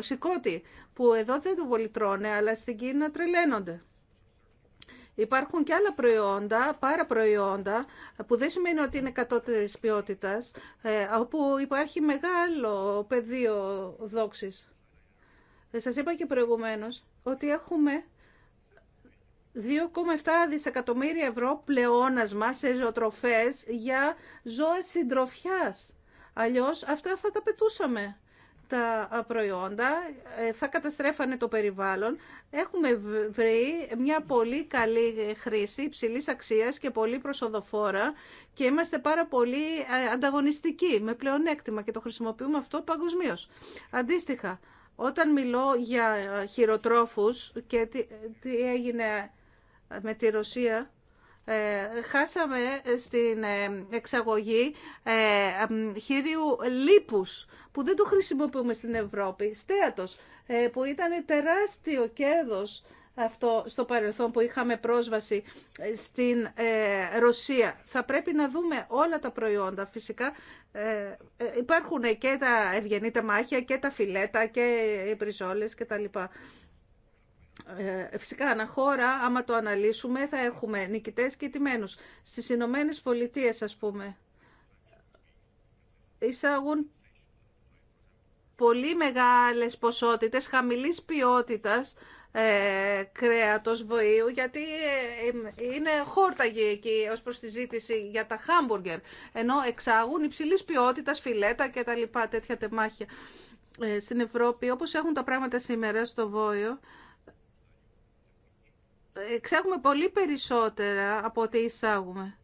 σηκώτη που εδώ δεν το πολυτρώνε αλλά στην Κίνα τρελαίνονται Υπάρχουν και άλλα προϊόντα, πάρα προϊόντα, που δεν σημαίνει ότι είναι κατώτερης ποιότητας, ε, όπου υπάρχει μεγάλο πεδίο δόξης. Ε, σας είπα και προηγουμένως ότι έχουμε 2,7 δισεκατομμύρια ευρώ πλεόνασμα σε ζωοτροφές για ζώα συντροφιάς. Αλλιώς αυτά θα τα πετούσαμε τα προϊόντα, ε, θα καταστρέφανε το περιβάλλον. Έχουμε βρει μια πολύ καλή χρήση υψηλής αξίας και πολύ προσοδοφόρα και είμαστε πάρα πολύ ε, ανταγωνιστικοί με πλεονέκτημα και το χρησιμοποιούμε αυτό παγκοσμίω. Αντίστοιχα, όταν μιλώ για ε, χειροτρόφους και τι έγινε με τη Ρωσία, ε, χάσαμε στην ε, εξαγωγή ε, χείριου λίπους που δεν το χρησιμοποιούμε στην Ευρώπη, στέατος, που ήταν τεράστιο κέρδος αυτό στο παρελθόν που είχαμε πρόσβαση στην Ρωσία. Θα πρέπει να δούμε όλα τα προϊόντα φυσικά. υπάρχουν και τα ευγενή τα μάχια και τα φιλέτα και οι μπριζόλες και τα λοιπά. Ε, φυσικά χώρα, άμα το αναλύσουμε, θα έχουμε νικητές και τιμένους. Στις Ηνωμένε Πολιτείες, ας πούμε, εισάγουν πολύ μεγάλες ποσότητες χαμηλής ποιότητας ε, κρέατος βοήου, γιατί ε, ε, είναι χόρταγη εκεί ως προς τη ζήτηση για τα χάμπουργκερ, ενώ εξάγουν υψηλής ποιότητας φιλέτα και τα λοιπά, τέτοια τεμάχια. στην Ευρώπη, όπως έχουν τα πράγματα σήμερα στο Βόιο, εξάγουμε πολύ περισσότερα από ό,τι εισάγουμε.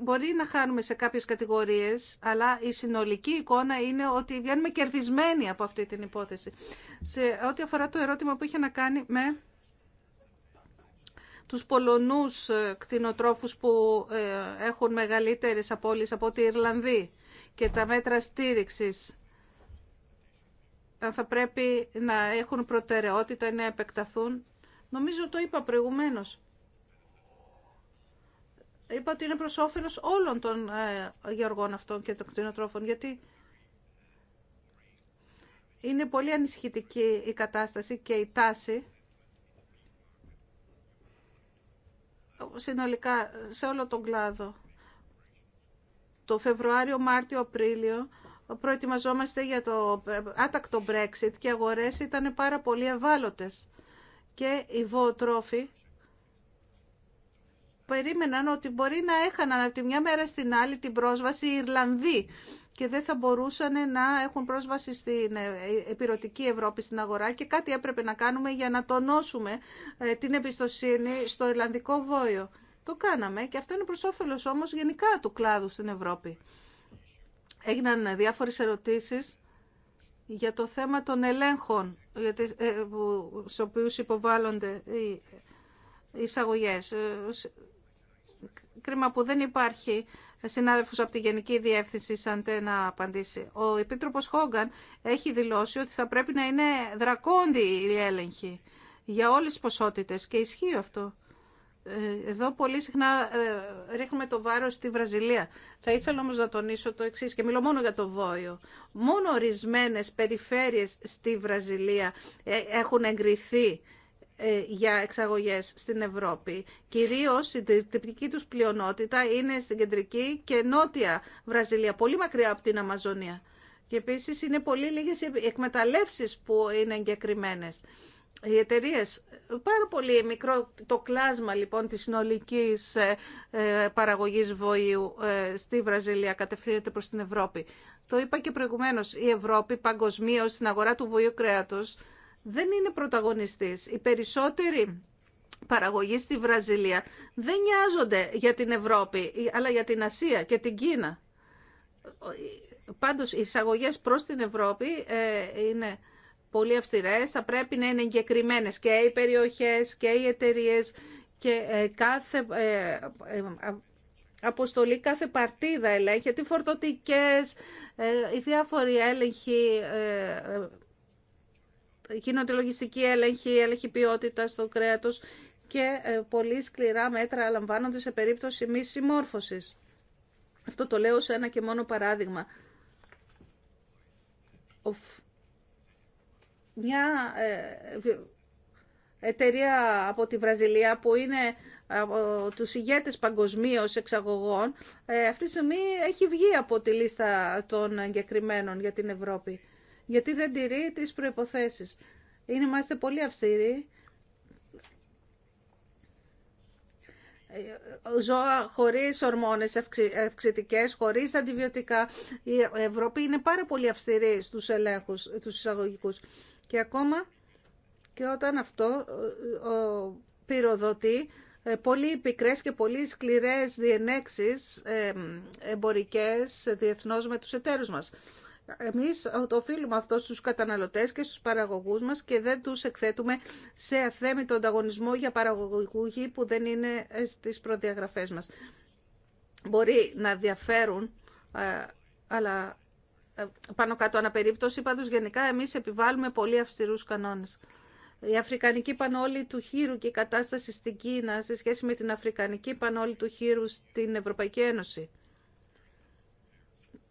Μπορεί να χάνουμε σε κάποιες κατηγορίες, αλλά η συνολική εικόνα είναι ότι βγαίνουμε κερδισμένοι από αυτή την υπόθεση. Σε ό,τι αφορά το ερώτημα που είχε να κάνει με τους Πολωνούς ε, κτηνοτρόφους που ε, έχουν μεγαλύτερες απώλειες από τη Ιρλανδοί και τα μέτρα στήριξης θα πρέπει να έχουν προτεραιότητα να επεκταθούν. Νομίζω το είπα προηγουμένως. Είπα ότι είναι προς όφελος όλων των ε, γεωργών αυτών και των κτηνοτρόφων, γιατί είναι πολύ ανησυχητική η κατάσταση και η τάση συνολικά σε όλο τον κλάδο. Το Φεβρουάριο, Μάρτιο, Απρίλιο προετοιμαζόμαστε για το άτακτο Brexit και οι αγορές ήταν πάρα πολύ ευάλωτες. Και οι βοοτρόφοι περίμεναν ότι μπορεί να έχαναν από τη μια μέρα στην άλλη την πρόσβαση οι Ιρλανδοί και δεν θα μπορούσαν να έχουν πρόσβαση στην ε, επιρωτική Ευρώπη στην αγορά και κάτι έπρεπε να κάνουμε για να τονώσουμε ε, την εμπιστοσύνη στο Ιρλανδικό Βόλιο. Το κάναμε και αυτό είναι προς όφελος όμως γενικά του κλάδου στην Ευρώπη έγιναν διάφορες ερωτήσεις για το θέμα των ελέγχων γιατί, ε, στους οποίους υποβάλλονται οι εισαγωγές. Ε, κρίμα που δεν υπάρχει συνάδελφος από τη Γενική Διεύθυνση σαν να απαντήσει. Ο Επίτροπος Χόγκαν έχει δηλώσει ότι θα πρέπει να είναι δρακόντι η έλεγχη για όλες τις ποσότητες και ισχύει αυτό. Ε, εδώ πολύ συχνά ε, ρίχνουμε το βάρος στη Βραζιλία. Θα ήθελα όμως να τονίσω το εξή και μιλώ μόνο για το Βόιο. Μόνο ορισμένε περιφέρειες στη Βραζιλία ε, έχουν εγκριθεί για εξαγωγές στην Ευρώπη. Κυρίως η τυπική τους πλειονότητα είναι στην κεντρική και νότια Βραζιλία, πολύ μακριά από την Αμαζονία. Και επίσης είναι πολύ λίγες οι εκμεταλλεύσεις που είναι εγκεκριμένες οι εταιρείε. Πάρα πολύ μικρό το κλάσμα λοιπόν της συνολικής ε, ε, παραγωγής βοήου ε, στη Βραζιλία κατευθύνεται προς την Ευρώπη. Το είπα και προηγουμένως, η Ευρώπη παγκοσμίω στην αγορά του βοήου κρέατος δεν είναι πρωταγωνιστής. Οι περισσότεροι παραγωγοί στη Βραζιλία δεν νοιάζονται για την Ευρώπη, αλλά για την Ασία και την Κίνα. Πάντως, οι εισαγωγές προς την Ευρώπη είναι πολύ αυστηρές, θα πρέπει να είναι εγκεκριμένε και οι περιοχές και οι εταιρείε και ε, κάθε ε, ε, αποστολή, κάθε παρτίδα ελέγχεται, οι φορτωτικές, οι διάφοροι έλεγχοι, γίνονται λογιστικοί έλεγχοι, έλεγχοι ποιότητα στο κρέατος και πολύ σκληρά μέτρα λαμβάνονται σε περίπτωση μη συμμόρφωσης. Αυτό το λέω σε ένα και μόνο παράδειγμα μια ε, εταιρεία από τη Βραζιλία που είναι του τους ηγέτες παγκοσμίως εξαγωγών, ε, αυτή τη στιγμή έχει βγει από τη λίστα των εγκεκριμένων για την Ευρώπη. Γιατί δεν τηρεί τις προϋποθέσεις. Είναι μάλιστα πολύ αυστηροί. Ε, ζώα χωρίς ορμόνες αυξητικές, χωρίς αντιβιωτικά. Η Ευρώπη είναι πάρα πολύ αυστηρή στους ελέγχους, τους εισαγωγικούς. Και ακόμα και όταν αυτό ε, πυροδοτεί ε, πολύ πικρές και πολύ σκληρές διενέξεις ε, εμπορικές διεθνώς με τους εταίρους μας. Εμείς το οφείλουμε αυτό στους καταναλωτές και στους παραγωγούς μας και δεν τους εκθέτουμε σε αθέμητο ανταγωνισμό για παραγωγή που δεν είναι στις προδιαγραφές μας. Μπορεί να διαφέρουν, αλλά πάνω κάτω αναπερίπτωση, πάντως γενικά εμείς επιβάλλουμε πολύ αυστηρούς κανόνες. Η Αφρικανική Πανόλη του Χείρου και η κατάσταση στην Κίνα σε σχέση με την Αφρικανική Πανόλη του Χείρου στην Ευρωπαϊκή Ένωση.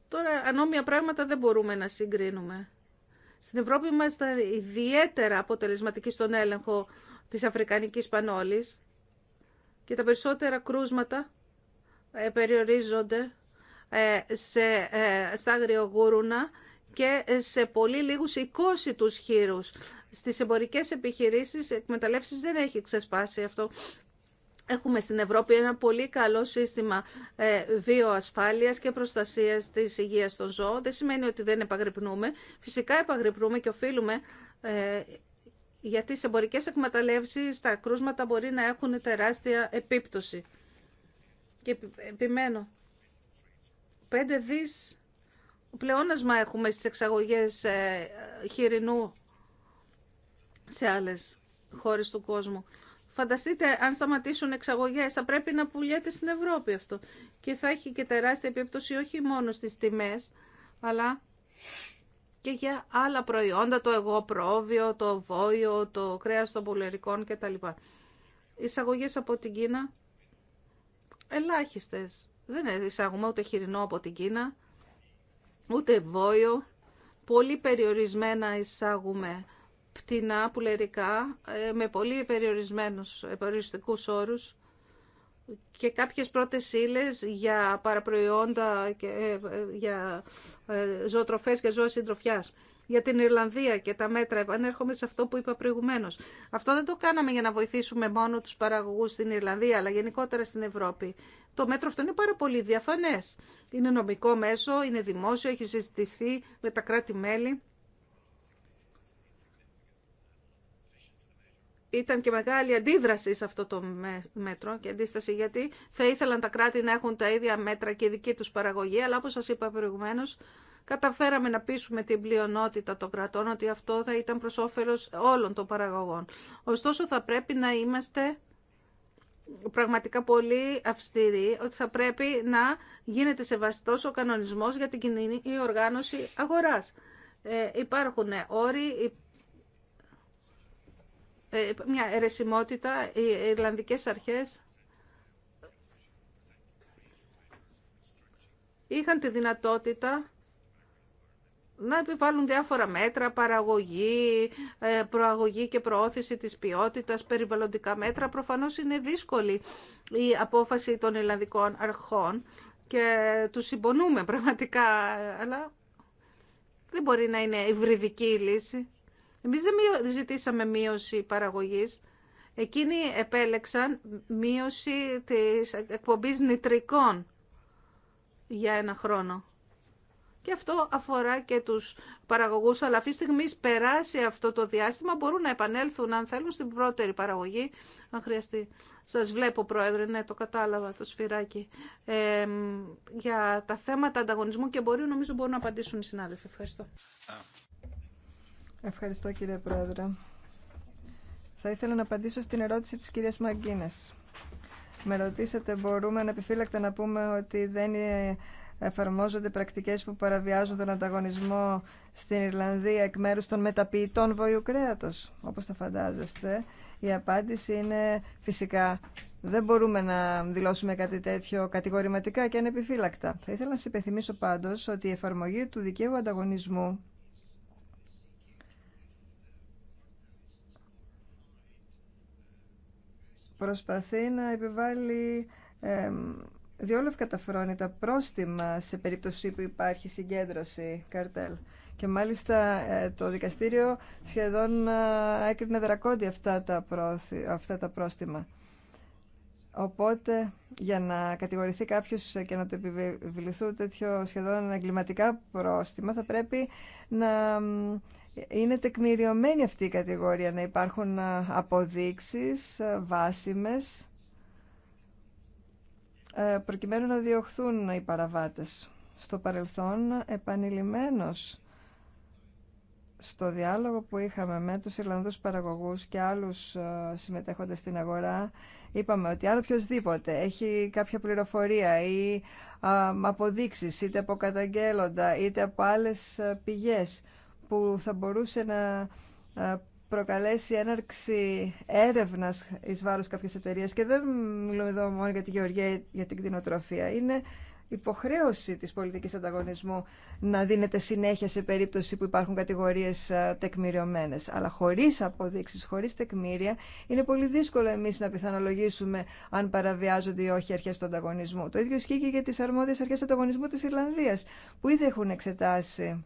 Τώρα ανώμια πράγματα δεν μπορούμε να συγκρίνουμε. Στην Ευρώπη είμαστε ιδιαίτερα αποτελεσματικοί στον έλεγχο της Αφρικανικής Πανόλης και τα περισσότερα κρούσματα ε, περιορίζονται ε, σε, ε, στα αγριογούρουνα και σε πολύ λίγους τους χείρους. Στις εμπορικές επιχειρήσεις εκμεταλλεύσεις δεν έχει ξεσπάσει αυτό. Έχουμε στην Ευρώπη ένα πολύ καλό σύστημα ε, βιοασφάλειας και προστασίας της υγείας των ζώων. Δεν σημαίνει ότι δεν επαγρυπνούμε. Φυσικά επαγρυπνούμε και οφείλουμε γιατί σε εμπορικές εκμεταλλεύσεις τα κρούσματα μπορεί να έχουν τεράστια επίπτωση. Και επιμένω Πέντε δις πλεόνασμα έχουμε στις εξαγωγές ε, χοιρινού σε άλλες χώρες του κόσμου. Φανταστείτε, αν σταματήσουν εξαγωγές, θα πρέπει να πουλιέται στην Ευρώπη αυτό. Και θα έχει και τεράστια επίπτωση όχι μόνο στις τιμές, αλλά και για άλλα προϊόντα, το εγώ πρόβιο, το βόιο, το κρέας των πουλερικών κτλ. Εισαγωγές από την Κίνα, ελάχιστες δεν εισάγουμε ούτε χοιρινό από την Κίνα, ούτε βόλιο. Πολύ περιορισμένα εισάγουμε πτηνά, πουλερικά, ε, με πολύ περιορισμένους, ε, περιοριστικούς όρους και κάποιες πρώτες ύλε για παραπροϊόντα, ε, για ζωοτροφές και ζώα συντροφιάς για την Ιρλανδία και τα μέτρα, επανέρχομαι σε αυτό που είπα προηγουμένω. Αυτό δεν το κάναμε για να βοηθήσουμε μόνο του παραγωγού στην Ιρλανδία, αλλά γενικότερα στην Ευρώπη. Το μέτρο αυτό είναι πάρα πολύ διαφανέ. Είναι νομικό μέσο, είναι δημόσιο, έχει συζητηθεί με τα κράτη-μέλη. Ήταν και μεγάλη αντίδραση σε αυτό το μέτρο και αντίσταση γιατί θα ήθελαν τα κράτη να έχουν τα ίδια μέτρα και δική τους παραγωγή, αλλά όπως σας είπα προηγουμένως, καταφέραμε να πείσουμε την πλειονότητα των κρατών ότι αυτό θα ήταν προς όφελος όλων των παραγωγών. Ωστόσο θα πρέπει να είμαστε πραγματικά πολύ αυστηροί ότι θα πρέπει να γίνεται σεβαστός ο κανονισμός για την κοινή οργάνωση αγοράς. Ε, υπάρχουν όροι, ε, μια αιρεσιμότητα, οι Ιρλανδικές αρχές είχαν τη δυνατότητα να επιβάλλουν διάφορα μέτρα, παραγωγή, ε, προαγωγή και προώθηση της ποιότητας, περιβαλλοντικά μέτρα. Προφανώς είναι δύσκολη η απόφαση των ελλαδικών αρχών και τους συμπονούμε πραγματικά, αλλά δεν μπορεί να είναι υβριδική η λύση. Εμείς δεν ζητήσαμε μείωση παραγωγής. Εκείνοι επέλεξαν μείωση της εκπομπής νητρικών για ένα χρόνο. Και αυτό αφορά και τους παραγωγούς, αλλά αυτή τη στιγμή περάσει αυτό το διάστημα, μπορούν να επανέλθουν αν θέλουν στην πρώτερη παραγωγή, αν χρειαστεί. Σας βλέπω, Πρόεδρε, ναι, το κατάλαβα το σφυράκι. Ε, για τα θέματα ανταγωνισμού και εμπορίου νομίζω μπορούν να απαντήσουν οι συνάδελφοι. Ευχαριστώ. Ευχαριστώ, κύριε Πρόεδρε. Θα ήθελα να απαντήσω στην ερώτηση τη κύρια Μαγκίνες. Με ρωτήσατε, μπορούμε να επιφύλακτα να πούμε ότι δεν είναι εφαρμόζονται πρακτικές που παραβιάζουν τον ανταγωνισμό στην Ιρλανδία εκ μέρους των μεταποιητών βοηού κρέατος. Όπως θα φαντάζεστε, η απάντηση είναι φυσικά δεν μπορούμε να δηλώσουμε κάτι τέτοιο κατηγορηματικά και ανεπιφύλακτα. Θα ήθελα να σας υπενθυμίσω πάντως ότι η εφαρμογή του δικαίου ανταγωνισμού προσπαθεί να επιβάλλει Διόλευ καταφρώνει τα πρόστιμα σε περίπτωση που υπάρχει συγκέντρωση καρτέλ. Και μάλιστα ε, το δικαστήριο σχεδόν ε, έκρινε δρακόντια αυτά τα, πρόθυ, αυτά τα πρόστιμα. Οπότε για να κατηγορηθεί κάποιος και να του επιβληθούν τέτοιο σχεδόν εγκληματικά πρόστιμα θα πρέπει να είναι τεκμηριωμένη αυτή η κατηγορία, να υπάρχουν ε, αποδείξεις βάσιμες ε, προκειμένου να διωχθούν οι παραβάτες. Στο παρελθόν επανειλημμένος στο διάλογο που είχαμε με τους Ιρλανδούς παραγωγούς και άλλους ε, συμμετέχοντες στην αγορά είπαμε ότι αν οποιοδήποτε έχει κάποια πληροφορία ή αποδείξεις είτε από καταγγέλλοντα είτε από άλλες ε, πηγές που θα μπορούσε να προκαλέσει έναρξη έρευνα ει βάρο κάποιες εταιρείες και δεν μιλούμε εδώ μόνο για τη γεωργία για την κτηνοτροφία. Είναι υποχρέωση τη πολιτική ανταγωνισμού να δίνεται συνέχεια σε περίπτωση που υπάρχουν κατηγορίε τεκμηριωμένες. Αλλά χωρί αποδείξει, χωρί τεκμήρια, είναι πολύ δύσκολο εμεί να πιθανολογήσουμε αν παραβιάζονται ή όχι αρχέ του ανταγωνισμού. Το ίδιο ισχύει και για τι αρμόδιε αρχέ ανταγωνισμού τη Ιρλανδία, που ήδη έχουν εξετάσει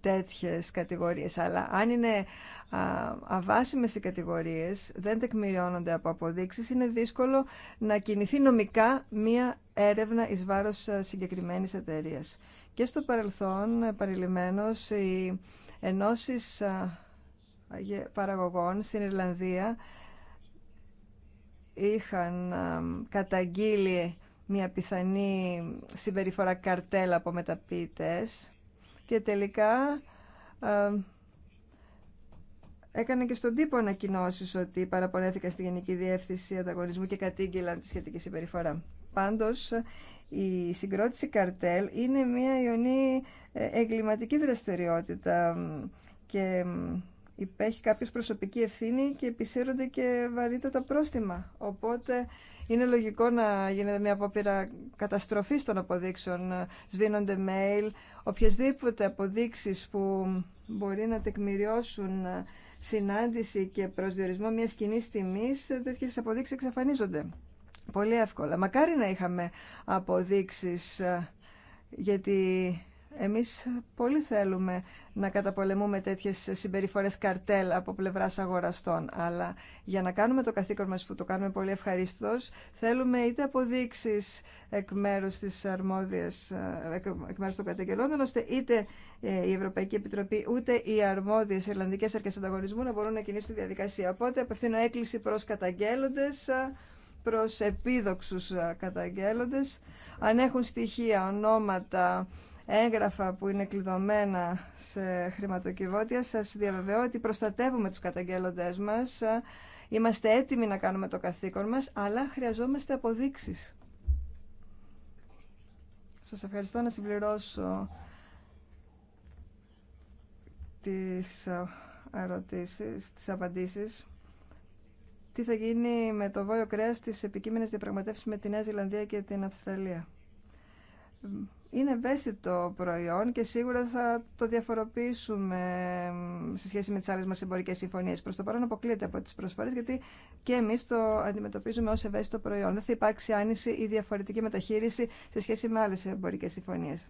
τέτοιες κατηγορίες. Αλλά αν είναι αβάσιμες οι κατηγορίες, δεν τεκμηριώνονται από αποδείξεις, είναι δύσκολο να κινηθεί νομικά μία έρευνα εις βάρος συγκεκριμένης εταιρεία. Και στο παρελθόν, παρελειμμένος οι ενώσεις παραγωγών στην Ιρλανδία είχαν καταγγείλει μια πιθανή συμπεριφορά καρτέλα από μεταπίτες και τελικά έκανε και στον τύπο ανακοινώσει ότι παραπονέθηκα στη Γενική Διεύθυνση Ανταγωνισμού και κατήγγειλαν τη σχετική συμπεριφορά. Πάντω, η συγκρότηση καρτέλ είναι μια ιονή ε, εγκληματική δραστηριότητα και υπέχει κάποιο προσωπική ευθύνη και επισύρονται και βαρύτατα πρόστιμα. Οπότε είναι λογικό να γίνεται μια απόπειρα καταστροφή των αποδείξεων. Σβήνονται mail, οποιασδήποτε αποδείξει που μπορεί να τεκμηριώσουν συνάντηση και προσδιορισμό μια κοινή τιμή, τέτοιε αποδείξει εξαφανίζονται. Πολύ εύκολα. Μακάρι να είχαμε αποδείξεις ε, γιατί εμείς πολύ θέλουμε να καταπολεμούμε τέτοιες συμπεριφορές καρτέλ από πλευράς αγοραστών, αλλά για να κάνουμε το καθήκον μας που το κάνουμε πολύ ευχαρίστως, θέλουμε είτε αποδείξεις εκ μέρους, της αρμόδιας, ε, εκ μέρους των καταγγελόντων, ώστε είτε ε, η Ευρωπαϊκή Επιτροπή, ούτε οι αρμόδιες Ιρλανδικές Αρχές Ανταγωνισμού να μπορούν να κινήσουν τη διαδικασία. Οπότε απευθύνω έκκληση προς καταγγέλλοντες, προς επίδοξους καταγγέλλοντες, αν έχουν στοιχεία, ονόματα, έγγραφα που είναι κλειδωμένα σε χρηματοκιβώτια, σας διαβεβαιώ ότι προστατεύουμε τους καταγγέλλοντές μας, είμαστε έτοιμοι να κάνουμε το καθήκον μας, αλλά χρειαζόμαστε αποδείξεις. Σας ευχαριστώ να συμπληρώσω τις ε, ερωτήσεις, τις απαντήσεις. Τι θα γίνει με το βόλιο κρέας της επικείμενες διαπραγματεύσεις με τη Νέα Ζηλανδία και την Αυστραλία είναι ευαίσθητο προϊόν και σίγουρα θα το διαφοροποιήσουμε σε σχέση με τις άλλες μα εμπορικές συμφωνίες. Προς το παρόν αποκλείεται από τις προσφορές γιατί και εμείς το αντιμετωπίζουμε ως ευαίσθητο προϊόν. Δεν θα υπάρξει άνοιση ή διαφορετική μεταχείριση σε σχέση με άλλες εμπορικέ συμφωνίες.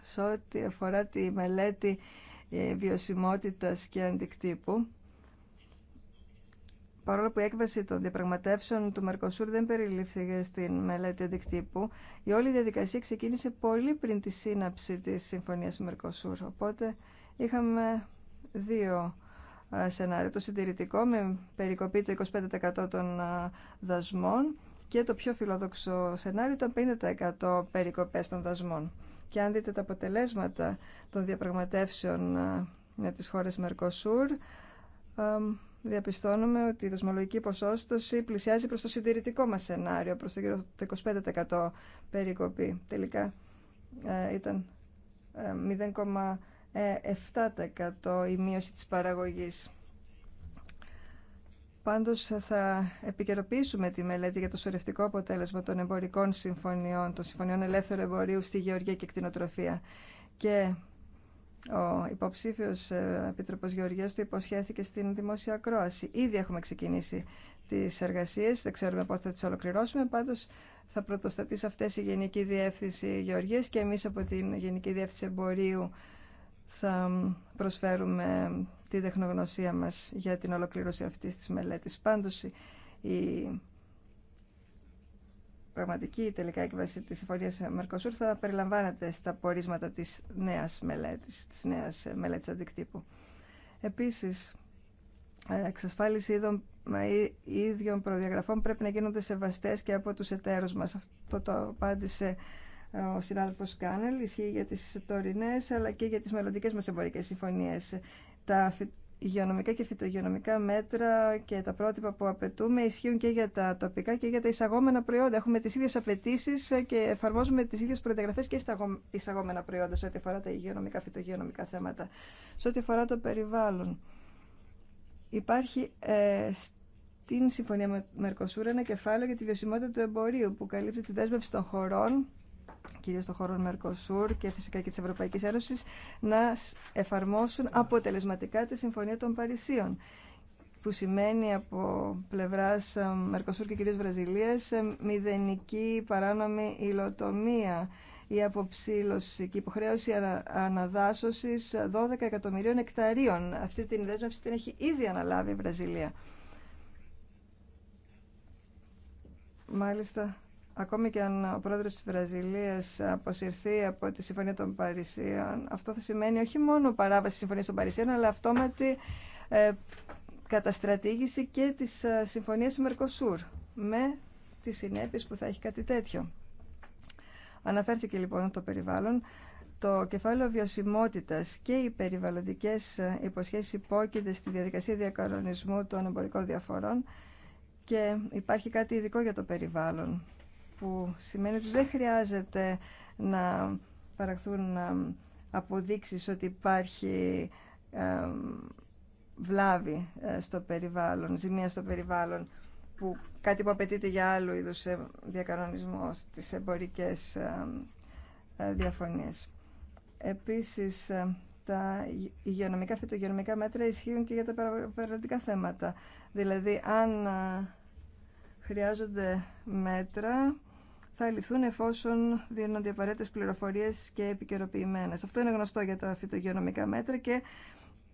Σε ό,τι αφορά τη μελέτη ε, βιωσιμότητας και αντικτύπου, παρόλο που η έκβαση των διαπραγματεύσεων του Μερκοσούρ δεν περιλήφθηκε στην μελέτη αντικτύπου, η όλη διαδικασία ξεκίνησε πολύ πριν τη σύναψη της Συμφωνίας Μερκοσούρ. Οπότε είχαμε δύο ε, σενάρια. Το συντηρητικό με περικοπή το 25% των ε, δασμών και το πιο φιλόδοξο σενάριο το 50% περικοπές των δασμών. Και αν δείτε τα αποτελέσματα των διαπραγματεύσεων ε, με τις χώρες Μερκοσούρ, διαπιστώνουμε ότι η δοσμολογική ποσόστοση πλησιάζει προς το συντηρητικό μας σενάριο, προς το 25% περικοπή. Τελικά ε, ήταν 0,7% ε, η μείωση της παραγωγής. Πάντως θα επικαιροποιήσουμε τη μελέτη για το σωρευτικό αποτέλεσμα των εμπορικών συμφωνιών, των συμφωνιών ελεύθερου εμπορίου στη γεωργία και κτηνοτροφία. Και ο υποψήφιο ε, Επίτροπο Γεωργία του υποσχέθηκε στην δημόσια ακρόαση. Ήδη έχουμε ξεκινήσει τις εργασίε. δεν ξέρουμε πότε θα τι ολοκληρώσουμε, πάντως θα πρωτοστατεί σε αυτές η Γενική Διεύθυνση Γεωργίας και εμείς από την Γενική Διεύθυνση Εμπορίου θα προσφέρουμε τη τεχνογνωσία μας για την ολοκλήρωση αυτή τη μελέτη η πραγματική τελικά έκβαση της συμφωνίας Μερκοσούρ θα περιλαμβάνεται στα πορίσματα της νέας μελέτης, της νέας ε, μελέτης αντικτύπου. Επίσης, ε, εξασφάλιση είδων ίδιων προδιαγραφών πρέπει να γίνονται σεβαστές και από τους εταίρους μας. Αυτό το απάντησε ε, ο συνάδελφος Κάνελ, ισχύει για τις τωρινές αλλά και για τις μελλοντικέ μας εμπορικές συμφωνίες. Τα υγειονομικά και φυτογειονομικά μέτρα και τα πρότυπα που απαιτούμε ισχύουν και για τα τοπικά και για τα εισαγόμενα προϊόντα. Έχουμε τι ίδιε απαιτήσει και εφαρμόζουμε τι ίδιε προδιαγραφέ και στα εισαγόμενα προϊόντα σε ό,τι αφορά τα υγειονομικά, φυτογειονομικά θέματα. Σε ό,τι αφορά το περιβάλλον. Υπάρχει ε, στην Συμφωνία Μερκοσούρα ένα κεφάλαιο για τη βιωσιμότητα του εμπορίου που καλύπτει τη δέσμευση των χωρών κυρίως των χωρών Μερκοσούρ και φυσικά και τη Ευρωπαϊκή Ένωση να εφαρμόσουν αποτελεσματικά τη Συμφωνία των Παρισίων που σημαίνει από πλευράς Μερκοσούρ και κυρίως Βραζιλίας ε, μηδενική παράνομη υλοτομία η αποψήλωση και η υποχρέωση αναδάσωσης 12 εκατομμυρίων εκταρίων. Αυτή την δέσμευση την έχει ήδη αναλάβει η Βραζιλία. Μάλιστα ακόμη και αν ο πρόεδρος της Βραζιλίας αποσυρθεί από τη Συμφωνία των Παρισίων, αυτό θα σημαίνει όχι μόνο παράβαση της Συμφωνίας των Παρισίων, αλλά αυτόματη ε, καταστρατήγηση και της ε, Συμφωνίας Μερκοσούρ, με τις συνέπειες που θα έχει κάτι τέτοιο. Αναφέρθηκε λοιπόν το περιβάλλον. Το κεφάλαιο βιωσιμότητα και οι περιβαλλοντικέ ε, υποσχέσει υπόκειται στη διαδικασία διακανονισμού των εμπορικών διαφορών και υπάρχει κάτι ειδικό για το περιβάλλον που σημαίνει ότι δεν χρειάζεται να παραχθούν αποδείξεις ότι υπάρχει βλάβη ε, στο περιβάλλον, ζημία στο περιβάλλον, που κάτι που απαιτείται για άλλου είδους ε, διακανονισμό στις εμπορικές ε, διαφωνίες. Επίσης, τα υγειονομικά, φυτογειονομικά μέτρα ισχύουν και για τα περιβαλλοντικά θέματα. Δηλαδή, αν χρειάζονται μέτρα θα ληφθούν εφόσον δίνονται απαραίτητε πληροφορίε και επικαιροποιημένε. Αυτό είναι γνωστό για τα φυτογεωνομικά μέτρα και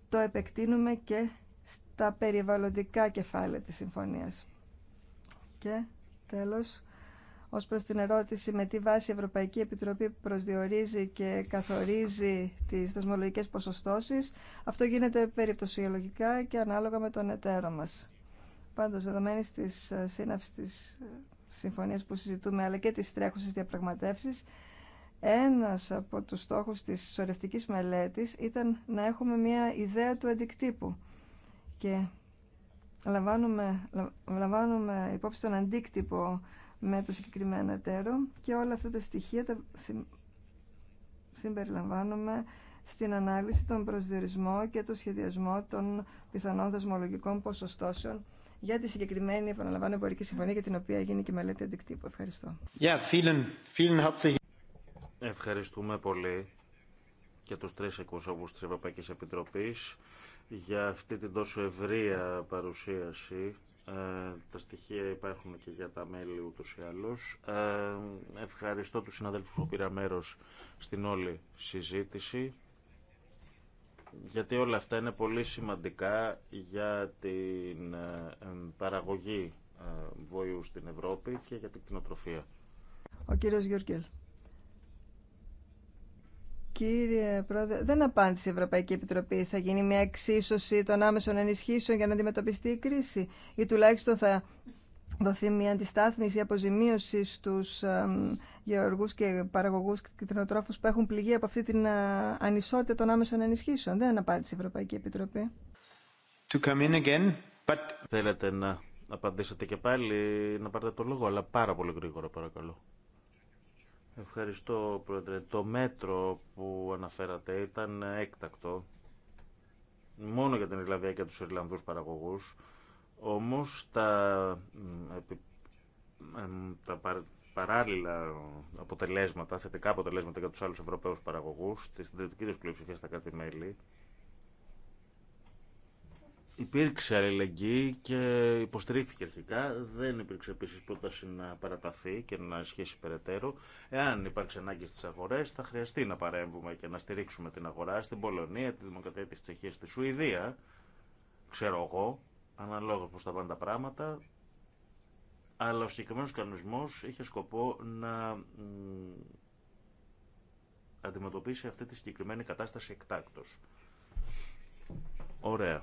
το επεκτείνουμε και στα περιβαλλοντικά κεφάλαια της συμφωνίας. Και τέλος, ως προς την ερώτηση με τι βάση η Ευρωπαϊκή Επιτροπή προσδιορίζει και καθορίζει τις δασμολογικές ποσοστώσεις, αυτό γίνεται περιπτωσιολογικά και ανάλογα με τον εταίρο μας. Πάντως, δεδομένη της ε, σύναυσης της ε, συμφωνίες που συζητούμε αλλά και τις τρέχουσες διαπραγματεύσεις, ένας από τους στόχους της σωρευτικής μελέτης ήταν να έχουμε μια ιδέα του αντικτύπου. Και λαμβάνουμε, λαμβάνουμε υπόψη τον αντίκτυπο με το συγκεκριμένο εταίρο και όλα αυτά τα στοιχεία τα συμπεριλαμβάνουμε στην ανάλυση των προσδιορισμό και το σχεδιασμό των πιθανών δασμολογικών ποσοστώσεων για τη συγκεκριμένη, επαναλαμβάνω, εμπορική συμφωνία για την οποία έγινε και μελέτη αντικτύπου. Ευχαριστώ. Yeah, vielen, vielen Ευχαριστούμε πολύ και τους τρεις εκπροσώπους της Ευρωπαϊκής Επιτροπής για αυτή την τόσο ευρεία παρουσίαση. Ε, τα στοιχεία υπάρχουν και για τα μέλη ούτως ή άλλως. Ε, ευχαριστώ τους συναδέλφους που πήρα μέρος στην όλη συζήτηση γιατί όλα αυτά είναι πολύ σημαντικά για την ε, παραγωγή ε, βοηού στην Ευρώπη και για την κτηνοτροφία. Ο κύριος Γιουρκέλ. Κύριε Πρόεδρε, δεν απάντησε η Ευρωπαϊκή Επιτροπή. Θα γίνει μια εξίσωση των άμεσων ενισχύσεων για να αντιμετωπιστεί η κρίση ή τουλάχιστον θα δοθεί μια αντιστάθμιση, αποζημίωση στους γεωργούς και παραγωγούς και κτηνοτρόφους που έχουν πληγεί από αυτή την ε, ανισότητα των άμεσων ενισχύσεων. Δεν απάντησε η Ευρωπαϊκή Επιτροπή. To come again, but... Θέλετε να απαντήσετε και πάλι, να πάρετε το λόγο, αλλά πάρα πολύ γρήγορα παρακαλώ. Ευχαριστώ, Πρόεδρε. Το μέτρο που αναφέρατε ήταν έκτακτο μόνο για την Ιρλανδία και τους Ιρλανδούς παραγωγούς όμως τα, τα παράλληλα αποτελέσματα, θετικά αποτελέσματα για τους άλλους Ευρωπαίους παραγωγούς, τη συντηρητική τους πλειοψηφία στα κράτη-μέλη, Υπήρξε αλληλεγγύη και υποστηρίχθηκε αρχικά. Δεν υπήρξε επίση πρόταση να παραταθεί και να σχέσει περαιτέρω. Εάν υπάρξει ανάγκη στι αγορέ, θα χρειαστεί να παρέμβουμε και να στηρίξουμε την αγορά στην Πολωνία, τη Δημοκρατία τη Τσεχία, στη Σουηδία, ξέρω εγώ, αναλόγω πώς θα πάνε τα πράγματα, αλλά ο συγκεκριμένο κανονισμός είχε σκοπό να αντιμετωπίσει αυτή τη συγκεκριμένη κατάσταση εκτάκτος. Ωραία.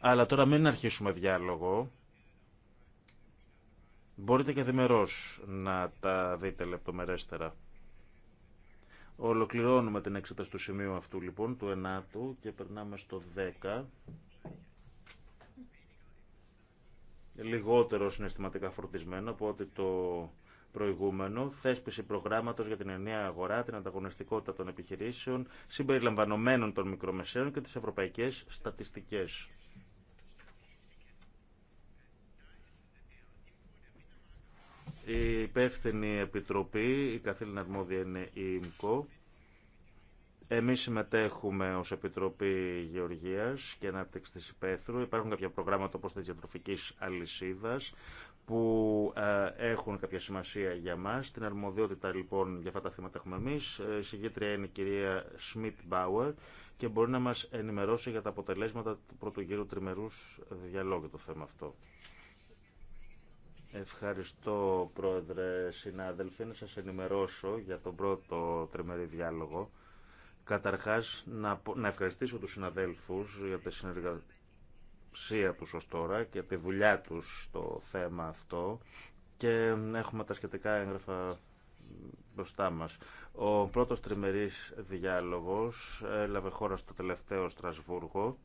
Αλλά τώρα μην αρχίσουμε διάλογο. Μπορείτε και δημερός να τα δείτε λεπτομερέστερα. Ολοκληρώνουμε την εξέταση του σημείου αυτού λοιπόν, του 9ου και περνάμε στο 10 λιγότερο συναισθηματικά φορτισμένο από ότι το προηγούμενο, θέσπιση προγράμματο για την ενιαία αγορά, την ανταγωνιστικότητα των επιχειρήσεων, συμπεριλαμβανομένων των μικρομεσαίων και τι ευρωπαϊκέ στατιστικέ. Η υπεύθυνη επιτροπή, η καθήλυνα αρμόδια είναι η ΙΜΚΟ εμείς συμμετέχουμε ως Επιτροπή Γεωργίας και Ανάπτυξη της Υπέθρου. Υπάρχουν κάποια προγράμματα όπως τη διατροφικής αλυσίδας που ε, έχουν κάποια σημασία για μας. Την αρμοδιότητα λοιπόν για αυτά τα θέματα έχουμε εμείς. Ε, η είναι η κυρία Σμιτ Μπάουερ και μπορεί να μας ενημερώσει για τα αποτελέσματα του πρώτου γύρου τριμερούς διαλόγου το θέμα αυτό. Ευχαριστώ πρόεδρε συνάδελφοι να σας ενημερώσω για τον πρώτο τριμερή διάλογο Καταρχάς, να, να ευχαριστήσω τους συναδέλφους για τη συνεργασία τους ως τώρα και τη δουλειά τους στο θέμα αυτό και έχουμε τα σχετικά έγγραφα μπροστά μας. Ο πρώτος τριμερής διάλογος έλαβε χώρα στο τελευταίο Στρασβούργο.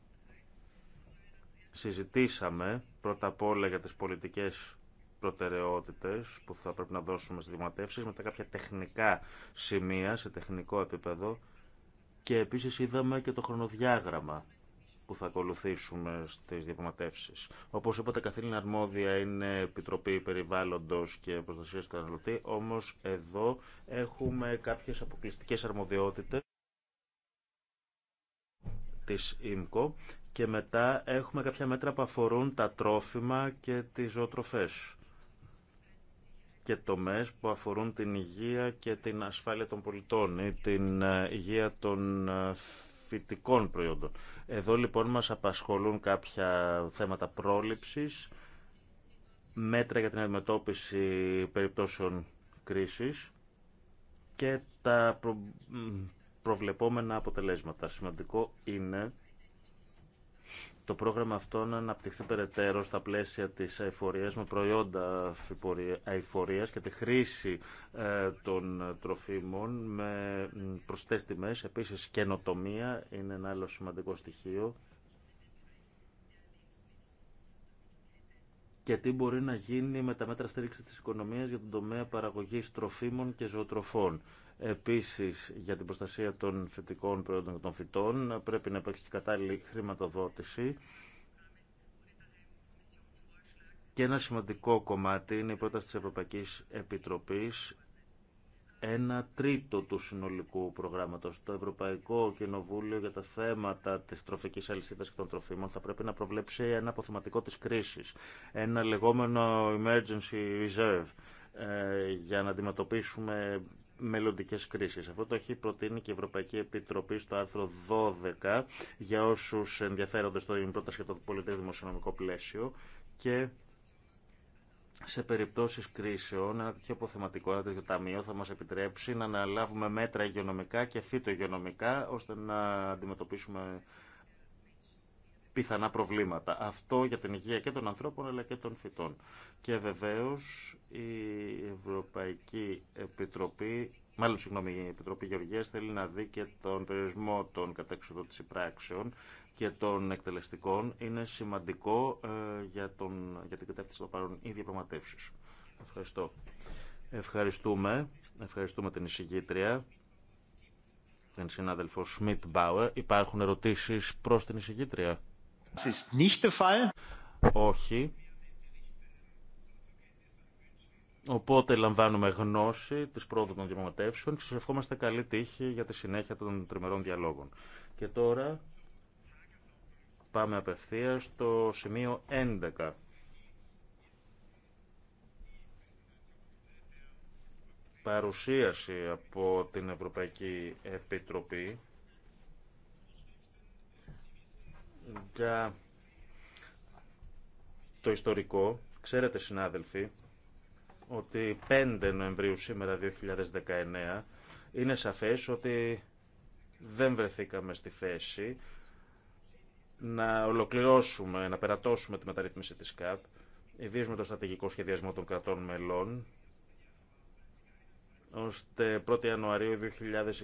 Συζητήσαμε πρώτα απ' όλα για τις πολιτικές προτεραιότητες που θα πρέπει να δώσουμε στις δημοτεύσεις, μετά κάποια τεχνικά σημεία σε τεχνικό επίπεδο και επίσης είδαμε και το χρονοδιάγραμμα που θα ακολουθήσουμε στις διαπραγματεύσεις. Όπως είπατε, καθήλυνα αρμόδια είναι Επιτροπή Περιβάλλοντος και προστασία του Αναλωτή, όμως εδώ έχουμε κάποιες αποκλειστικές αρμοδιότητες της ΙΜΚΟ και μετά έχουμε κάποια μέτρα που αφορούν τα τρόφιμα και τις ζωοτροφές και τομές που αφορούν την υγεία και την ασφάλεια των πολιτών ή την ε, υγεία των ε, φυτικών προϊόντων. Εδώ λοιπόν μας απασχολούν κάποια θέματα πρόληψης, μέτρα για την αντιμετώπιση περιπτώσεων κρίσης και τα προβλεπόμενα αποτελέσματα. Σημαντικό είναι το πρόγραμμα αυτό να αναπτυχθεί περαιτέρω στα πλαίσια της αηφορίας με προϊόντα αηφορίας και τη χρήση ε, των τροφίμων με προσθές τιμές. Επίσης καινοτομία είναι ένα άλλο σημαντικό στοιχείο. Και τι μπορεί να γίνει με τα μέτρα στήριξης της οικονομίας για τον τομέα παραγωγής τροφίμων και ζωοτροφών. Επίσης, για την προστασία των φυτικών προϊόντων και των φυτών πρέπει να υπάρξει κατάλληλη χρηματοδότηση. Και ένα σημαντικό κομμάτι είναι η πρόταση της Ευρωπαϊκής Επιτροπής ένα τρίτο του συνολικού προγράμματος. Το Ευρωπαϊκό Κοινοβούλιο για τα θέματα της τροφικής αλυσίδας και των τροφίμων θα πρέπει να προβλέψει ένα αποθεματικό της κρίσης, ένα λεγόμενο emergency reserve, ε, για να αντιμετωπίσουμε μελλοντικέ κρίσει. Αυτό το έχει προτείνει και η Ευρωπαϊκή Επιτροπή στο άρθρο 12 για όσου ενδιαφέρονται στο πρόταση για το πολιτικό δημοσιονομικό πλαίσιο και σε περιπτώσεις κρίσεων, ένα τέτοιο αποθεματικό, ένα τέτοιο ταμείο θα μας επιτρέψει να αναλάβουμε μέτρα υγειονομικά και φυτο ώστε να αντιμετωπίσουμε πιθανά προβλήματα. Αυτό για την υγεία και των ανθρώπων αλλά και των φυτών. Και βεβαίως η Ευρωπαϊκή Επιτροπή Μάλλον, συγγνώμη, η Επιτροπή Γεωργίας θέλει να δει και τον περιορισμό των τη πράξεων και των εκτελεστικών. Είναι σημαντικό ε, για, τον, για την κατεύθυνση των παρών ή διαπραγματεύσει. Ευχαριστώ. Ευχαριστούμε. Ευχαριστούμε την εισηγήτρια, την συνάδελφο Σμιτ Μπάουερ. Υπάρχουν ερωτήσεις προς την εισηγήτρια. Όχι. Οπότε λαμβάνουμε γνώση τη πρόοδου των διαπραγματεύσεων και σα ευχόμαστε καλή τύχη για τη συνέχεια των τριμερών διαλόγων. Και τώρα πάμε απευθεία στο σημείο 11. Παρουσίαση από την Ευρωπαϊκή Επιτροπή για το ιστορικό. Ξέρετε συνάδελφοι ότι 5 Νοεμβρίου σήμερα 2019 είναι σαφές ότι δεν βρεθήκαμε στη θέση να ολοκληρώσουμε, να περατώσουμε τη μεταρρύθμιση της ΚΑΠ, ιδίως με το στρατηγικό σχεδιασμό των κρατών μελών, ώστε 1η Ιανουαρίου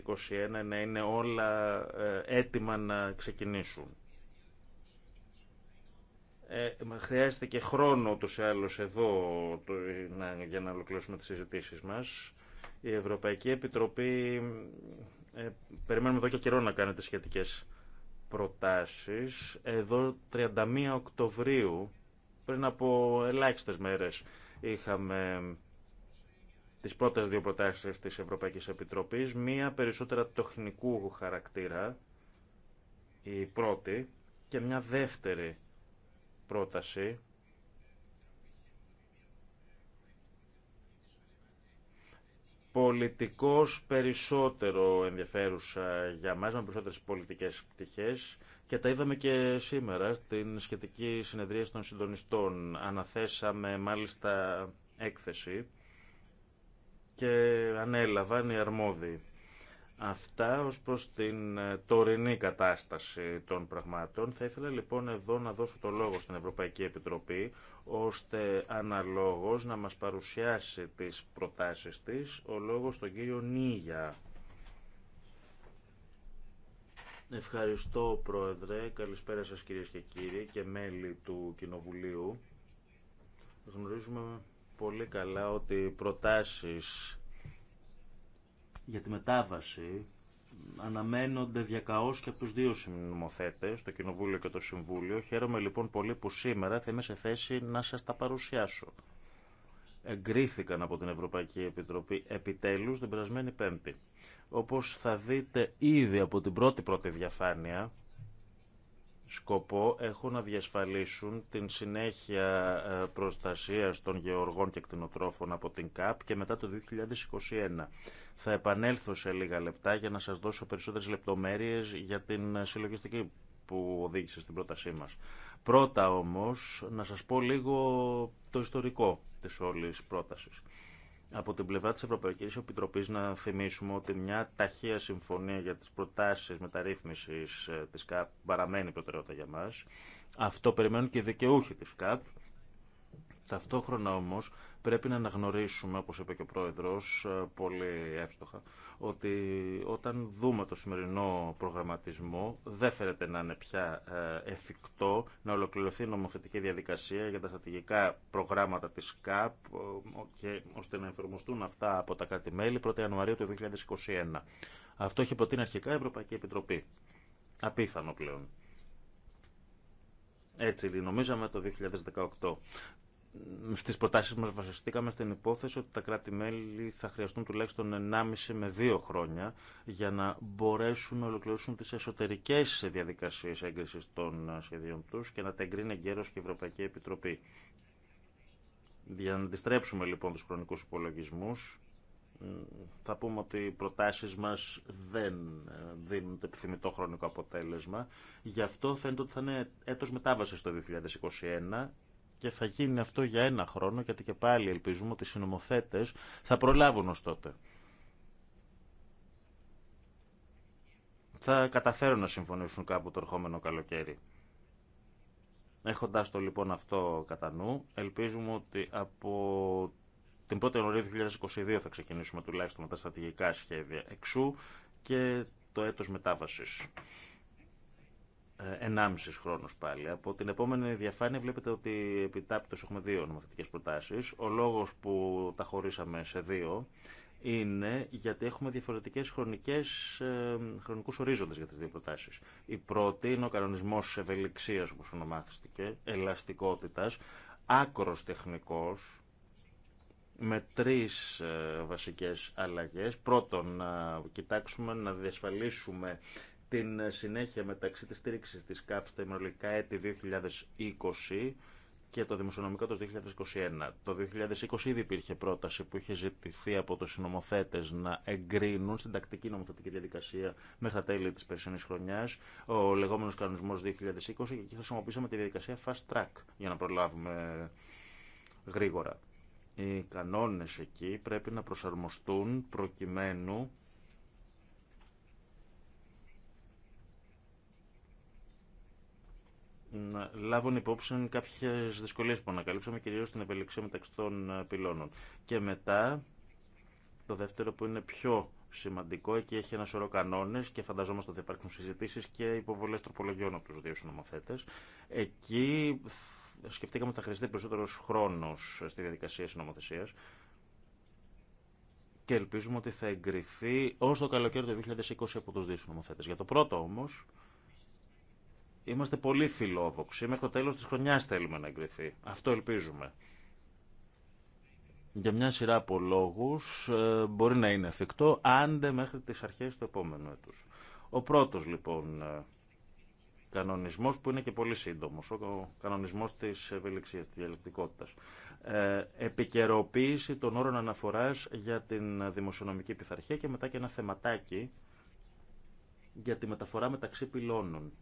2021 να είναι όλα ε, έτοιμα να ξεκινήσουν. Ε, χρειάζεται και χρόνο ούτως ή άλλως εδώ για να ολοκληρώσουμε τις συζητήσεις μας. Η Ευρωπαϊκή Επιτροπή, ε, περιμένουμε εδώ και καιρό να κάνετε σχετικές προτάσεις. Εδώ 31 Οκτωβρίου, πριν από ελάχιστες μέρες, είχαμε τις πρώτες δύο προτάσεις της Ευρωπαϊκής Επιτροπής. Μία περισσότερα τεχνικού χαρακτήρα, η πρώτη, και μια δεύτερη πρόταση πολιτικός περισσότερο ενδιαφέρουσα για μας, με περισσότερες πολιτικές πτυχές και τα είδαμε και σήμερα στην σχετική συνεδρία των συντονιστών. Αναθέσαμε μάλιστα έκθεση και ανέλαβαν οι αρμόδιοι. Αυτά ως προς την ε, τωρινή κατάσταση των πραγμάτων. Θα ήθελα λοιπόν εδώ να δώσω το λόγο στην Ευρωπαϊκή Επιτροπή, ώστε αναλόγως να μας παρουσιάσει τις προτάσεις της, ο λόγος στον κύριο Νίγια. Ευχαριστώ Πρόεδρε, καλησπέρα σας κυρίες και κύριοι και μέλη του Κοινοβουλίου. Γνωρίζουμε πολύ καλά ότι οι προτάσεις για τη μετάβαση αναμένονται διακαώς και από τους δύο συνομοθέτες, το Κοινοβούλιο και το Συμβούλιο. Χαίρομαι λοιπόν πολύ που σήμερα θα είμαι σε θέση να σας τα παρουσιάσω. Εγκρίθηκαν από την Ευρωπαϊκή Επιτροπή επιτέλους την περασμένη Πέμπτη. Όπως θα δείτε ήδη από την πρώτη πρώτη διαφάνεια, σκοπό έχουν να διασφαλίσουν την συνέχεια ε, προστασίας των γεωργών και κτηνοτρόφων από την ΚΑΠ και μετά το 2021. Θα επανέλθω σε λίγα λεπτά για να σας δώσω περισσότερες λεπτομέρειες για την ε, συλλογιστική που οδήγησε στην πρότασή μας. Πρώτα όμως να σας πω λίγο το ιστορικό της όλης πρότασης από την πλευρά της Ευρωπαϊκής Επιτροπής να θυμίσουμε ότι μια ταχεία συμφωνία για τις προτάσεις μεταρρύθμισης ε, της ΚΑΠ παραμένει προτεραιότητα για μας. Αυτό περιμένουν και οι δικαιούχοι της ΚΑΠ. Ταυτόχρονα όμως πρέπει να αναγνωρίσουμε, όπως είπε και ο Πρόεδρος, ε, πολύ εύστοχα, ότι όταν δούμε το σημερινό προγραμματισμό δεν φαίνεται να είναι πια ε, εφικτό να ολοκληρωθεί η νομοθετική διαδικασία για τα στρατηγικά προγράμματα της ΚΑΠ ε, και ώστε να εφαρμοστούν αυτά από τα κράτη-μέλη 1 Ιανουαρίου του 2021. Αυτό έχει προτείνει αρχικά η Ευρωπαϊκή Επιτροπή. Απίθανο πλέον. Έτσι νομίζαμε το 2018 στις προτάσεις μας βασιστήκαμε στην υπόθεση ότι τα κράτη-μέλη θα χρειαστούν τουλάχιστον 1,5 με 2 χρόνια για να μπορέσουν να ολοκληρώσουν τις εσωτερικές διαδικασίες έγκρισης των σχεδίων τους και να τα εγκρίνει εγκαίρως και η Ευρωπαϊκή Επιτροπή. Για να αντιστρέψουμε λοιπόν τους χρονικούς υπολογισμούς, θα πούμε ότι οι προτάσεις μας δεν δίνουν το επιθυμητό χρονικό αποτέλεσμα. Γι' αυτό φαίνεται ότι θα είναι έτος μετάβασης το 2021 και θα γίνει αυτό για ένα χρόνο γιατί και πάλι ελπίζουμε ότι οι συνομοθέτες θα προλάβουν ως τότε. Θα καταφέρουν να συμφωνήσουν κάπου το ερχόμενο καλοκαίρι. Έχοντας το λοιπόν αυτό κατά νου, ελπίζουμε ότι από την 1η Ιανουαρίου 2022 θα ξεκινήσουμε τουλάχιστον με τα στρατηγικά σχέδια εξού και το έτος μετάβασης. Ε, Ενάμιση χρόνο πάλι. Από την επόμενη διαφάνεια βλέπετε ότι επιτάπητο έχουμε δύο νομοθετικέ προτάσει. Ο λόγος που τα χωρίσαμε σε δύο είναι γιατί έχουμε διαφορετικές χρονικές, ε, χρονικούς ορίζοντες για τις δύο προτάσει. Η πρώτη είναι ο κανονισμό ευελιξίας, όπω ονομάστηκε, ελαστικότητας, άκρο τεχνικό, με τρεις ε, βασικές αλλαγές. Πρώτον, να κοιτάξουμε να διασφαλίσουμε την συνέχεια μεταξύ της στήριξη της ΚΑΠ στα ημερολικά έτη 2020 και το δημοσιονομικό το 2021. Το 2020 ήδη υπήρχε πρόταση που είχε ζητηθεί από τους συνομοθέτες να εγκρίνουν στην τακτική νομοθετική διαδικασία μέχρι τα τέλη της περσινής χρονιάς ο λεγόμενος κανονισμός 2020 και εκεί χρησιμοποίησαμε τη διαδικασία fast track για να προλάβουμε γρήγορα. Οι κανόνες εκεί πρέπει να προσαρμοστούν προκειμένου να λάβουν υπόψη κάποιε δυσκολίε που ανακαλύψαμε, κυρίω στην ευελιξία μεταξύ των ε, πυλώνων. Και μετά, το δεύτερο που είναι πιο σημαντικό, εκεί έχει ένα σωρό κανόνε και φανταζόμαστε ότι υπάρχουν συζητήσει συζητήσεις και υποβολέ τροπολογιών από του δύο συνομοθέτε. Εκεί σκεφτήκαμε ότι θα χρειαστεί περισσότερος χρόνος στη διαδικασία συνομοθεσία και ελπίζουμε ότι θα εγκριθεί ω το καλοκαίρι του 2020 από του δύο συνομοθέτες. Για το πρώτο όμω, Είμαστε πολύ φιλόδοξοι. Μέχρι το τέλος της χρονιάς θέλουμε να εγκριθεί. Αυτό ελπίζουμε. Για μια σειρά από λόγους ε, μπορεί να είναι εφικτό, άντε μέχρι τις αρχές του επόμενου έτους. Ο πρώτος λοιπόν ε, κανονισμός που είναι και πολύ σύντομος, ο κανονισμός της ευελιξίας, της διαλεκτικότητας. Ε, επικαιροποίηση των όρων αναφοράς για την δημοσιονομική πειθαρχία και μετά και ένα θεματάκι για τη μεταφορά μεταξύ πυλώνων.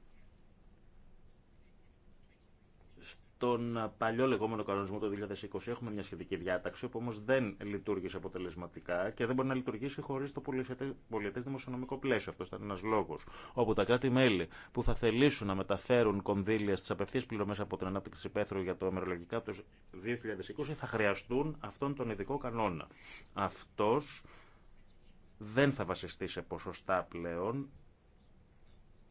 τον παλιό λεγόμενο κανονισμό του 2020 έχουμε μια σχετική διάταξη που όμω δεν λειτουργήσε αποτελεσματικά και δεν μπορεί να λειτουργήσει χωρί το πολιτέ δημοσιονομικό πλαίσιο. Αυτό ήταν ένα λόγο. Όπου τα κράτη-μέλη που θα θελήσουν να μεταφέρουν κονδύλια στι απευθεία πληρωμέ από την ανάπτυξη υπαίθρου για το αμερολογικά του 2020 θα χρειαστούν αυτόν τον ειδικό κανόνα. Αυτό δεν θα βασιστεί σε ποσοστά πλέον,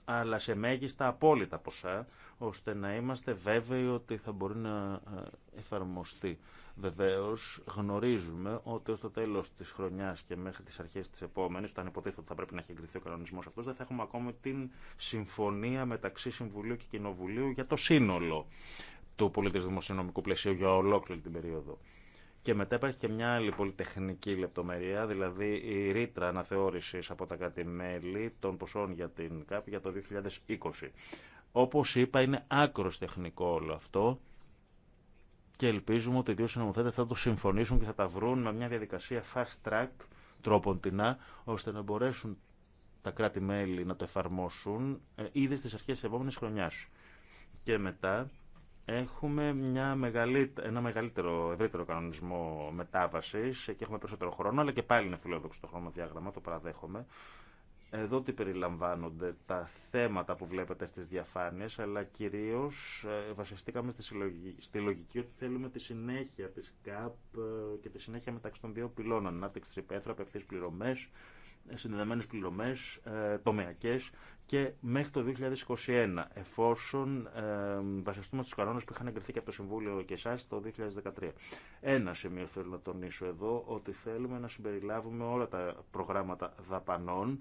αλλά σε μέγιστα απόλυτα ποσά, ώστε να είμαστε βέβαιοι ότι θα μπορεί να ε, εφαρμοστεί. Βεβαίως γνωρίζουμε ότι ως το τέλος της χρονιάς και μέχρι τις αρχές της επόμενης, όταν υποτίθεται ότι θα πρέπει να έχει εγκριθεί ο κανονισμός αυτός, δεν θα έχουμε ακόμη την συμφωνία μεταξύ Συμβουλίου και Κοινοβουλίου για το σύνολο του πολιτισμού δημοσιονομικού πλαισίου για ολόκληρη την περίοδο. Και μετά υπάρχει και μια άλλη πολυτεχνική λεπτομερία, δηλαδή η ρήτρα αναθεώρηση από τα κράτη-μέλη των ποσών για την ΚΑΠ για το 2020. Όπω είπα, είναι άκρο τεχνικό όλο αυτό και ελπίζουμε ότι οι δύο συνομοθέτε θα το συμφωνήσουν και θα τα βρουν με μια διαδικασία fast track τρόπον ά, ώστε να μπορέσουν τα κράτη-μέλη να το εφαρμόσουν ε, ήδη στις αρχές της επόμενης χρονιάς. Και μετά έχουμε μια ένα μεγαλύτερο, ευρύτερο κανονισμό μετάβαση και έχουμε περισσότερο χρόνο, αλλά και πάλι είναι φιλόδοξο το χρονοδιάγραμμα, το παραδέχομαι. Εδώ τι περιλαμβάνονται τα θέματα που βλέπετε στις διαφάνειες, αλλά κυρίως ε, βασιστήκαμε στη, συλλογική, στη λογική ότι θέλουμε τη συνέχεια της ΚΑΠ ε, και τη συνέχεια μεταξύ των δύο πυλώνων, ανάπτυξη τη υπαίθρα, πληρωμές συνδεδεμένες πληρωμές, ε, τομεακές και μέχρι το 2021, εφόσον ε, βασιστούμε στους κανόνες που είχαν εγκριθεί και από το Συμβούλιο και εσά το 2013. Ένα σημείο θέλω να τονίσω εδώ, ότι θέλουμε να συμπεριλάβουμε όλα τα προγράμματα δαπανών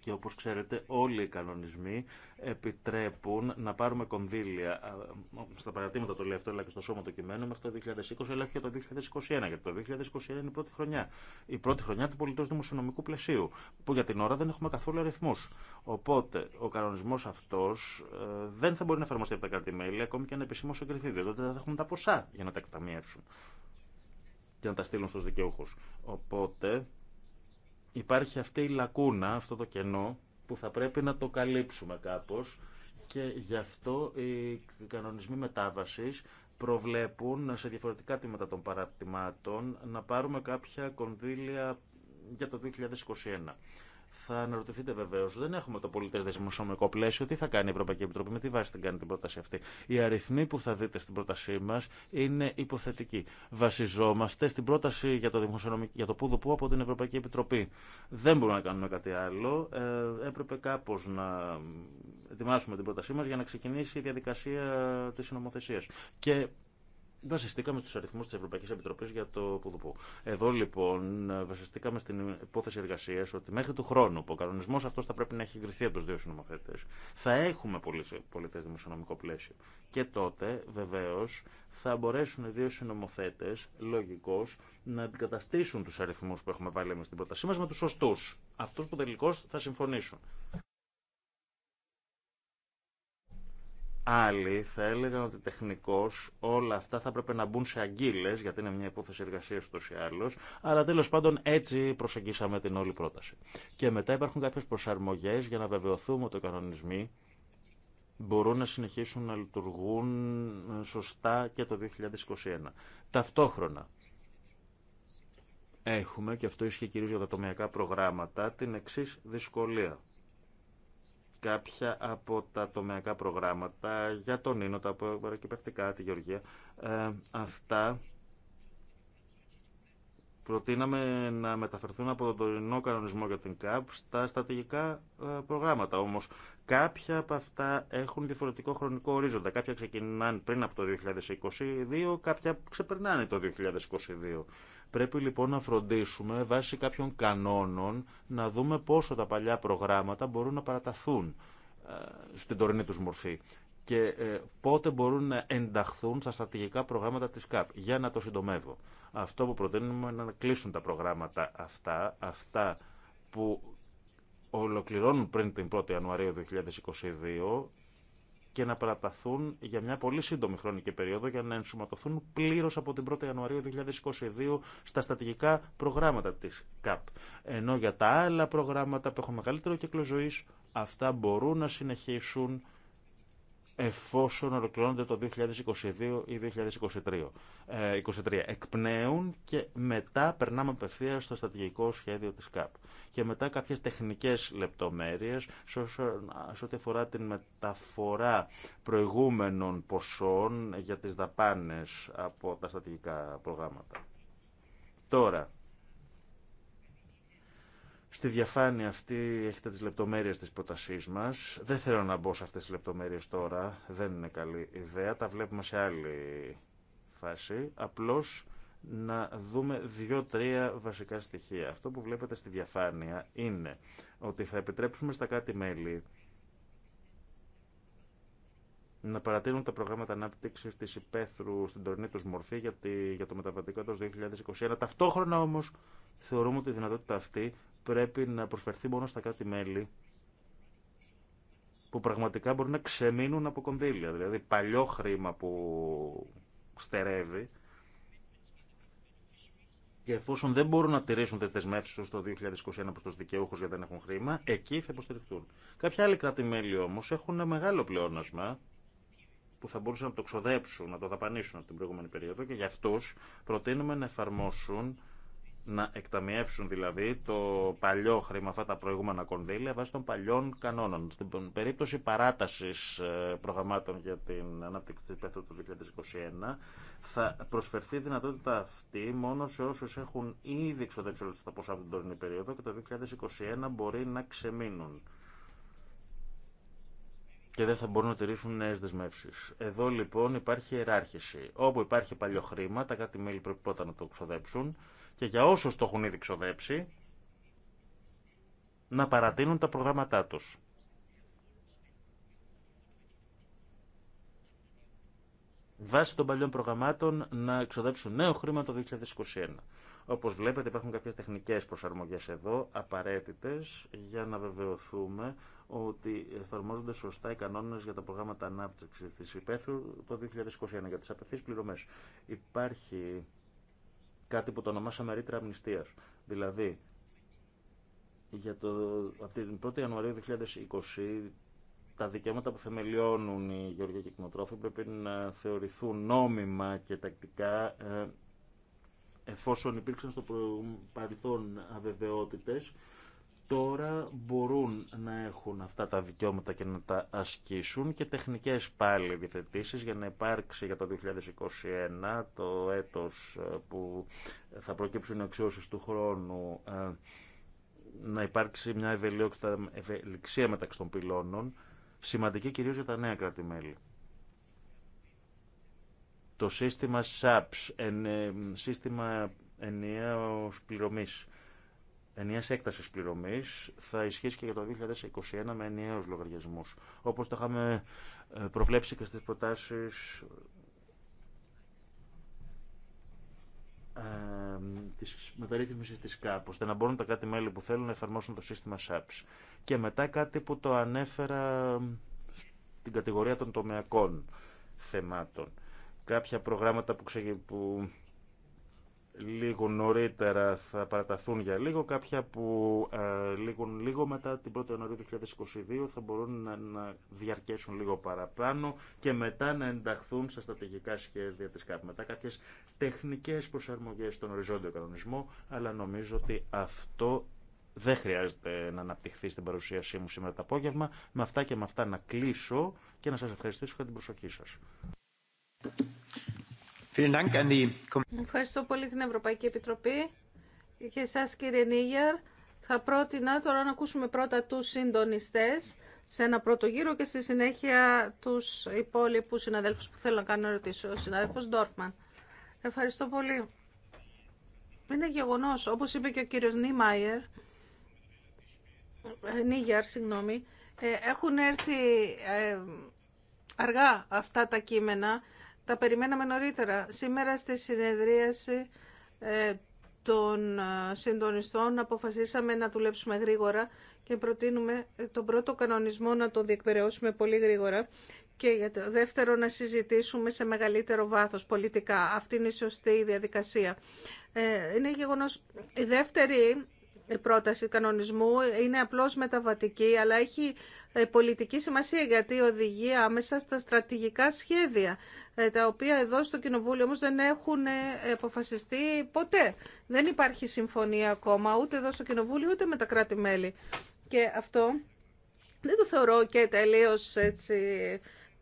και όπως ξέρετε όλοι οι κανονισμοί επιτρέπουν να πάρουμε κονδύλια στα παρατήματα το λέει αυτό, αλλά και στο σώμα του κειμένο μέχρι το 2020, αλλά και το 2021. Γιατί το 2021 είναι η πρώτη χρονιά. Η πρώτη χρονιά του πολιτός δημοσιονομικού πλαισίου, που για την ώρα δεν έχουμε καθόλου αριθμού. Οπότε ο κανονισμό αυτό ε, δεν θα μπορεί να εφαρμοστεί από τα κράτη-μέλη, ακόμη και αν επισήμως εγκριθεί, διότι δεν θα έχουν τα ποσά για να τα εκταμιεύσουν και να τα στείλουν στου δικαιούχου. Οπότε υπάρχει αυτή η λακούνα, αυτό το κενό που θα πρέπει να το καλύψουμε κάπως και γι' αυτό οι κανονισμοί μετάβασης προβλέπουν σε διαφορετικά τμήματα των παρατημάτων να πάρουμε κάποια κονδύλια για το 2021. Θα αναρωτηθείτε βεβαίω, δεν έχουμε το πολιτέ δημοσιονομικό πλαίσιο. Τι θα κάνει η Ευρωπαϊκή Επιτροπή, με τι βάση την κάνει την πρόταση αυτή. Οι αριθμοί που θα δείτε στην πρότασή μα είναι υποθετικοί. Βασιζόμαστε στην πρόταση για το, δημοσιονομικό, για το πούδο που από την Ευρωπαϊκή Επιτροπή. Δεν μπορούμε να κάνουμε κάτι άλλο. Ε, έπρεπε κάπω να ετοιμάσουμε την πρότασή μα για να ξεκινήσει η διαδικασία τη συνομοθεσία. Και Βασιστήκαμε στου αριθμού τη Ευρωπαϊκή Επιτροπή για το Πουδουπού. Εδώ λοιπόν βασιστήκαμε στην υπόθεση εργασία ότι μέχρι του χρόνου που ο κανονισμό αυτό θα πρέπει να έχει εγκριθεί από του δύο συνομοθέτε, θα έχουμε πολιτέ δημοσιονομικό πλαίσιο. Και τότε βεβαίω θα μπορέσουν οι δύο συνομοθέτε λογικώ να αντικαταστήσουν του αριθμού που έχουμε βάλει εμεί στην πρότασή μα με του σωστού. Αυτού που τελικώ θα συμφωνήσουν. Άλλοι θα έλεγαν ότι τεχνικώ όλα αυτά θα έπρεπε να μπουν σε αγγείλε, γιατί είναι μια υπόθεση εργασία ούτω ή άλλω, αλλά τέλο πάντων έτσι προσεγγίσαμε την όλη πρόταση. Και μετά υπάρχουν κάποιε προσαρμογέ για να βεβαιωθούμε ότι οι κανονισμοί μπορούν να συνεχίσουν να λειτουργούν σωστά και το 2021. Ταυτόχρονα, έχουμε, και αυτό ισχύει κυρίω για τα τομεακά προγράμματα, την εξή δυσκολία κάποια από τα τομεακά προγράμματα για τον Ίνο, τα παρακυπευτικά, τη Γεωργία. Ε, αυτά προτείναμε να μεταφερθούν από τον τωρινό κανονισμό για την ΚΑΠ στα στρατηγικά ε, προγράμματα. Όμως κάποια από αυτά έχουν διαφορετικό χρονικό ορίζοντα. Κάποια ξεκινάνε πριν από το 2022, κάποια ξεπερνάνε το 2022. Πρέπει λοιπόν να φροντίσουμε βάσει κάποιων κανόνων να δούμε πόσο τα παλιά προγράμματα μπορούν να παραταθούν ε, στην τωρινή τους μορφή και ε, πότε μπορούν να ενταχθούν στα στρατηγικά προγράμματα της ΚΑΠ. Για να το συντομεύω. Αυτό που προτείνουμε είναι να κλείσουν τα προγράμματα αυτά, αυτά που ολοκληρώνουν πριν την 1η Ιανουαρίου 2022 και να παραταθούν για μια πολύ σύντομη χρονική περίοδο για να ενσωματωθούν πλήρω από την 1η Ιανουαρίου 2022 στα στατηγικά προγράμματα τη ΚΑΠ. Ενώ για τα άλλα προγράμματα που έχουν μεγαλύτερο κύκλο ζωή, αυτά μπορούν να συνεχίσουν εφόσον ολοκληρώνονται το 2022 ή 2023. 23. Ε, Εκπνέουν και μετά περνάμε απευθεία στο στρατηγικό σχέδιο της ΚΑΠ. Και μετά κάποιες τεχνικές λεπτομέρειες σε ό,τι αφορά την μεταφορά προηγούμενων ποσών για τις δαπάνες από τα στρατηγικά προγράμματα. Τώρα, Στη διαφάνεια αυτή έχετε τις λεπτομέρειες της πρότασής μας. Δεν θέλω να μπω σε αυτές τις λεπτομέρειες τώρα, δεν είναι καλή ιδέα. Τα βλέπουμε σε άλλη φάση. Απλώς να δούμε δύο-τρία βασικά στοιχεία. Αυτό που βλέπετε στη διαφάνεια είναι ότι θα επιτρέψουμε στα κράτη-μέλη να παρατείνουν τα προγράμματα ανάπτυξη τη υπαίθρου στην τωρινή του μορφή για, για το μεταβατικό έτο 2021. Ταυτόχρονα όμω θεωρούμε ότι η δυνατότητα αυτή πρέπει να προσφερθεί μόνο στα κράτη-μέλη που πραγματικά μπορούν να ξεμείνουν από κονδύλια. Δηλαδή παλιό χρήμα που στερεύει και εφόσον δεν μπορούν να τηρήσουν τι δεσμεύσει του το 2021 προ του δικαιούχου γιατί δεν έχουν χρήμα, εκεί θα υποστηριχθούν. Κάποια άλλη κράτη-μέλη όμω έχουν ένα μεγάλο πλεόνασμα που θα μπορούσαν να το ξοδέψουν, να το δαπανίσουν από την προηγούμενη περίοδο και για αυτού προτείνουμε να εφαρμόσουν να εκταμιεύσουν δηλαδή το παλιό χρήμα, αυτά τα προηγούμενα κονδύλια, βάσει των παλιών κανόνων. Στην περίπτωση παράταση ε, προγραμμάτων για την ανάπτυξη τη πέθου του 2021, θα προσφερθεί δυνατότητα αυτή μόνο σε όσου έχουν ήδη εξοδέψει όλα τα ποσά από την τωρινή περίοδο και το 2021 μπορεί να ξεμείνουν και δεν θα μπορούν να τηρήσουν νέε δεσμεύσει. Εδώ λοιπόν υπάρχει ιεράρχηση. Όπου υπάρχει παλιό χρήμα, τα κάτι μέλη πρέπει πρώτα να το ξοδέψουν και για όσους το έχουν ήδη ξοδέψει να παρατείνουν τα προγράμματά τους. Βάσει των παλιών προγραμμάτων να εξοδέψουν νέο χρήμα το 2021. Όπως βλέπετε υπάρχουν κάποιες τεχνικές προσαρμογές εδώ, απαραίτητες, για να βεβαιωθούμε ότι εφαρμόζονται σωστά οι κανόνες για τα προγράμματα ανάπτυξης της υπαίθρου το 2021 για τις απευθείς πληρωμές. Υπάρχει κάτι που το ονομάσαμε ρήτρα αμνηστίας. Δηλαδή, για το, από την 1η Ιανουαρίου 2020 τα δικαιώματα που θεμελιώνουν οι γεωργικοί κοινοτρόφοι πρέπει να θεωρηθούν νόμιμα και τακτικά ε, εφόσον υπήρξαν στο παρελθόν αβεβαιότητες τώρα μπορούν να έχουν αυτά τα δικαιώματα και να τα ασκήσουν και τεχνικές πάλι διθετήσεις για να υπάρξει για το 2021 το έτος ε, που θα προκύψουν οι αξιώσεις του χρόνου ε, να υπάρξει μια ευελιξία μεταξύ των πυλώνων σημαντική κυρίως για τα νέα Το σύστημα SAPS, ε, σύστημα ενιαίος πληρωμής ενιαίας έκτασης πληρωμής θα ισχύσει και για το 2021 με ενιαίους λογαριασμούς. Όπως το είχαμε ε, προβλέψει και στις προτάσεις ε, τη μεταρρύθμιση τη ΚΑΠ, ώστε να μπορούν τα κράτη-μέλη που θέλουν να εφαρμόσουν το σύστημα ΣΑΠΣ. Και μετά κάτι που το ανέφερα στην κατηγορία των τομεακών θεμάτων. Κάποια προγράμματα που λίγο νωρίτερα θα παραταθούν για λίγο, κάποια που ε, λίγο, λίγο μετά την 1η Ιανουαρίου 2022 θα μπορούν να, να, διαρκέσουν λίγο παραπάνω και μετά να ενταχθούν στα στρατηγικά σχέδια της ΚΑΠ. Μετά κάποιες τεχνικές προσαρμογές στον οριζόντιο κανονισμό, αλλά νομίζω ότι αυτό δεν χρειάζεται να αναπτυχθεί στην παρουσίασή μου σήμερα το απόγευμα. Με αυτά και με αυτά να κλείσω και να σας ευχαριστήσω για την προσοχή σας. Ευχαριστώ πολύ την Ευρωπαϊκή Επιτροπή και εσά, κύριε Νίγερ. Θα πρότεινα τώρα να ακούσουμε πρώτα τους συντονιστές σε ένα πρώτο γύρο και στη συνέχεια τους υπόλοιπους συναδέλφους που θέλουν να κάνουν ερωτήσεις. Ο συναδέλφος Ντόρφμαν. Ευχαριστώ πολύ. Είναι γεγονός, όπως είπε και ο κύριος Νίμαϊερ, ε, Νίγερ, συγγνώμη, ε, έχουν έρθει ε, αργά αυτά τα κείμενα τα περιμέναμε νωρίτερα. Σήμερα στη συνεδρίαση ε, των ε, συντονιστών αποφασίσαμε να δουλέψουμε γρήγορα και προτείνουμε ε, τον πρώτο κανονισμό να τον διεκπαιρεώσουμε πολύ γρήγορα και για το δεύτερο να συζητήσουμε σε μεγαλύτερο βάθος πολιτικά. Αυτή είναι η σωστή διαδικασία. Είναι γεγονός, η δεύτερη η πρόταση κανονισμού είναι απλώς μεταβατική, αλλά έχει ε, πολιτική σημασία γιατί οδηγεί άμεσα στα στρατηγικά σχέδια, ε, τα οποία εδώ στο Κοινοβούλιο όμως δεν έχουν ε, αποφασιστεί ποτέ. Δεν υπάρχει συμφωνία ακόμα ούτε εδώ στο Κοινοβούλιο ούτε με τα κράτη-μέλη. Και αυτό δεν το θεωρώ και τελείως έτσι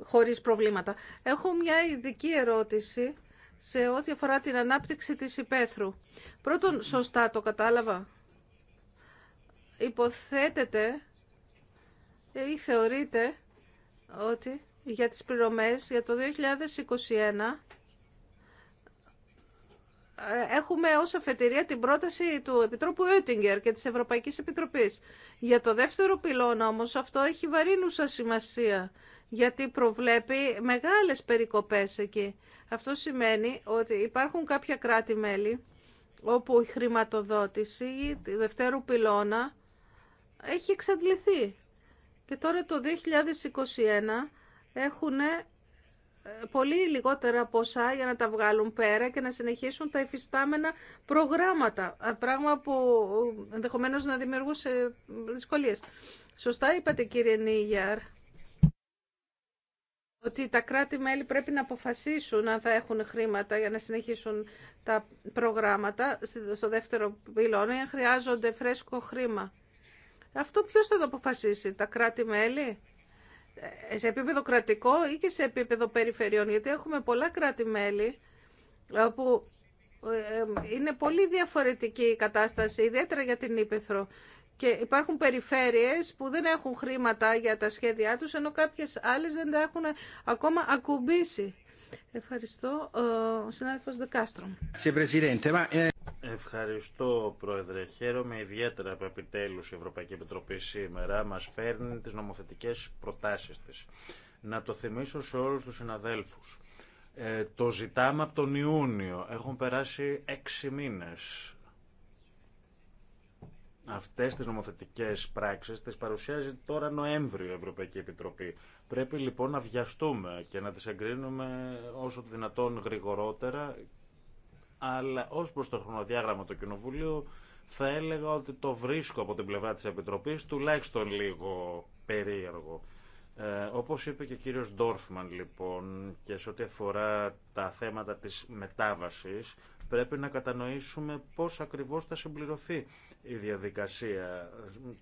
χωρίς προβλήματα. Έχω μια ειδική ερώτηση σε ό,τι αφορά την ανάπτυξη της υπαίθρου. Πρώτον, σωστά το κατάλαβα υποθέτεται ή θεωρείται ότι για τις πληρωμές για το 2021 ε, έχουμε ως αφετηρία την πρόταση του Επιτρόπου Ούτιγκερ και της Ευρωπαϊκής Επιτροπής. Για το δεύτερο πυλώνα όμως αυτό έχει βαρύνουσα σημασία γιατί προβλέπει μεγάλες περικοπές εκεί. Αυτό σημαίνει ότι υπάρχουν κάποια κράτη-μέλη όπου η χρηματοδότηση του δευτέρου πυλώνα έχει εξαντληθεί. Και τώρα το 2021 έχουν ε, πολύ λιγότερα ποσά για να τα βγάλουν πέρα και να συνεχίσουν τα εφιστάμενα προγράμματα. Ε, πράγμα που ε, ενδεχομένω να δημιουργούσε δυσκολίε. Σωστά είπατε κύριε Νίγιαρ ότι τα κράτη-μέλη πρέπει να αποφασίσουν αν θα έχουν χρήματα για να συνεχίσουν τα προγράμματα στο δεύτερο πυλώνα, αν χρειάζονται φρέσκο χρήμα. Αυτό ποιος θα το αποφασίσει, τα κράτη-μέλη, ε, σε επίπεδο κρατικό ή και σε επίπεδο περιφερειών, γιατί έχουμε πολλά κράτη-μέλη ε, που ε, είναι πολύ διαφορετική η κατάσταση, ιδιαίτερα για την Ήπεθρο. Και υπάρχουν περιφέρειες που δεν έχουν χρήματα για τα σχέδιά τους, ενώ κάποιες άλλες δεν τα έχουν ακόμα ακουμπήσει. Ευχαριστώ. Ε, ο συνάδελφος ε, Ευχαριστώ, Πρόεδρε. Χαίρομαι ιδιαίτερα που επιτέλους η Ευρωπαϊκή Επιτροπή σήμερα μας φέρνει τις νομοθετικές προτάσεις της. Να το θυμίσω σε όλους τους συναδέλφους. Ε, το ζητάμε από τον Ιούνιο. Έχουν περάσει έξι μήνες. Αυτές τις νομοθετικές πράξεις τις παρουσιάζει τώρα Νοέμβριο η Ευρωπαϊκή Επιτροπή. Πρέπει λοιπόν να βιαστούμε και να τις εγκρίνουμε όσο δυνατόν γρηγορότερα, αλλά ως προς το χρονοδιάγραμμα του Κοινοβουλίου θα έλεγα ότι το βρίσκω από την πλευρά της Επιτροπής τουλάχιστον λίγο περίεργο. Ε, όπως είπε και ο κύριος Ντόρφμαν λοιπόν και σε ό,τι αφορά τα θέματα της μετάβασης πρέπει να κατανοήσουμε πώς ακριβώς θα συμπληρωθεί η διαδικασία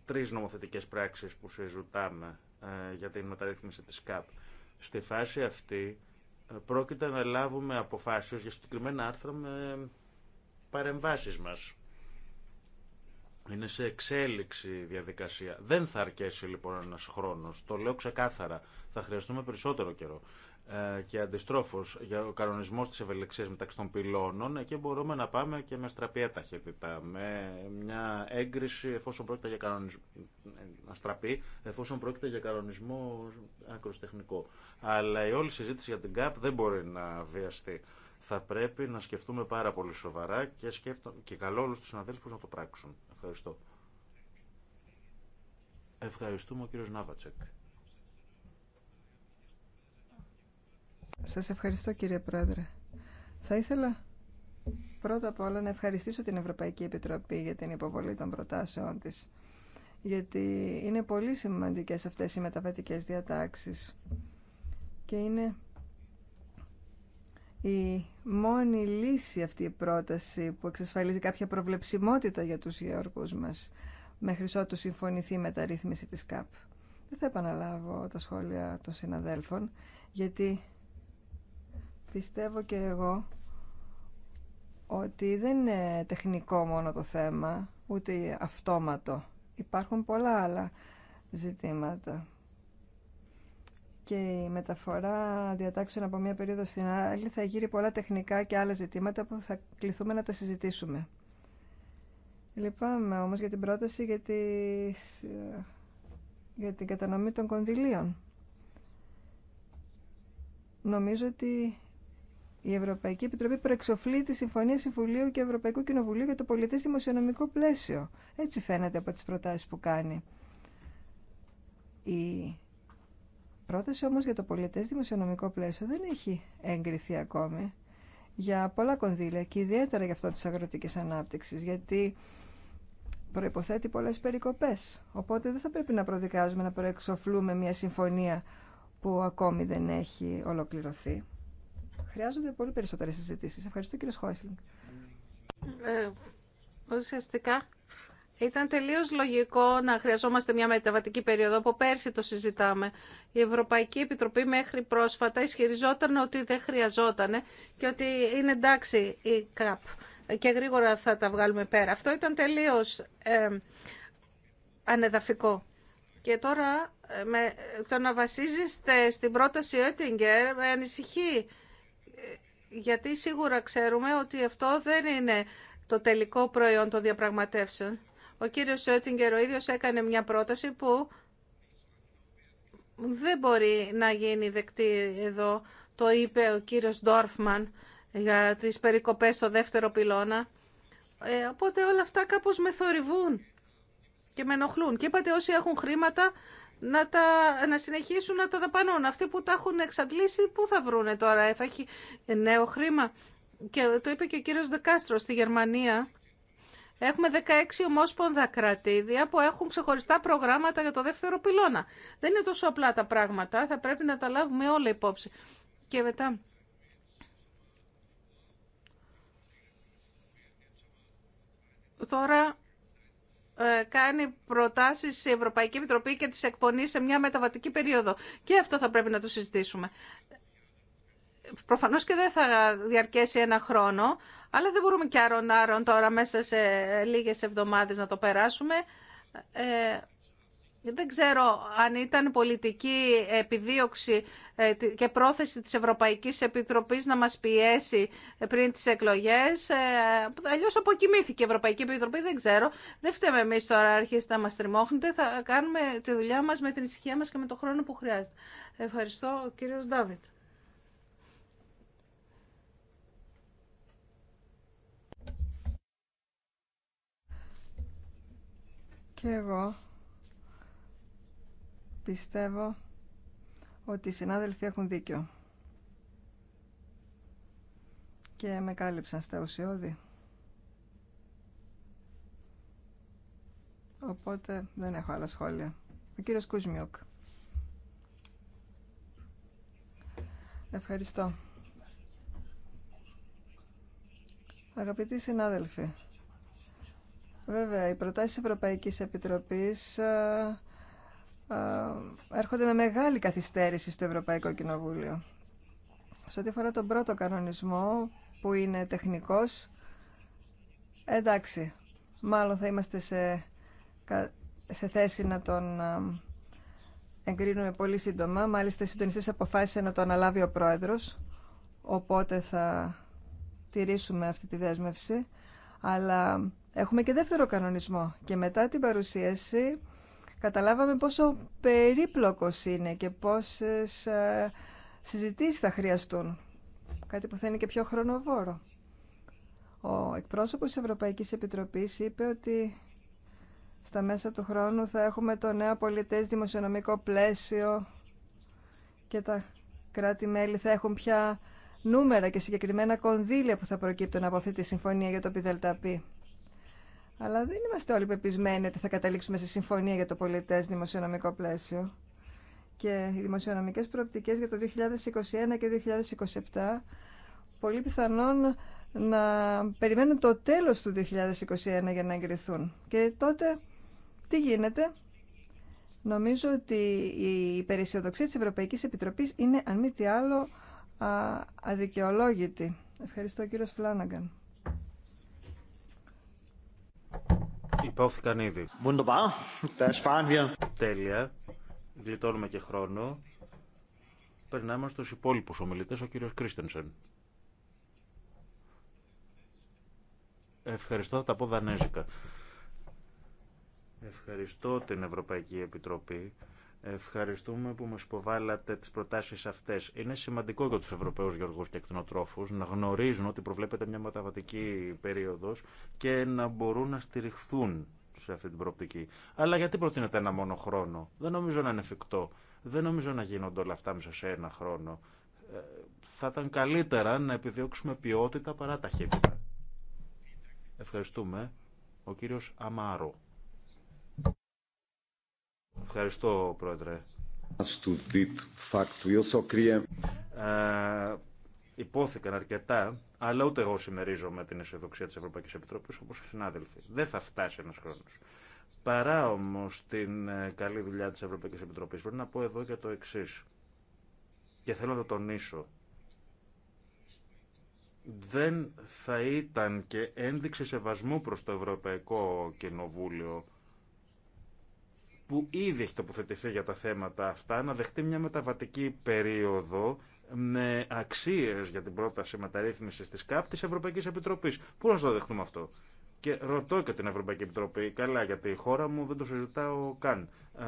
τρεις νομοθετικές πράξεις που συζητάμε ε, για την μεταρρύθμιση της ΚΑΠ. Στη φάση αυτή ε, πρόκειται να λάβουμε αποφάσεις για συγκεκριμένα άρθρα με παρεμβάσεις μας. Είναι σε εξέλιξη η διαδικασία. Δεν θα αρκέσει λοιπόν ένας χρόνος. Το λέω ξεκάθαρα. Θα χρειαστούμε περισσότερο καιρό. Ε, και αντιστρόφω για ο κανονισμό τη ευελιξία μεταξύ των πυλώνων, και μπορούμε να πάμε και με στραπία ταχύτητα. Με μια έγκριση εφόσον πρόκειται για κανονισμό. Αστραπή, εφόσον πρόκειται για κανονισμό ακροστεχνικό. Αλλά η όλη συζήτηση για την ΚΑΠ δεν μπορεί να βιαστεί. Θα πρέπει να σκεφτούμε πάρα πολύ σοβαρά και, σκέφτον, και καλό όλου του συναδέλφου να το πράξουν. Ευχαριστώ. Ευχαριστούμε ο κύριος Νάβατσεκ. Σας ευχαριστώ κύριε Πρόεδρε. Θα ήθελα πρώτα απ' όλα να ευχαριστήσω την Ευρωπαϊκή Επιτροπή για την υποβολή των προτάσεών της γιατί είναι πολύ σημαντικές αυτές οι μεταβατικές διατάξεις και είναι η μόνη λύση αυτή η πρόταση που εξασφαλίζει κάποια προβλεψιμότητα για τους γεωργούς μας μέχρι ότου συμφωνηθεί η μεταρρύθμιση της ΚΑΠ. Δεν θα επαναλάβω τα σχόλια των συναδέλφων γιατί Πιστεύω και εγώ ότι δεν είναι τεχνικό μόνο το θέμα, ούτε αυτόματο. Υπάρχουν πολλά άλλα ζητήματα. Και η μεταφορά διατάξεων από μία περίοδο στην άλλη θα γύρει πολλά τεχνικά και άλλα ζητήματα που θα κληθούμε να τα συζητήσουμε. Λυπάμαι όμως για την πρόταση για, τις... για την κατανομή των κονδυλίων. Νομίζω ότι η Ευρωπαϊκή Επιτροπή προεξοφλεί τη Συμφωνία Συμβουλίου και Ευρωπαϊκού Κοινοβουλίου για το πολιτές δημοσιονομικό πλαίσιο. Έτσι φαίνεται από τι προτάσει που κάνει. Η πρόταση όμω για το πολιτέ δημοσιονομικό πλαίσιο δεν έχει εγκριθεί ακόμη για πολλά κονδύλια και ιδιαίτερα για αυτό τη αγροτική ανάπτυξη, γιατί προϋποθέτει πολλές περικοπές. Οπότε δεν θα πρέπει να προδικάζουμε να προεξοφλούμε μια συμφωνία που ακόμη δεν έχει ολοκληρωθεί χρειάζονται πολύ περισσότερες συζητήσεις. Ευχαριστώ κύριε Σχόισλινγκ. Ε, ουσιαστικά ήταν τελείως λογικό να χρειαζόμαστε μια μεταβατική περίοδο. Από πέρσι το συζητάμε. Η Ευρωπαϊκή Επιτροπή μέχρι πρόσφατα ισχυριζόταν ότι δεν χρειαζόταν και ότι είναι εντάξει η ΚΑΠ και γρήγορα θα τα βγάλουμε πέρα. Αυτό ήταν τελείως ε, ανεδαφικό. Και τώρα ε, με, το να βασίζεστε στην πρόταση Oettinger με ανησυχεί γιατί σίγουρα ξέρουμε ότι αυτό δεν είναι το τελικό προϊόν των διαπραγματεύσεων. Ο κύριος Σιώτιγκερ ο ίδιος έκανε μια πρόταση που δεν μπορεί να γίνει δεκτή εδώ. Το είπε ο κύριος Ντόρφμαν για τις περικοπές στο δεύτερο πυλώνα. Ε, οπότε όλα αυτά κάπως με θορυβούν και με ενοχλούν. Και είπατε όσοι έχουν χρήματα να, τα, να συνεχίσουν να τα δαπανούν. Αυτοί που τα έχουν εξαντλήσει, πού θα βρούνε τώρα, ε, θα έχει νέο χρήμα. Και το είπε και ο κύριος Δεκάστρο στη Γερμανία. Έχουμε 16 ομόσπονδα κρατήδια που έχουν ξεχωριστά προγράμματα για το δεύτερο πυλώνα. Δεν είναι τόσο απλά τα πράγματα, θα πρέπει να τα λάβουμε όλα υπόψη. Και μετά... Τώρα ε, κάνει προτάσεις η Ευρωπαϊκή Επιτροπή και τις εκπονεί σε μια μεταβατική περίοδο. Και αυτό θα πρέπει να το συζητήσουμε. Προφανώς και δεν θα διαρκέσει ένα χρόνο, αλλά δεν μπορούμε και αρον άρων τώρα μέσα σε λίγες εβδομάδες να το περάσουμε. Ε, δεν ξέρω αν ήταν πολιτική επιδίωξη ε, και πρόθεση της Ευρωπαϊκής Επιτροπής να μας πιέσει πριν τις εκλογές. Ε, αλλιώς αποκοιμήθηκε η Ευρωπαϊκή Επιτροπή, δεν ξέρω. Δεν φταίμε εμείς τώρα αρχίστε να μας τριμώχνετε. Θα κάνουμε τη δουλειά μας με την ησυχία μας και με το χρόνο που χρειάζεται. Ευχαριστώ, κύριος Ντάβιτ. Και εγώ πιστεύω ότι οι συνάδελφοι έχουν δίκιο. Και με κάλυψαν στα ουσιώδη. Οπότε δεν έχω άλλα σχόλια. Ο κύριος Κουσμιούκ. Ευχαριστώ. Αγαπητοί συνάδελφοι, βέβαια, οι προτάσεις Ευρωπαϊκής Επιτροπής ε, ε, έρχονται με μεγάλη καθυστέρηση στο Ευρωπαϊκό Κοινοβούλιο. Σε ό,τι αφορά τον πρώτο κανονισμό, που είναι τεχνικός, εντάξει, μάλλον θα είμαστε σε, σε θέση να τον ε, εγκρίνουμε πολύ σύντομα. Μάλιστα, οι συντονιστές αποφάσισαν να το αναλάβει ο Πρόεδρος, οπότε θα τηρήσουμε αυτή τη δέσμευση. Αλλά έχουμε και δεύτερο κανονισμό και μετά την παρουσίαση καταλάβαμε πόσο περίπλοκος είναι και πόσες ε, συζητήσεις θα χρειαστούν. Κάτι που θα είναι και πιο χρονοβόρο. Ο εκπρόσωπος της Ευρωπαϊκής Επιτροπής είπε ότι στα μέσα του χρόνου θα έχουμε το νέο πολιτές δημοσιονομικό πλαίσιο και τα κράτη-μέλη θα έχουν πια νούμερα και συγκεκριμένα κονδύλια που θα προκύπτουν από αυτή τη συμφωνία για το πιδελταπή. Αλλά δεν είμαστε όλοι πεπισμένοι ότι θα καταλήξουμε σε συμφωνία για το πολιτέ δημοσιονομικό πλαίσιο. Και οι δημοσιονομικές προοπτικέ για το 2021 και 2027 πολύ πιθανόν να περιμένουν το τέλος του 2021 για να εγκριθούν. Και τότε τι γίνεται. Νομίζω ότι η υπεραισιοδοξία της Ευρωπαϊκής Επιτροπής είναι, αν μη τι άλλο, αδικαιολόγητη. Ευχαριστώ, κύριος Φλάναγκαν. Υπόθηκαν ήδη. Τέλεια. Γλιτώνουμε και χρόνο. Περνάμε στου υπόλοιπου ομιλητέ ο κύριο Κρίστενσεν. Ευχαριστώ, θα τα πω δανέζικα. Ευχαριστώ την Ευρωπαϊκή Επιτροπή Ευχαριστούμε που μας υποβάλλατε τις προτάσεις αυτές. Είναι σημαντικό για τους Ευρωπαίους γεωργούς και εκτινοτρόφους να γνωρίζουν ότι προβλέπεται μια μεταβατική περίοδος και να μπορούν να στηριχθούν σε αυτή την προοπτική. Αλλά γιατί προτείνεται ένα μόνο χρόνο. Δεν νομίζω να είναι εφικτό. Δεν νομίζω να γίνονται όλα αυτά μέσα σε ένα χρόνο. Ε, θα ήταν καλύτερα να επιδιώξουμε ποιότητα παρά ταχύτητα. Ευχαριστούμε. Ο κύριος Αμάρο. Ευχαριστώ, Πρόεδρε. Ε, υπόθηκαν αρκετά, αλλά ούτε εγώ συμμερίζομαι την αισιοδοξία τη Ευρωπαϊκή Επιτροπή όπω οι συνάδελφοι. Δεν θα φτάσει ένα χρόνο. Παρά όμω την ε, καλή δουλειά τη Ευρωπαϊκή Επιτροπή, πρέπει να πω εδώ και το εξή. Και θέλω να το τονίσω. Δεν θα ήταν και ένδειξη σεβασμού προς το Ευρωπαϊκό Κοινοβούλιο που ήδη έχει τοποθετηθεί για τα θέματα αυτά να δεχτεί μια μεταβατική περίοδο με αξίε για την πρόταση μεταρρύθμιση τη ΚΑΠ τη Ευρωπαϊκή Επιτροπή. Πού να το δεχτούμε αυτό. Και ρωτώ και την Ευρωπαϊκή Επιτροπή, καλά γιατί η χώρα μου δεν το συζητάω καν. Ε,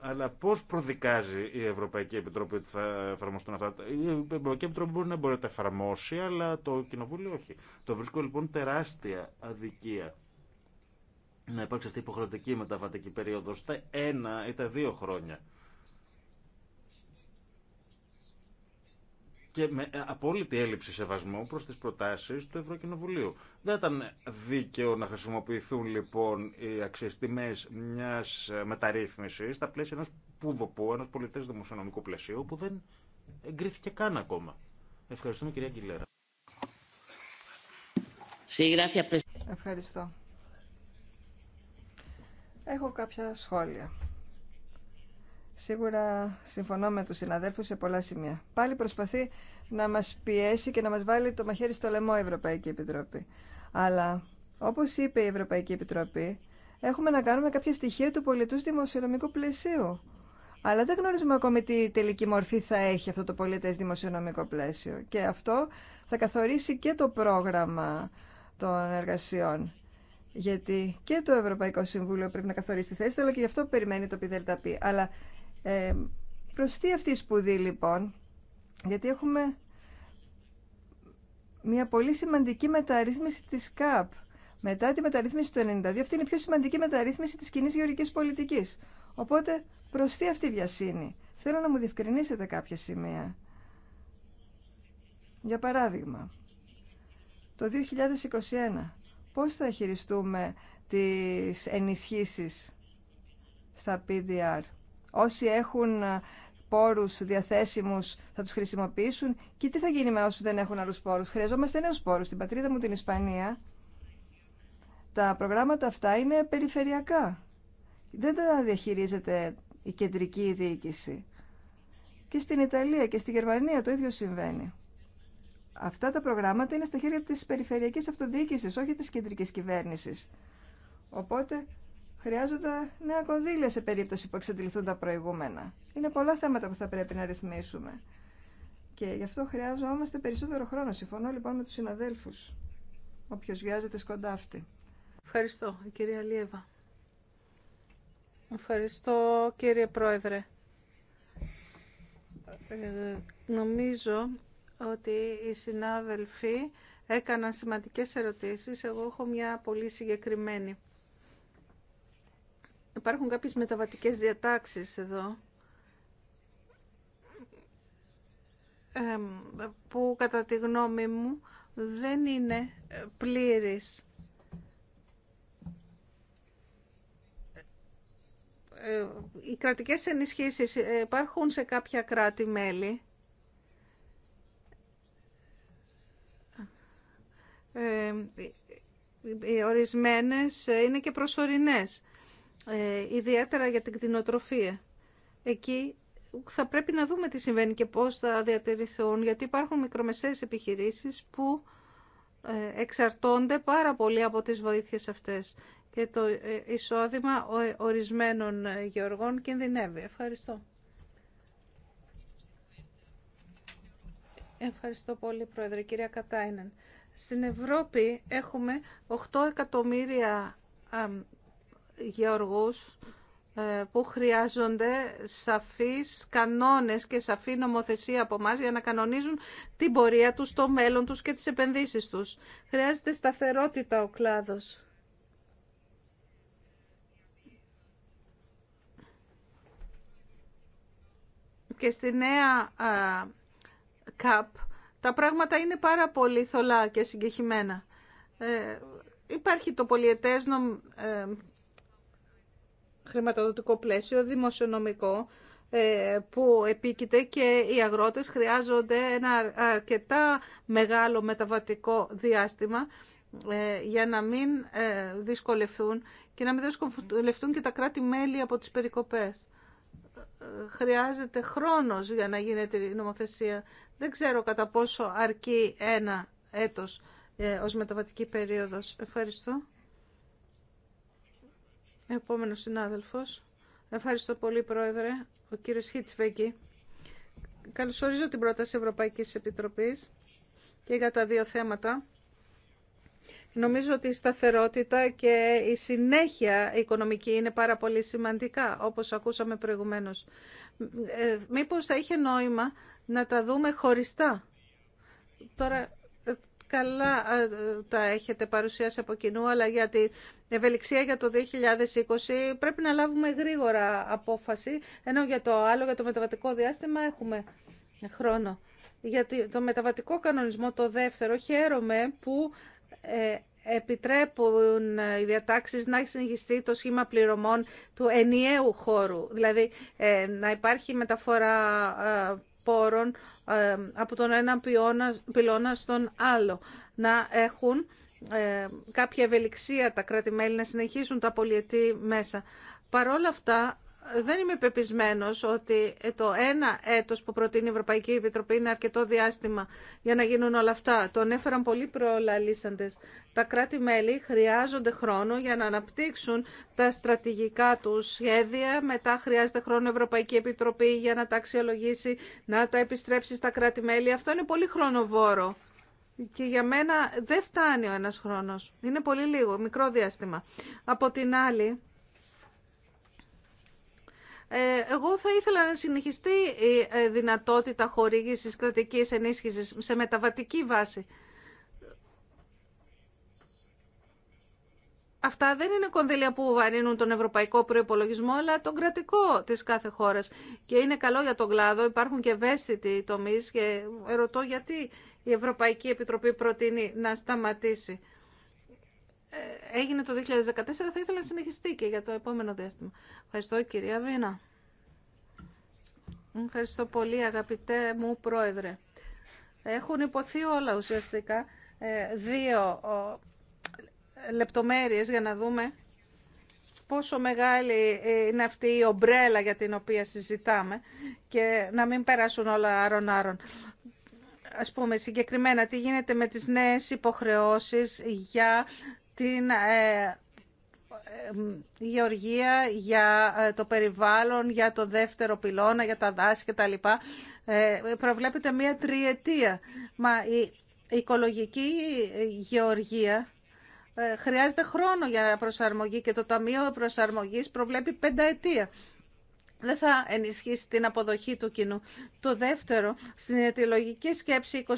αλλά πώ προδικάζει η Ευρωπαϊκή Επιτροπή ότι θα εφαρμοστούν αυτά. Η Ευρωπαϊκή Επιτροπή μπορεί να μπορεί να τα εφαρμόσει, αλλά το Κοινοβούλιο όχι. Το βρίσκω λοιπόν τεράστια αδικία να υπάρξει αυτή η υποχρεωτική μεταβατική περίοδος στα ένα ή τα δύο χρόνια. και με απόλυτη έλλειψη σεβασμού προς τις προτάσεις του Ευρωκοινοβουλίου. Δεν ήταν δίκαιο να χρησιμοποιηθούν λοιπόν οι αξίες μιας μεταρρύθμισης στα πλαίσια ενός πουδοπού, ενός πολιτές δημοσιονομικού πλαισίου που δεν εγκρίθηκε καν ακόμα. Ευχαριστούμε κυρία Κιλέρα. Ευχαριστώ. Έχω κάποια σχόλια. Σίγουρα συμφωνώ με τους συναδέλφους σε πολλά σημεία. Πάλι προσπαθεί να μας πιέσει και να μας βάλει το μαχαίρι στο λαιμό η Ευρωπαϊκή Επιτροπή. Αλλά, όπως είπε η Ευρωπαϊκή Επιτροπή, έχουμε να κάνουμε κάποια στοιχεία του πολιτού δημοσιονομικού πλαισίου. Αλλά δεν γνωρίζουμε ακόμη τι τελική μορφή θα έχει αυτό το πολιτές δημοσιονομικό πλαίσιο. Και αυτό θα καθορίσει και το πρόγραμμα των εργασιών γιατί και το Ευρωπαϊκό Συμβούλιο πρέπει να καθορίσει τη θέση του, αλλά και γι' αυτό περιμένει το ΠΔΕΛΤΑΠΗ. Αλλά ε, προς τι αυτή η σπουδή λοιπόν, γιατί έχουμε μια πολύ σημαντική μεταρρύθμιση της ΚΑΠ. Μετά τη μεταρρύθμιση του 92, αυτή είναι η πιο σημαντική μεταρρύθμιση της κοινή γεωργικής πολιτικής. Οπότε, προς τι αυτή η βιασύνη. Θέλω να μου διευκρινίσετε κάποια σημεία. Για παράδειγμα, το 2021 πώς θα χειριστούμε τις ενισχύσεις στα PDR. Όσοι έχουν ε, πόρους διαθέσιμους θα τους χρησιμοποιήσουν και τι θα γίνει με όσους δεν έχουν άλλους πόρους. Χρειαζόμαστε νέους πόρους. Στην πατρίδα μου την Ισπανία τα προγράμματα αυτά είναι περιφερειακά. Δεν τα διαχειρίζεται η κεντρική διοίκηση. Και στην Ιταλία και στη Γερμανία το ίδιο συμβαίνει. Αυτά τα προγράμματα είναι στα χέρια της περιφερειακής αυτοδιοίκησης, όχι της κεντρικής κυβέρνησης. Οπότε χρειάζονται νέα κονδύλια σε περίπτωση που εξαντληθούν τα προηγούμενα. Είναι πολλά θέματα που θα πρέπει να ρυθμίσουμε. Και γι' αυτό χρειάζομαστε περισσότερο χρόνο. Συμφωνώ λοιπόν με τους συναδέλφους. Όποιος βιάζεται σκοντάφτη. Ευχαριστώ, κυρία Λίεβα. Ευχαριστώ, κύριε Πρόεδρε. Ε, νομίζω ότι οι συνάδελφοι έκαναν σημαντικές ερωτήσεις. Εγώ έχω μια πολύ συγκεκριμένη. Υπάρχουν κάποιες μεταβατικές διατάξεις εδώ που κατά τη γνώμη μου δεν είναι ε, πλήρης. Ε, οι κρατικές ενισχύσεις ε, υπάρχουν σε κάποια κράτη-μέλη οι ε, ε, ε, ορισμένες είναι και προσωρινές, ιδιαίτερα για την κτηνοτροφία. Εκεί θα πρέπει να δούμε τι συμβαίνει και πώς θα διατηρηθούν, γιατί υπάρχουν μικρομεσαίες επιχειρήσεις που εξαρτώνται πάρα πολύ από τις βοήθειες αυτές και το εισόδημα ορισμένων γεωργών κινδυνεύει. Ευχαριστώ. Ευχαριστώ πολύ, Πρόεδρε, κυρία Κατάινεν. Στην Ευρώπη έχουμε 8 εκατομμύρια γεωργούς ε, που χρειάζονται σαφείς κανόνες και σαφή νομοθεσία από εμά για να κανονίζουν την πορεία τους, το μέλλον τους και τις επενδύσεις τους. Χρειάζεται σταθερότητα ο κλάδος. Και στη νέα ΚΑΠ τα πράγματα είναι πάρα πολύ θολά και συγκεχημένα. Ε, υπάρχει το πολιετές νομ, ε, χρηματοδοτικό πλαίσιο, δημοσιονομικό, ε, που επίκειται και οι αγρότες χρειάζονται ένα αρκετά μεγάλο μεταβατικό διάστημα ε, για να μην δυσκολευτούν και να μην δυσκολευτούν και τα κράτη-μέλη από τις περικοπές. Χρειάζεται χρόνος για να γίνεται η νομοθεσία δεν ξέρω κατά πόσο αρκεί ένα έτος ε, ως μεταβατική περίοδος. Ευχαριστώ. Επόμενος συνάδελφος. Ευχαριστώ πολύ, Πρόεδρε, ο κύριος Χίτσβέγγι. Καλωσορίζω την πρόταση Ευρωπαϊκής Επιτροπής και για τα δύο θέματα. Νομίζω ότι η σταθερότητα και η συνέχεια οικονομική είναι πάρα πολύ σημαντικά, όπως ακούσαμε προηγουμένως. Ε, μήπως θα είχε νόημα να τα δούμε χωριστά. Τώρα ε, καλά ε, τα έχετε παρουσιάσει από κοινού, αλλά για την ευελιξία για το 2020 πρέπει να λάβουμε γρήγορα απόφαση, ενώ για το άλλο, για το μεταβατικό διάστημα έχουμε χρόνο. Για το μεταβατικό κανονισμό, το δεύτερο, χαίρομαι που ε, επιτρέπουν ε, οι διατάξεις να έχει συνεχιστεί το σχήμα πληρωμών του ενιαίου χώρου. Δηλαδή ε, να υπάρχει μεταφορά πόρων από τον ένα πυλώνα στον άλλο. Να έχουν κάποια ευελιξία τα κράτη-μέλη να συνεχίσουν τα πολιετή μέσα. Παρόλα αυτά δεν είμαι πεπισμένο ότι το ένα έτος που προτείνει η Ευρωπαϊκή Επιτροπή είναι αρκετό διάστημα για να γίνουν όλα αυτά. Το ανέφεραν πολύ προλαλήσαντες. Τα κράτη-μέλη χρειάζονται χρόνο για να αναπτύξουν τα στρατηγικά του σχέδια. Μετά χρειάζεται χρόνο η Ευρωπαϊκή Επιτροπή για να τα αξιολογήσει, να τα επιστρέψει στα κράτη-μέλη. Αυτό είναι πολύ χρονοβόρο. Και για μένα δεν φτάνει ο ένας χρόνος. Είναι πολύ λίγο, μικρό διάστημα. Από την άλλη, ε, εγώ θα ήθελα να συνεχιστεί η ε, δυνατότητα χορήγησης κρατικής ενίσχυσης σε μεταβατική βάση. Αυτά δεν είναι κονδύλια που βαρύνουν τον ευρωπαϊκό προϋπολογισμό, αλλά τον κρατικό της κάθε χώρας. Και είναι καλό για τον κλάδο, υπάρχουν και ευαίσθητοι τομείς και ερωτώ γιατί η Ευρωπαϊκή Επιτροπή προτείνει να σταματήσει. Ε, έγινε το 2014 θα ήθελα να συνεχιστεί και για το επόμενο διάστημα. Ευχαριστώ κυρία Βίνα. Ευχαριστώ πολύ αγαπητέ μου πρόεδρε. Έχουν υποθεί όλα ουσιαστικά ε, δύο λεπτομέρειες για να δούμε πόσο μεγάλη είναι αυτή η ομπρέλα για την οποία συζητάμε και να μην περάσουν όλα άρον-άρον. Ας πούμε συγκεκριμένα τι γίνεται με τις νέες υποχρεώσεις για την ε, ε, γεωργία για ε, το περιβάλλον, για το δεύτερο πυλώνα, για τα δάση κτλ. Προβλέπεται μία τριετία. Μα η οικολογική γεωργία χρειάζεται χρόνο για προσαρμογή και το Ταμείο Προσαρμογής προβλέπει πενταετία δεν θα ενισχύσει την αποδοχή του κοινού. Το δεύτερο, στην αιτιολογική σκέψη 28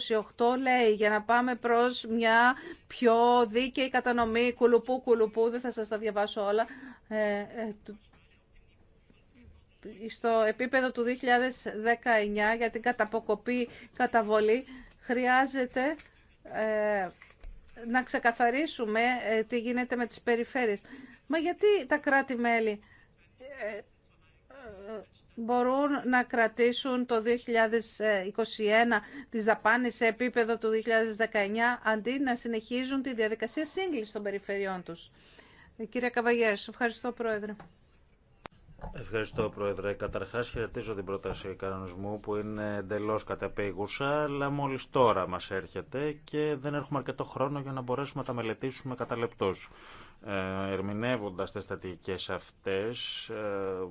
λέει για να πάμε προς μια πιο δίκαιη κατανομή κουλουπού κουλουπού, δεν θα σας τα διαβάσω όλα, ε, ε στο επίπεδο του 2019 για την καταποκοπή καταβολή χρειάζεται ε, να ξεκαθαρίσουμε ε, τι γίνεται με τις περιφέρειες. Μα γιατί τα κράτη-μέλη μπορούν να κρατήσουν το 2021 τις δαπάνες σε επίπεδο του 2019 αντί να συνεχίζουν τη διαδικασία σύγκλησης των περιφερειών τους. Κύριε Καβαγιές, ευχαριστώ Πρόεδρε. Ευχαριστώ, Πρόεδρε. Καταρχάς, χαιρετίζω την πρόταση κανονισμού που είναι εντελώ κατεπήγουσα, αλλά μόλι τώρα μας έρχεται και δεν έχουμε αρκετό χρόνο για να μπορέσουμε να τα μελετήσουμε κατά λεπτός. Ε, ερμηνεύοντας τις αυτές, ε,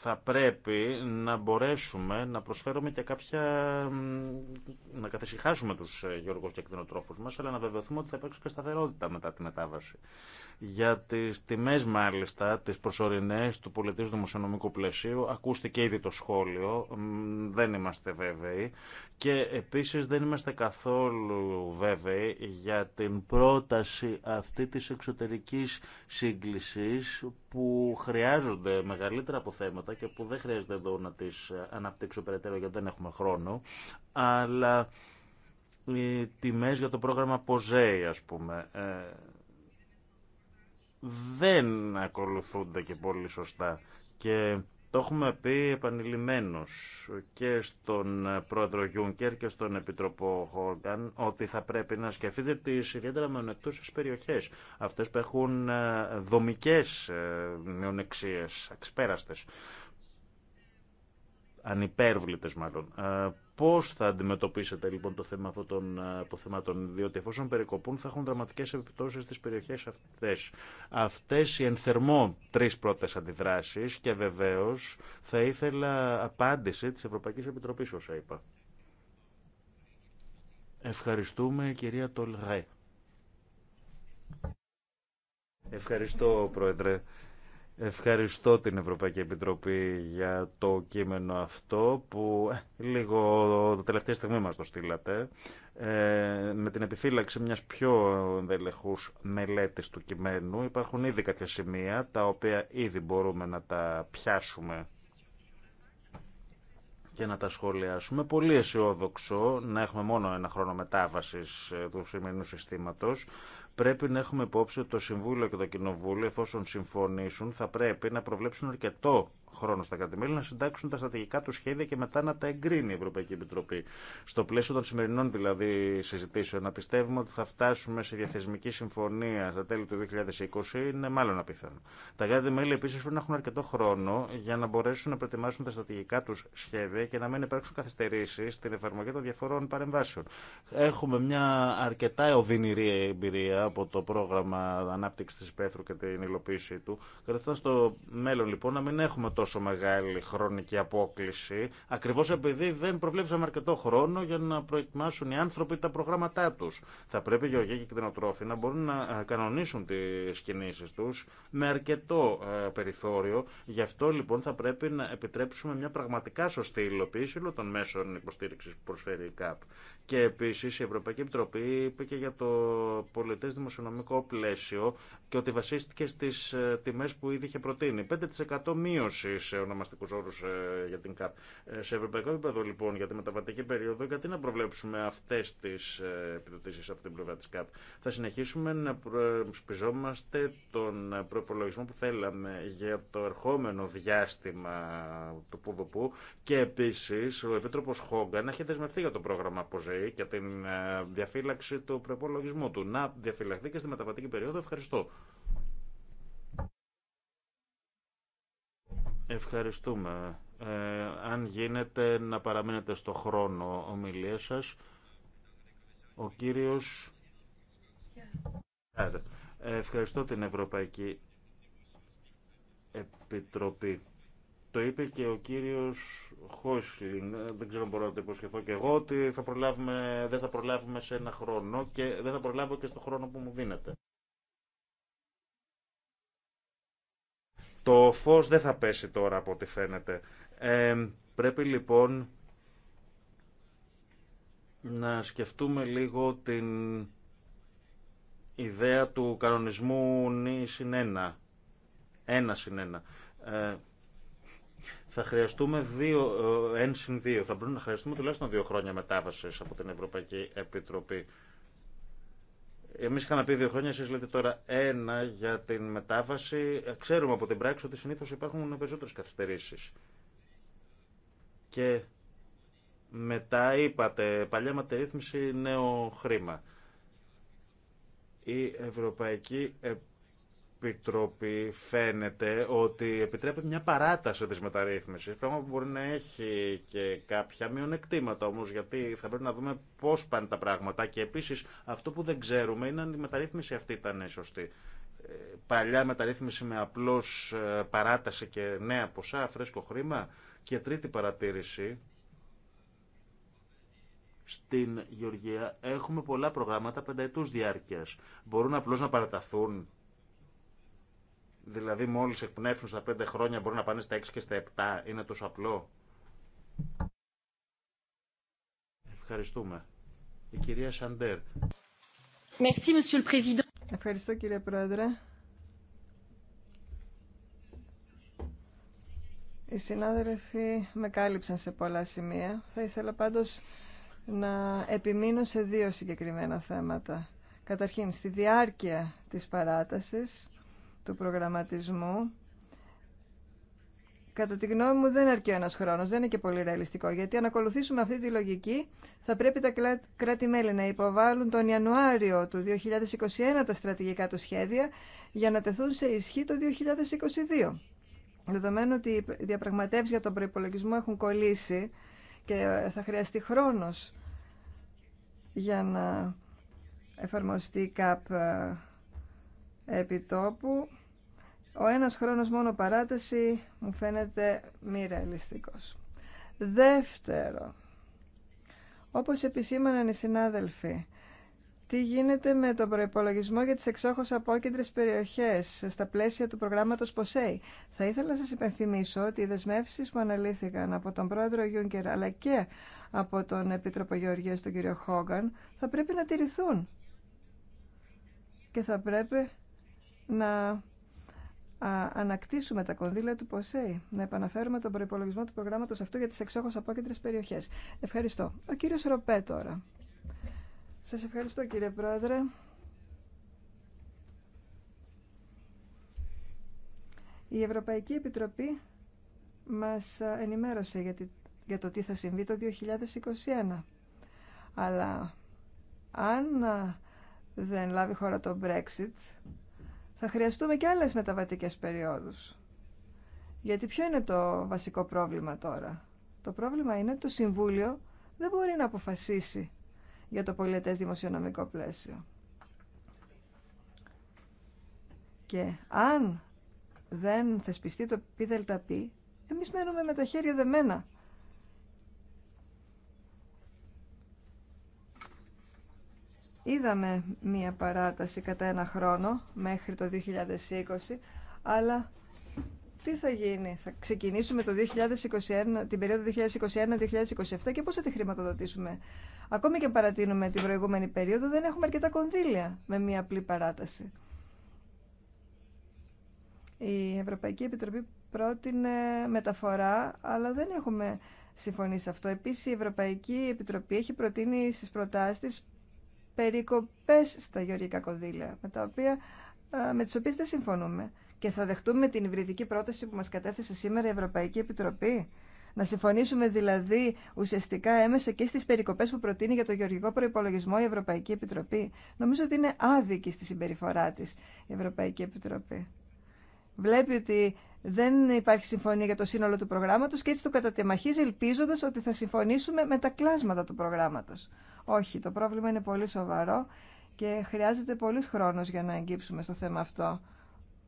θα πρέπει να μπορέσουμε να προσφέρουμε και κάποια... να καθησυχάσουμε τους ε, γεωργού και εκτινοτρόφους μα, αλλά να βεβαιωθούμε ότι θα υπάρξει και σταθερότητα μετά τη μετάβαση. Για τις τιμές μάλιστα, τι προσωρινές του του δημοσιονομικού πλαισίου, ακούστηκε ήδη το σχόλιο, δεν είμαστε βέβαιοι. Και επίσης δεν είμαστε καθόλου βέβαιοι για την πρόταση αυτή της εξωτερικής σύγκληση που χρειάζονται μεγαλύτερα αποθέματα και που δεν χρειάζεται εδώ να τις αναπτύξω περαιτέρω γιατί δεν έχουμε χρόνο, αλλά οι τιμές για το πρόγραμμα ΠΟΖΕΙ, ας πούμε, ε, δεν ακολουθούνται και πολύ σωστά. Και το έχουμε πει επανειλημμένως και στον πρόεδρο Γιούνκερ και στον επιτροπό Χόγκαν ότι θα πρέπει να σκεφτείτε τις ιδιαίτερα μειονεκτούσες περιοχές. Αυτές που έχουν ε, δομικές ε, μειονεξίες, αξιπέραστες ανυπέρβλητες μάλλον. Ε, πώς θα αντιμετωπίσετε λοιπόν το θέμα αυτών των αποθεμάτων, ε, διότι εφόσον περικοπούν θα έχουν δραματικές επιπτώσεις στις περιοχές αυτές. Αυτές οι ενθερμό τρεις πρώτες αντιδράσεις και βεβαίως θα ήθελα απάντηση της Ευρωπαϊκής Επιτροπής όσα είπα. Ευχαριστούμε κυρία Τολγαϊ. Ευχαριστώ πρόεδρε. Ευχαριστώ την Ευρωπαϊκή Επιτροπή για το κείμενο αυτό που ε, λίγο το τελευταία στιγμή μας το στείλατε ε, με την επιφύλαξη μιας πιο ενδελεχούς μελέτης του κειμένου υπάρχουν ήδη κάποια σημεία τα οποία ήδη μπορούμε να τα πιάσουμε και να τα σχολιάσουμε. Πολύ αισιόδοξο να έχουμε μόνο ένα χρόνο μετάβαση ε, του σημερινού συστήματος Πρέπει να έχουμε υπόψη ότι το Συμβούλιο και το Κοινοβούλιο, εφόσον συμφωνήσουν, θα πρέπει να προβλέψουν αρκετό χρόνο στα κρατη να συντάξουν τα στρατηγικά του σχέδια και μετά να τα εγκρίνει η Ευρωπαϊκή Επιτροπή. Στο πλαίσιο των σημερινών δηλαδή συζητήσεων, να πιστεύουμε ότι θα φτάσουμε σε διαθεσμική συμφωνία στα τέλη του 2020 είναι μάλλον απίθανο. Τα κράτη-μέλη επίση πρέπει να έχουν αρκετό χρόνο για να μπορέσουν να προετοιμάσουν τα στρατηγικά του σχέδια και να μην υπάρξουν καθυστερήσει στην εφαρμογή των διαφορών παρεμβάσεων. Έχουμε μια αρκετά οδυνηρή εμπειρία από το πρόγραμμα ανάπτυξη τη υπαίθρου και την υλοποίησή του. Κρατά στο μέλλον λοιπόν να μην έχουμε τόσο μεγάλη χρονική απόκληση, ακριβώ επειδή δεν προβλέψαμε αρκετό χρόνο για να προετοιμάσουν οι άνθρωποι τα προγράμματά του. Θα πρέπει οι γεωργοί και οι κτηνοτρόφοι να μπορούν να ε, κανονίσουν τι κινήσει του με αρκετό ε, περιθώριο. Γι' αυτό λοιπόν θα πρέπει να επιτρέψουμε μια πραγματικά σωστή υλοποίηση όλων των μέσων υποστήριξη που προσφέρει η ΚΑΠ. Και επίση η Ευρωπαϊκή Επιτροπή είπε και για το πολιτέ δημοσιονομικό πλαίσιο και ότι βασίστηκε στι ε, τιμέ που ήδη είχε προτείνει. 5% μείωση σε ονομαστικού όρου ε, για την ΚΑΠ. Ε, σε ευρωπαϊκό επίπεδο λοιπόν για τη μεταβατική περίοδο, γιατί να προβλέψουμε αυτέ τι επιδοτήσει από την πλευρά τη ΚΑΠ. Θα συνεχίσουμε να σπιζόμαστε τον προπολογισμό που θέλαμε για το ερχόμενο διάστημα του Πουδουπού και επίση ο Επίτροπο Χόγκαν έχει δεσμευτεί για το πρόγραμμα αποζήτηση και την ε, διαφύλαξη του προπολογισμού του. Να διαφυλαχθεί και στη μεταβατική περίοδο. Ευχαριστώ. Ευχαριστούμε. Ε, αν γίνεται να παραμείνετε στο χρόνο ομιλία σας, ο κύριος... Ε, ευχαριστώ την Ευρωπαϊκή Επιτροπή. Το είπε και ο κύριο Χόσλιν, δεν ξέρω αν μπορώ να το υποσχεθώ και εγώ, ότι θα προλάβουμε, δεν θα προλάβουμε σε ένα χρόνο και δεν θα προλάβω και στο χρόνο που μου δίνεται. Το φως δεν θα πέσει τώρα από ό,τι φαίνεται. Ε, πρέπει λοιπόν να σκεφτούμε λίγο την ιδέα του κανονισμού νη συν ένα. Ένα συν Ε, θα χρειαστούμε δύο, ε, εν συν δύο, θα πρέπει να χρειαστούμε τουλάχιστον δύο χρόνια μετάβαση από την Ευρωπαϊκή Επιτροπή. Εμεί είχαμε πει δύο χρόνια, εσεί λέτε τώρα ένα για την μετάβαση. Ε, ξέρουμε από την πράξη ότι συνήθω υπάρχουν περισσότερε καθυστερήσει. Και μετά είπατε παλιά μετερρύθμιση νέο χρήμα. Η Ευρωπαϊκή Επιτροπή φαίνεται ότι επιτρέπεται μια παράταση της μεταρρύθμισης, πράγμα που μπορεί να έχει και κάποια μειονεκτήματα όμως, γιατί θα πρέπει να δούμε πώς πάνε τα πράγματα και επίσης αυτό που δεν ξέρουμε είναι αν η μεταρρύθμιση αυτή ήταν σωστή. Ε, παλιά μεταρρύθμιση με απλώς ε, παράταση και νέα ποσά, φρέσκο χρήμα. Και τρίτη παρατήρηση, στην Γεωργία έχουμε πολλά προγράμματα πενταετούς διάρκειας. Μπορούν απλώς να παραταθούν Δηλαδή μόλις εκπνεύσουν στα 5 χρόνια μπορεί να πάνε στα 6 και στα 7. Είναι τόσο απλό. Ευχαριστούμε. Η κυρία Σαντέρ. Ευχαριστώ κύριε Πρόεδρε. Οι συνάδελφοι με κάλυψαν σε πολλά σημεία. Θα ήθελα πάντως να επιμείνω σε δύο συγκεκριμένα θέματα. Καταρχήν, στη διάρκεια της παράτασης του προγραμματισμού κατά τη γνώμη μου δεν αρκεί ένας χρόνος, δεν είναι και πολύ ρεαλιστικό, γιατί αν ακολουθήσουμε αυτή τη λογική θα πρέπει τα κράτη-μέλη να υποβάλουν τον Ιανουάριο του 2021 τα στρατηγικά του σχέδια για να τεθούν σε ισχύ το 2022. Δεδομένου ότι οι διαπραγματεύσεις για τον προϋπολογισμό έχουν κολλήσει και θα χρειαστεί χρόνος για να εφαρμοστεί ΚΑΠ ε, επιτόπου, ο ένας χρόνος μόνο παράταση μου φαίνεται μη ρεαλιστικός. Δεύτερο, όπως επισήμαναν οι συνάδελφοι, τι γίνεται με τον προπολογισμό για τις εξόχως απόκεντρες περιοχές στα πλαίσια του προγράμματος ΠΟΣΕΙ. Θα ήθελα να σας υπενθυμίσω ότι οι δεσμεύσεις που αναλύθηκαν από τον πρόεδρο Γιούγκερ αλλά και από τον Επίτροπο Γεωργίας τον κύριο Χόγκαν θα πρέπει να τηρηθούν και θα πρέπει να ανακτήσουμε τα κονδύλια του ΠΟΣΕΙ, να επαναφέρουμε τον προπολογισμό του προγράμματο αυτού για τι εξόχω απόκεντρε περιοχέ. Ευχαριστώ. Ο κύριο Ροπέ τώρα. Σα ευχαριστώ κύριε Πρόεδρε. Η Ευρωπαϊκή Επιτροπή μας ενημέρωσε για το τι θα συμβεί το 2021. Αλλά αν δεν λάβει χώρα το Brexit, θα χρειαστούμε και άλλες μεταβατικές περιόδους. Γιατί ποιο είναι το βασικό πρόβλημα τώρα. Το πρόβλημα είναι ότι το Συμβούλιο δεν μπορεί να αποφασίσει για το πολιτές δημοσιονομικό πλαίσιο. Και αν δεν θεσπιστεί το πι, εμείς μένουμε με τα χέρια δεμένα. Είδαμε μία παράταση κατά ένα χρόνο μέχρι το 2020, αλλά τι θα γίνει, θα ξεκινήσουμε το 2021, την περίοδο 2021-2027 και πώς θα τη χρηματοδοτήσουμε. Ακόμη και παρατείνουμε την προηγούμενη περίοδο, δεν έχουμε αρκετά κονδύλια με μία απλή παράταση. Η Ευρωπαϊκή Επιτροπή πρότεινε μεταφορά, αλλά δεν έχουμε συμφωνήσει σε αυτό. Επίσης, η Ευρωπαϊκή Επιτροπή έχει προτείνει στις προτάσεις περικοπές στα γεωργικά κονδύλια, με, τα οποία, με τις οποίες δεν συμφωνούμε. Και θα δεχτούμε την υβριδική πρόταση που μας κατέθεσε σήμερα η Ευρωπαϊκή Επιτροπή. Να συμφωνήσουμε δηλαδή ουσιαστικά έμεσα και στις περικοπές που προτείνει για το γεωργικό προϋπολογισμό η Ευρωπαϊκή Επιτροπή. Νομίζω ότι είναι άδικη στη συμπεριφορά της η Ευρωπαϊκή Επιτροπή. Βλέπει ότι δεν υπάρχει συμφωνία για το σύνολο του προγράμματος και έτσι το κατατεμαχίζει ελπίζοντας ότι θα συμφωνήσουμε με τα κλάσματα του προγράμματος. Όχι, το πρόβλημα είναι πολύ σοβαρό και χρειάζεται πολύ χρόνος για να εγγύψουμε στο θέμα αυτό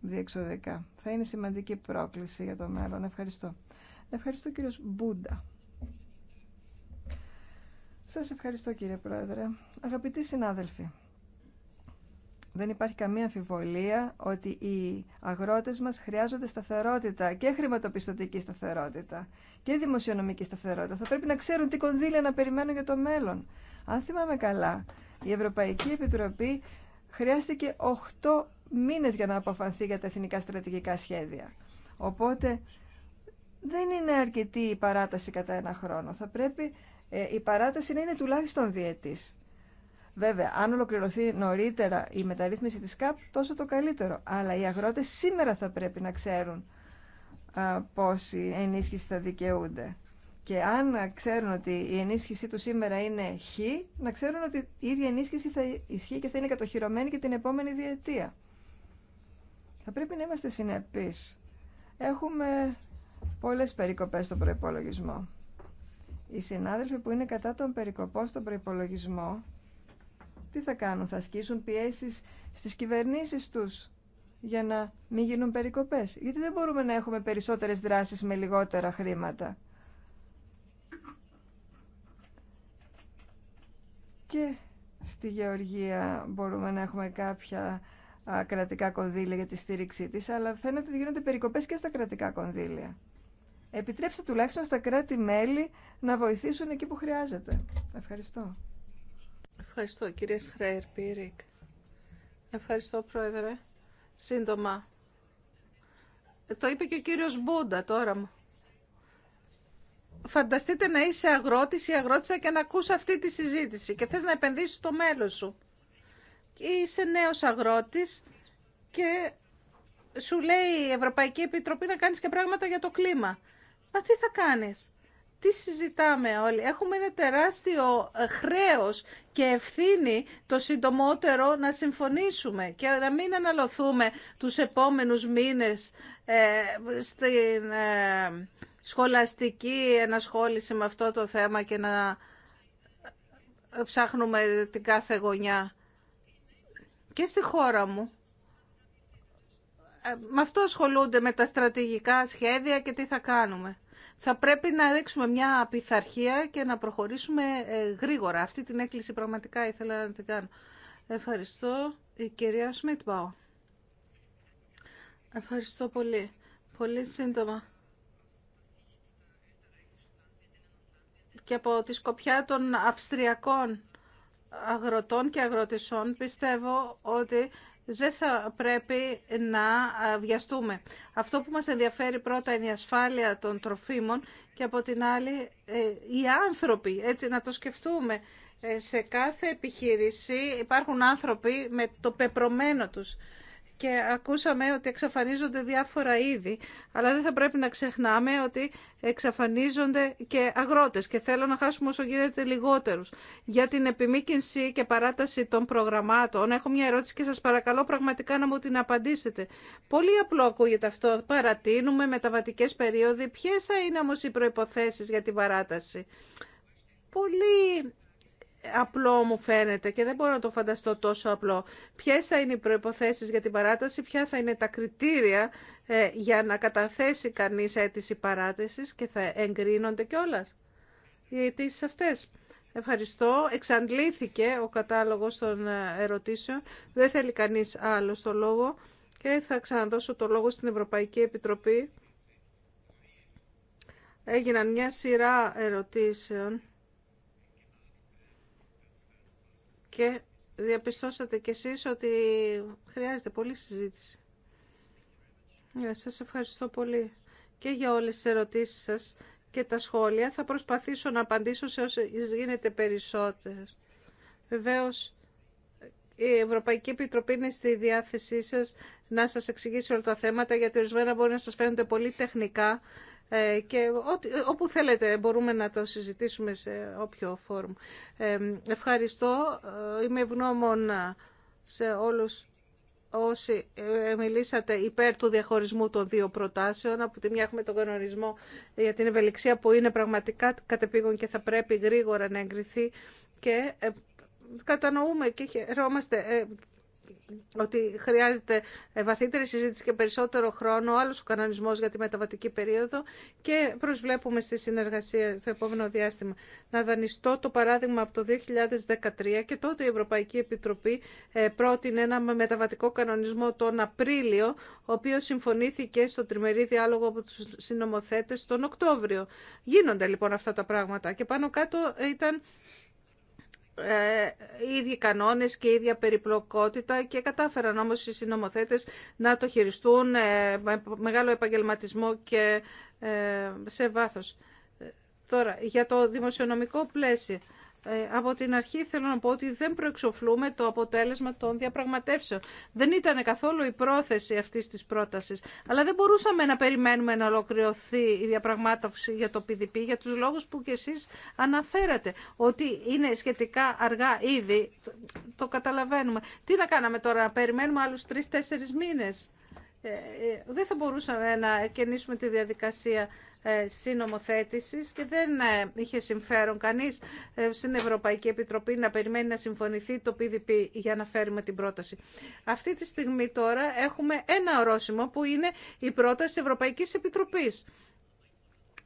διεξοδικά. Θα είναι σημαντική πρόκληση για το μέλλον. Ευχαριστώ. Ευχαριστώ κύριος Μπούντα. Σας ευχαριστώ κύριε Πρόεδρε. Αγαπητοί συνάδελφοι, δεν υπάρχει καμία αμφιβολία ότι οι αγρότες μας χρειάζονται σταθερότητα και χρηματοπιστωτική σταθερότητα και δημοσιονομική σταθερότητα. Θα πρέπει να ξέρουν τι κονδύλια να περιμένουν για το μέλλον. Αν θυμάμαι καλά, η Ευρωπαϊκή Επιτροπή χρειάστηκε 8 μήνες για να αποφανθεί για τα εθνικά στρατηγικά σχέδια. Οπότε δεν είναι αρκετή η παράταση κατά ένα χρόνο. Θα πρέπει ε, η παράταση να είναι τουλάχιστον διετής. Βέβαια, αν ολοκληρωθεί νωρίτερα η μεταρρύθμιση της ΚΑΠ, τόσο το καλύτερο. Αλλά οι αγρότες σήμερα θα πρέπει να ξέρουν α, η ενίσχυση θα δικαιούνται. Και αν ξέρουν ότι η ενίσχυσή του σήμερα είναι χ, να ξέρουν ότι η ίδια ενίσχυση θα ισχύει και θα είναι κατοχυρωμένη και την επόμενη διετία. Θα πρέπει να είμαστε συνεπείς. Έχουμε πολλές περικοπές στον προϋπολογισμό. Οι συνάδελφοι που είναι κατά τον περικοπών στον προϋπολογισμό τι θα κάνουν, θα ασκήσουν πιέσεις στις κυβερνήσεις τους για να μην γίνουν περικοπές. Γιατί δεν μπορούμε να έχουμε περισσότερες δράσεις με λιγότερα χρήματα. Και στη Γεωργία μπορούμε να έχουμε κάποια κρατικά κονδύλια για τη στήριξή της, αλλά φαίνεται ότι γίνονται περικοπές και στα κρατικά κονδύλια. Επιτρέψτε τουλάχιστον στα κράτη-μέλη να βοηθήσουν εκεί που χρειάζεται. Ευχαριστώ. Ευχαριστώ κύριε Σχρέιρ Πίρικ. Ευχαριστώ πρόεδρε. Σύντομα. Το είπε και ο κύριος Μπούντα τώρα μου. Φανταστείτε να είσαι αγρότης ή αγρότησα και να ακούς αυτή τη συζήτηση και θες να επενδύσεις στο μέλλον σου. Είσαι νέος αγρότης και σου λέει η Ευρωπαϊκή Επιτροπή να κάνεις και πράγματα για το κλίμα. Μα τι θα κάνεις τι συζητάμε όλοι. Έχουμε ένα τεράστιο ε, χρέος και ευθύνη το συντομότερο να συμφωνήσουμε και να μην αναλωθούμε τους επόμενους μήνες ε, στην ε, σχολαστική ενασχόληση με αυτό το θέμα και να ψάχνουμε την κάθε γωνιά. Και στη χώρα μου. Με αυτό ασχολούνται με τα στρατηγικά σχέδια και τι θα κάνουμε θα πρέπει να δείξουμε μια πειθαρχία και να προχωρήσουμε ε, γρήγορα. Αυτή την έκκληση πραγματικά ήθελα να την κάνω. Ευχαριστώ, η κυρία Σμιτμπάου. Ευχαριστώ πολύ. Πολύ σύντομα. Και από τη σκοπιά των Αυστριακών αγροτών και αγροτησών πιστεύω ότι δεν θα πρέπει να βιαστούμε. Αυτό που μας ενδιαφέρει πρώτα είναι η ασφάλεια των τροφίμων και από την άλλη ε, οι άνθρωποι, έτσι να το σκεφτούμε. Ε, σε κάθε επιχείρηση υπάρχουν άνθρωποι με το πεπρωμένο τους και ακούσαμε ότι εξαφανίζονται διάφορα είδη, αλλά δεν θα πρέπει να ξεχνάμε ότι εξαφανίζονται και αγρότες και θέλω να χάσουμε όσο γίνεται λιγότερους. Για την επιμήκυνση και παράταση των προγραμμάτων έχω μια ερώτηση και σας παρακαλώ πραγματικά να μου την απαντήσετε. Πολύ απλό ακούγεται αυτό. Παρατείνουμε μεταβατικές περίοδοι. Ποιες θα είναι όμως οι προϋποθέσεις για την παράταση. Πολύ απλό μου φαίνεται και δεν μπορώ να το φανταστώ τόσο απλό. Ποιες θα είναι οι προϋποθέσεις για την παράταση, ποια θα είναι τα κριτήρια ε, για να καταθέσει κανείς αίτηση παράτασης και θα εγκρίνονται κιόλα οι αιτήσει αυτές. Ευχαριστώ. Εξαντλήθηκε ο κατάλογος των ε, ερωτήσεων. Δεν θέλει κανείς άλλο το λόγο και θα ξαναδώσω το λόγο στην Ευρωπαϊκή Επιτροπή. Έγιναν μια σειρά ερωτήσεων και διαπιστώσατε κι εσείς ότι χρειάζεται πολύ συζήτηση. Ε, σας ευχαριστώ πολύ και για όλες τις ερωτήσεις σας και τα σχόλια. Θα προσπαθήσω να απαντήσω σε όσες γίνεται περισσότερες. Βεβαίως, η Ευρωπαϊκή Επιτροπή είναι στη διάθεσή σας να σας εξηγήσει όλα τα θέματα, γιατί ορισμένα μπορεί να σας φαίνονται πολύ τεχνικά ε, και όπου θέλετε μπορούμε να το συζητήσουμε σε όποιο φόρουμ. Ε, ευχαριστώ. Ε, είμαι ευγνώμων σε όλους όσοι μιλήσατε υπέρ του διαχωρισμού των δύο προτάσεων. Από τη μια έχουμε τον κανονισμό για την ευελιξία που είναι πραγματικά κατεπήγον και θα πρέπει γρήγορα να εγκριθεί και κατανοούμε και χαιρόμαστε ότι χρειάζεται ε, βαθύτερη συζήτηση και περισσότερο χρόνο, άλλο ο κανονισμό για τη μεταβατική περίοδο και προσβλέπουμε στη συνεργασία το επόμενο διάστημα. Να δανειστώ το παράδειγμα από το 2013 και τότε η Ευρωπαϊκή Επιτροπή ε, πρότεινε ένα μεταβατικό κανονισμό τον Απρίλιο, ο οποίο συμφωνήθηκε στο τριμερή διάλογο από του συνομοθέτε τον Οκτώβριο. Γίνονται λοιπόν αυτά τα πράγματα και πάνω κάτω ήταν οι ε, ίδιοι κανόνες και η ίδια περιπλοκότητα και κατάφεραν όμως οι συνομοθέτες να το χειριστούν ε, με μεγάλο επαγγελματισμό και ε, σε βάθος. Τώρα, για το δημοσιονομικό πλαίσιο. Ε, από την αρχή θέλω να πω ότι δεν προεξοφλούμε το αποτέλεσμα των διαπραγματεύσεων. Δεν ήταν καθόλου η πρόθεση αυτής της πρότασης. Αλλά δεν μπορούσαμε να περιμένουμε να ολοκληρωθεί η διαπραγμάτευση για το PDP για τους λόγους που και εσείς αναφέρατε. Ότι είναι σχετικά αργά ήδη. Το καταλαβαίνουμε. Τι να κάναμε τώρα, να περιμένουμε άλλους τρεις-τέσσερις μήνες. Ε, ε, δεν θα μπορούσαμε να κενήσουμε τη διαδικασία ε, συνομοθέτησης και δεν ε, είχε συμφέρον κανείς ε, στην Ευρωπαϊκή Επιτροπή να περιμένει να συμφωνηθεί το PDP για να φέρουμε την πρόταση. Αυτή τη στιγμή τώρα έχουμε ένα ορόσημο που είναι η πρόταση Ευρωπαϊκής Επιτροπής.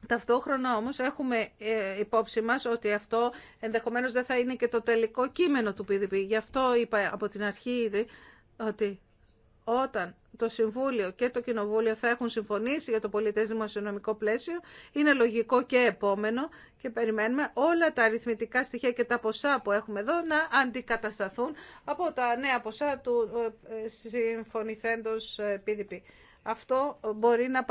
Ταυτόχρονα όμως έχουμε υπόψη μας ότι αυτό ενδεχομένως δεν θα είναι και το τελικό κείμενο του PDP. Γι' αυτό είπα από την αρχή ήδη ότι όταν το Συμβούλιο και το Κοινοβούλιο θα έχουν συμφωνήσει για το πολιτές δημοσιονομικό πλαίσιο, είναι λογικό και επόμενο και περιμένουμε όλα τα αριθμητικά στοιχεία και τα ποσά που έχουμε εδώ να αντικατασταθούν από τα νέα ποσά του ε, συμφωνηθέντος PDP. Ε, αυτό μπορεί να,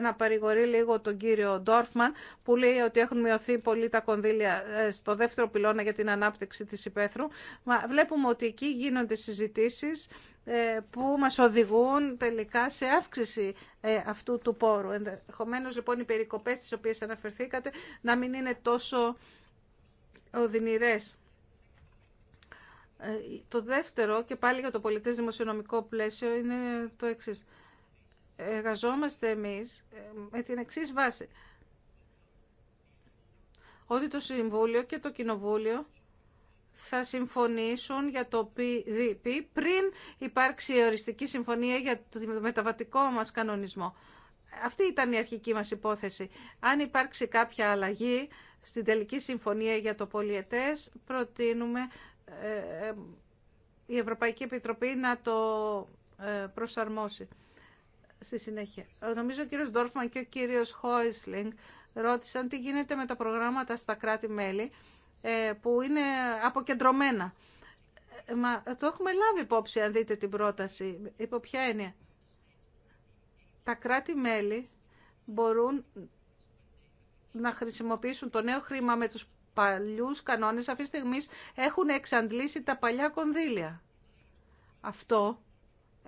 να παρηγορεί λίγο τον κύριο Ντόρφμαν που λέει ότι έχουν μειωθεί πολύ τα κονδύλια ε, στο δεύτερο πυλώνα για την ανάπτυξη της υπαίθρου. Μα βλέπουμε ότι εκεί γίνονται συζητήσεις ε, που μας οδηγούν τελικά σε αύξηση ε, αυτού του πόρου. Ενδεχομένως λοιπόν οι περικοπές τις οποίες αναφερθήκατε να μην είναι τόσο οδυνηρές. Το δεύτερο και πάλι για το πολιτές δημοσιονομικό πλαίσιο είναι το εξής εργαζόμαστε εμείς ε, με την εξή βάση. Ότι το Συμβούλιο και το Κοινοβούλιο θα συμφωνήσουν για το PDP πριν υπάρξει η οριστική συμφωνία για το μεταβατικό μας κανονισμό. Αυτή ήταν η αρχική μας υπόθεση. Αν υπάρξει κάποια αλλαγή στην τελική συμφωνία για το πολιετές, προτείνουμε ε, ε, η Ευρωπαϊκή Επιτροπή να το προσαρμόσει στη συνέχεια. Νομίζω ο κύριος Ντόρφμαν και ο κύριος Χόισλινγκ ρώτησαν τι γίνεται με τα προγράμματα στα κράτη-μέλη ε, που είναι αποκεντρωμένα. Ε, μα το έχουμε λάβει υπόψη αν δείτε την πρόταση. Υπό ποια έννοια. Τα κράτη-μέλη μπορούν να χρησιμοποιήσουν το νέο χρήμα με τους παλιούς κανόνες. Αυτή τη στιγμή έχουν εξαντλήσει τα παλιά κονδύλια. Αυτό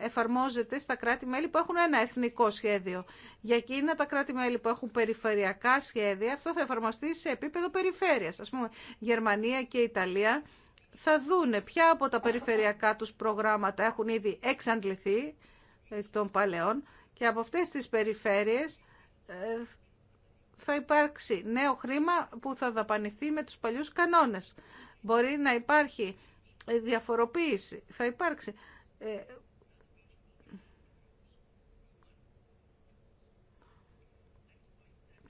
εφαρμόζεται στα κράτη-μέλη που έχουν ένα εθνικό σχέδιο. Για εκείνα τα κράτη-μέλη που έχουν περιφερειακά σχέδια, αυτό θα εφαρμοστεί σε επίπεδο περιφέρειας. Ας πούμε, Γερμανία και Ιταλία θα δούνε ποια από τα περιφερειακά τους προγράμματα έχουν ήδη εξαντληθεί εκ των παλαιών και από αυτές τις περιφέρειες ε, θα υπάρξει νέο χρήμα που θα δαπανηθεί με τους παλιούς κανόνες. Μπορεί να υπάρχει διαφοροποίηση, θα υπάρξει. Ε,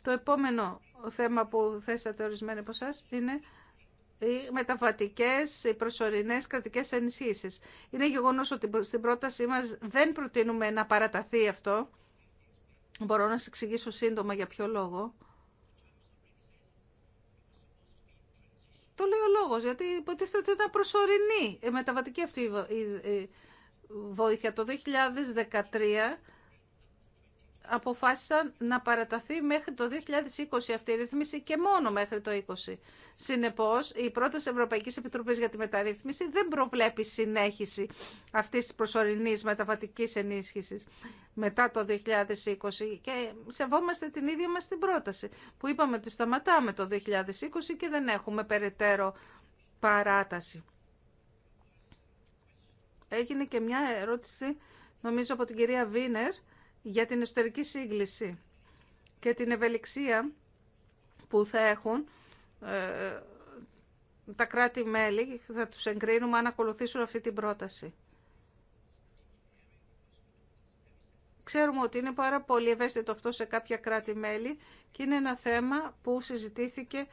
Το επόμενο θέμα που θέσατε ορισμένοι από εσάς είναι οι μεταβατικές, οι προσωρινές κρατικές ενισχύσεις. Είναι γεγονός ότι στην πρότασή μας δεν προτείνουμε να παραταθεί αυτό. Μπορώ να σας εξηγήσω σύντομα για ποιο λόγο. Το λέει ο λόγος, γιατί υποτίθεται ότι ήταν προσωρινή η μεταβατική αυτή η βοήθεια. Το 2013 αποφάσισαν να παραταθεί μέχρι το 2020 αυτή η ρύθμιση και μόνο μέχρι το 2020. Συνεπώς, η πρόταση Ευρωπαϊκής Επιτροπής για τη μεταρρύθμιση δεν προβλέπει συνέχιση αυτής της προσωρινής μεταβατικής ενίσχυσης μετά το 2020 και σεβόμαστε την ίδια μας την πρόταση που είπαμε ότι σταματάμε το 2020 και δεν έχουμε περαιτέρω παράταση. Έγινε και μια ερώτηση νομίζω από την κυρία Βίνερ για την εσωτερική σύγκληση και την ευελιξία που θα έχουν ε, τα κράτη-μέλη, θα τους εγκρίνουμε αν ακολουθήσουν αυτή την πρόταση. Ξέρουμε ότι είναι πάρα πολύ ευαίσθητο αυτό σε κάποια κράτη-μέλη και είναι ένα θέμα που συζητήθηκε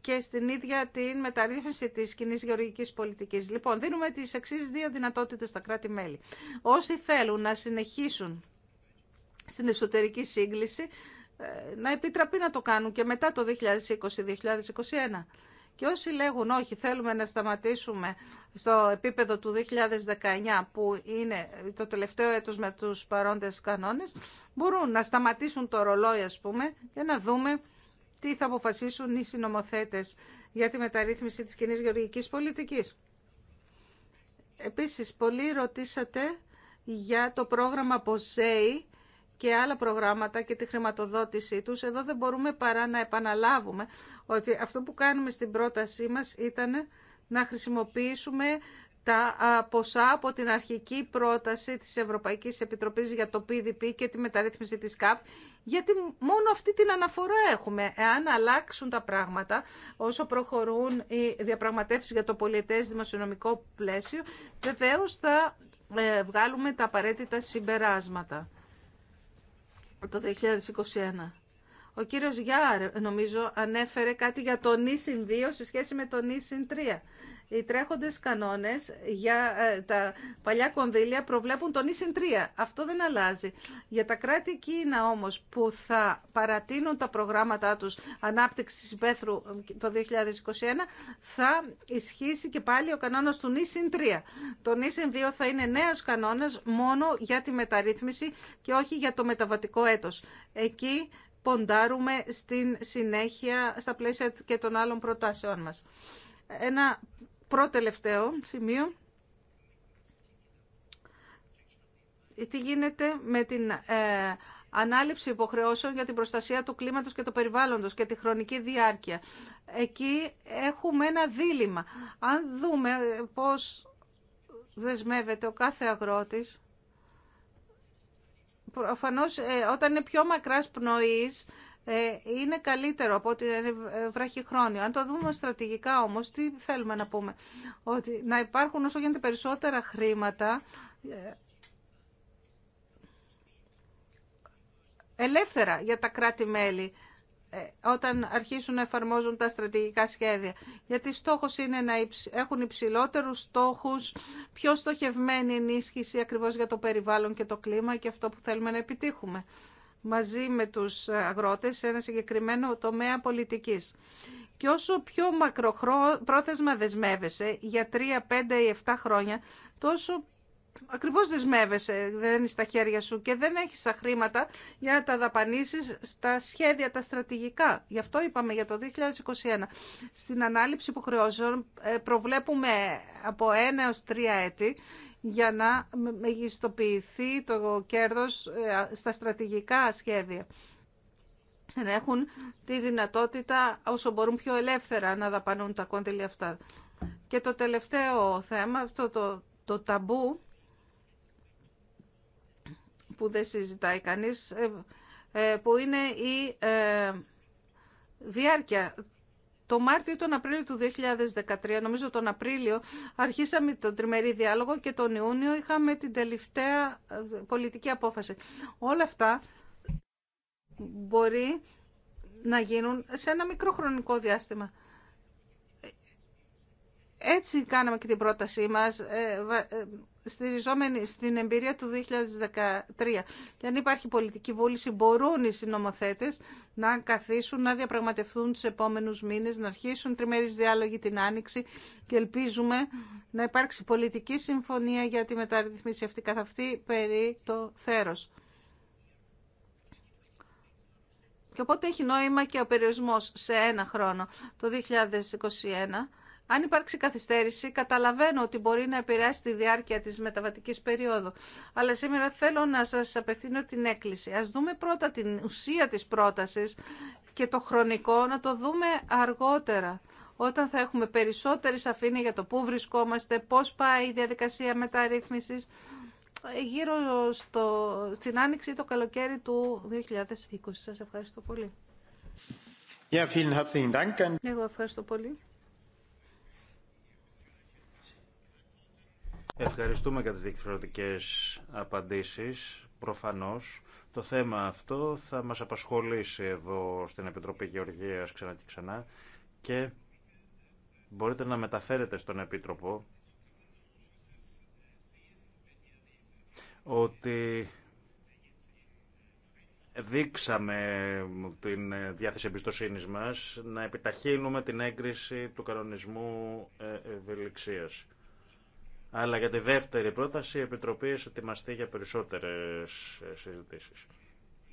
και στην ίδια την μεταρρύθμιση της κοινή γεωργικής πολιτικής. Λοιπόν, δίνουμε τις εξής δύο δυνατότητες στα κράτη-μέλη. Όσοι θέλουν να συνεχίσουν στην εσωτερική σύγκληση ε, να επιτραπεί να το κάνουν και μετά το 2020-2021. Και όσοι λέγουν όχι, θέλουμε να σταματήσουμε στο επίπεδο του 2019 που είναι το τελευταίο έτος με τους παρόντες κανόνες, μπορούν να σταματήσουν το ρολόι ας πούμε και να δούμε τι θα αποφασίσουν οι συνομοθέτες για τη μεταρρύθμιση της κοινή γεωργικής πολιτικής. Επίσης, πολλοί ρωτήσατε για το πρόγραμμα ΠΟΣΕΙ και άλλα προγράμματα και τη χρηματοδότησή τους, εδώ δεν μπορούμε παρά να επαναλάβουμε ότι αυτό που κάνουμε στην πρότασή μας ήταν να χρησιμοποιήσουμε τα ποσά από την αρχική πρόταση της Ευρωπαϊκής Επιτροπής για το PDP και τη μεταρρύθμιση της ΚΑΠ, γιατί μόνο αυτή την αναφορά έχουμε. Εάν αλλάξουν τα πράγματα όσο προχωρούν οι διαπραγματεύσεις για το πολιτές δημοσιονομικό πλαίσιο, βεβαίω θα ε, βγάλουμε τα απαραίτητα συμπεράσματα το 2021. Ο κύριος Γιάρ, νομίζω, ανέφερε κάτι για το νησιν 2 σε σχέση με το νησιν 3 οι τρέχοντες κανόνες για ε, τα παλιά κονδύλια προβλέπουν τον ίσιν 3. Αυτό δεν αλλάζει. Για τα κράτη Κίνα όμως που θα παρατείνουν τα προγράμματά τους ανάπτυξης υπαίθρου ε, το 2021 θα ισχύσει και πάλι ο κανόνας του νησιν 3. Το νησιν 2 θα είναι νέος κανόνας μόνο για τη μεταρρύθμιση και όχι για το μεταβατικό έτος. Εκεί ποντάρουμε στην συνέχεια στα πλαίσια και των άλλων προτάσεών μας. Ένα προτελευταίο σημείο. Τι γίνεται με την ε, ανάληψη υποχρεώσεων για την προστασία του κλίματος και του περιβάλλοντος και τη χρονική διάρκεια. Εκεί έχουμε ένα δίλημα. Αν δούμε πώς δεσμεύεται ο κάθε αγρότης, προφανώς ε, όταν είναι πιο μακράς πνοής, ε, είναι καλύτερο από ότι είναι βραχυχρόνιο. Αν το δούμε στρατηγικά όμως, τι θέλουμε να πούμε. Ότι να υπάρχουν όσο γίνεται περισσότερα χρήματα ε, ελεύθερα για τα κράτη-μέλη ε, όταν αρχίσουν να εφαρμόζουν τα στρατηγικά σχέδια. Γιατί στόχος είναι να έχουν υψηλότερους στόχους, πιο στοχευμένη ενίσχυση ακριβώς για το περιβάλλον και το κλίμα και αυτό που θέλουμε να επιτύχουμε μαζί με τους αγρότες σε ένα συγκεκριμένο τομέα πολιτικής. Και όσο πιο μακροπρόθεσμα δεσμεύεσαι για 3, 5 ή 7 χρόνια, τόσο ακριβώς δεσμεύεσαι, δεν είναι στα χέρια σου και δεν έχεις τα χρήματα για να τα δαπανίσεις στα σχέδια τα στρατηγικά. Γι' αυτό είπαμε για το 2021. Στην ανάληψη υποχρεώσεων ε, προβλέπουμε από ένα έως τρία έτη για να μεγιστοποιηθεί το κέρδος ε, στα στρατηγικά σχέδια. Να έχουν τη δυνατότητα όσο μπορούν πιο ελεύθερα να δαπανούν τα κόντυλια αυτά. Και το τελευταίο θέμα, αυτό το, το ταμπού που δεν συζητάει κανείς, ε, ε, που είναι η διάρκεια το Μάρτιο ή τον Απρίλιο του 2013, νομίζω τον Απρίλιο, αρχίσαμε τον τριμερή διάλογο και τον Ιούνιο είχαμε την τελευταία ε, πολιτική απόφαση. Όλα αυτά μπορεί να γίνουν σε ένα μικρό χρονικό διάστημα. Ε, έτσι κάναμε και την πρότασή μας, ε, στηριζόμενοι στην εμπειρία του 2013. Και αν υπάρχει πολιτική βούληση, μπορούν οι συνομοθέτες να καθίσουν, να διαπραγματευτούν του επόμενου μήνες, να αρχίσουν τριμερείς διάλογοι την Άνοιξη και ελπίζουμε να υπάρξει πολιτική συμφωνία για τη μεταρρυθμίση αυτή καθ' αυτή περί το θέρο. Και οπότε έχει νόημα και ο περιορισμός σε ένα χρόνο, το 2021, αν υπάρξει καθυστέρηση, καταλαβαίνω ότι μπορεί να επηρεάσει τη διάρκεια της μεταβατικής περίοδου. Αλλά σήμερα θέλω να σας απευθύνω την έκκληση. Ας δούμε πρώτα την ουσία της πρότασης και το χρονικό να το δούμε αργότερα. Όταν θα έχουμε περισσότερη σαφήνεια για το πού βρισκόμαστε, πώς πάει η διαδικασία μεταρρύθμισης, ε, γύρω στο, στην άνοιξη το καλοκαίρι του 2020. Σας ευχαριστώ πολύ. Ja, vielen herzlichen Dank. Εγώ ευχαριστώ πολύ. Ευχαριστούμε για τις διεκθρωτικές απαντήσεις. Προφανώς το θέμα αυτό θα μας απασχολήσει εδώ στην Επιτροπή Γεωργίας ξανά και ξανά και μπορείτε να μεταφέρετε στον Επίτροπο ότι δείξαμε την διάθεση εμπιστοσύνη μας να επιταχύνουμε την έγκριση του κανονισμού ε, ευελιξίας. Αλλά για τη δεύτερη πρόταση η Επιτροπή ετοιμαστεί για περισσότερες συζητήσεις.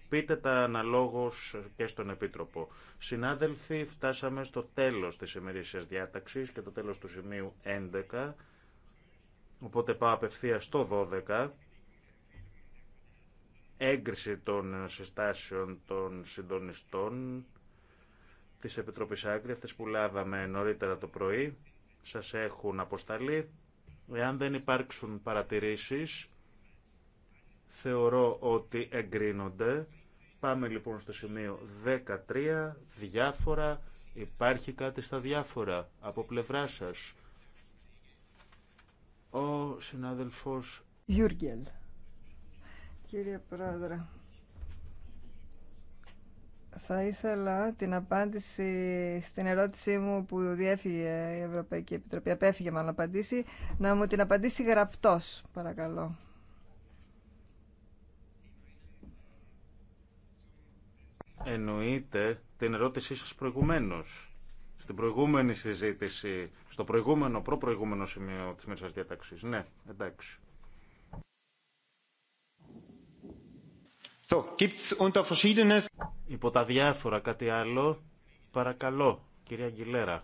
Πείτε τα αναλόγως και στον Επίτροπο. Συνάδελφοι, φτάσαμε στο τέλος της ημερήσιας διάταξης και το τέλος του σημείου 11. Οπότε πάω απευθεία στο 12. Έγκριση των συστάσεων των συντονιστών της Επιτροπής Άγκρη, αυτές που λάβαμε νωρίτερα το πρωί, σας έχουν αποσταλεί. Εάν δεν υπάρξουν παρατηρήσεις, θεωρώ ότι εγκρίνονται. Πάμε λοιπόν στο σημείο 13, διάφορα. Υπάρχει κάτι στα διάφορα από πλευρά σας. Ο συνάδελφος Γιούργελ. Κύριε Πρόεδρε, θα ήθελα την απάντηση στην ερώτησή μου που διέφυγε η Ευρωπαϊκή Επιτροπή, απέφυγε μάλλον απαντήσει, να μου την απαντήσει γραπτός, παρακαλώ. Εννοείται την ερώτησή σας προηγουμένως. Στην προηγούμενη συζήτηση, στο προηγούμενο, προ-προηγούμενο σημείο της Μέσας Διαταξής. Ναι, εντάξει. Υπό τα διάφορα κάτι άλλο, παρακαλώ, κυρία Αγγιλέρα.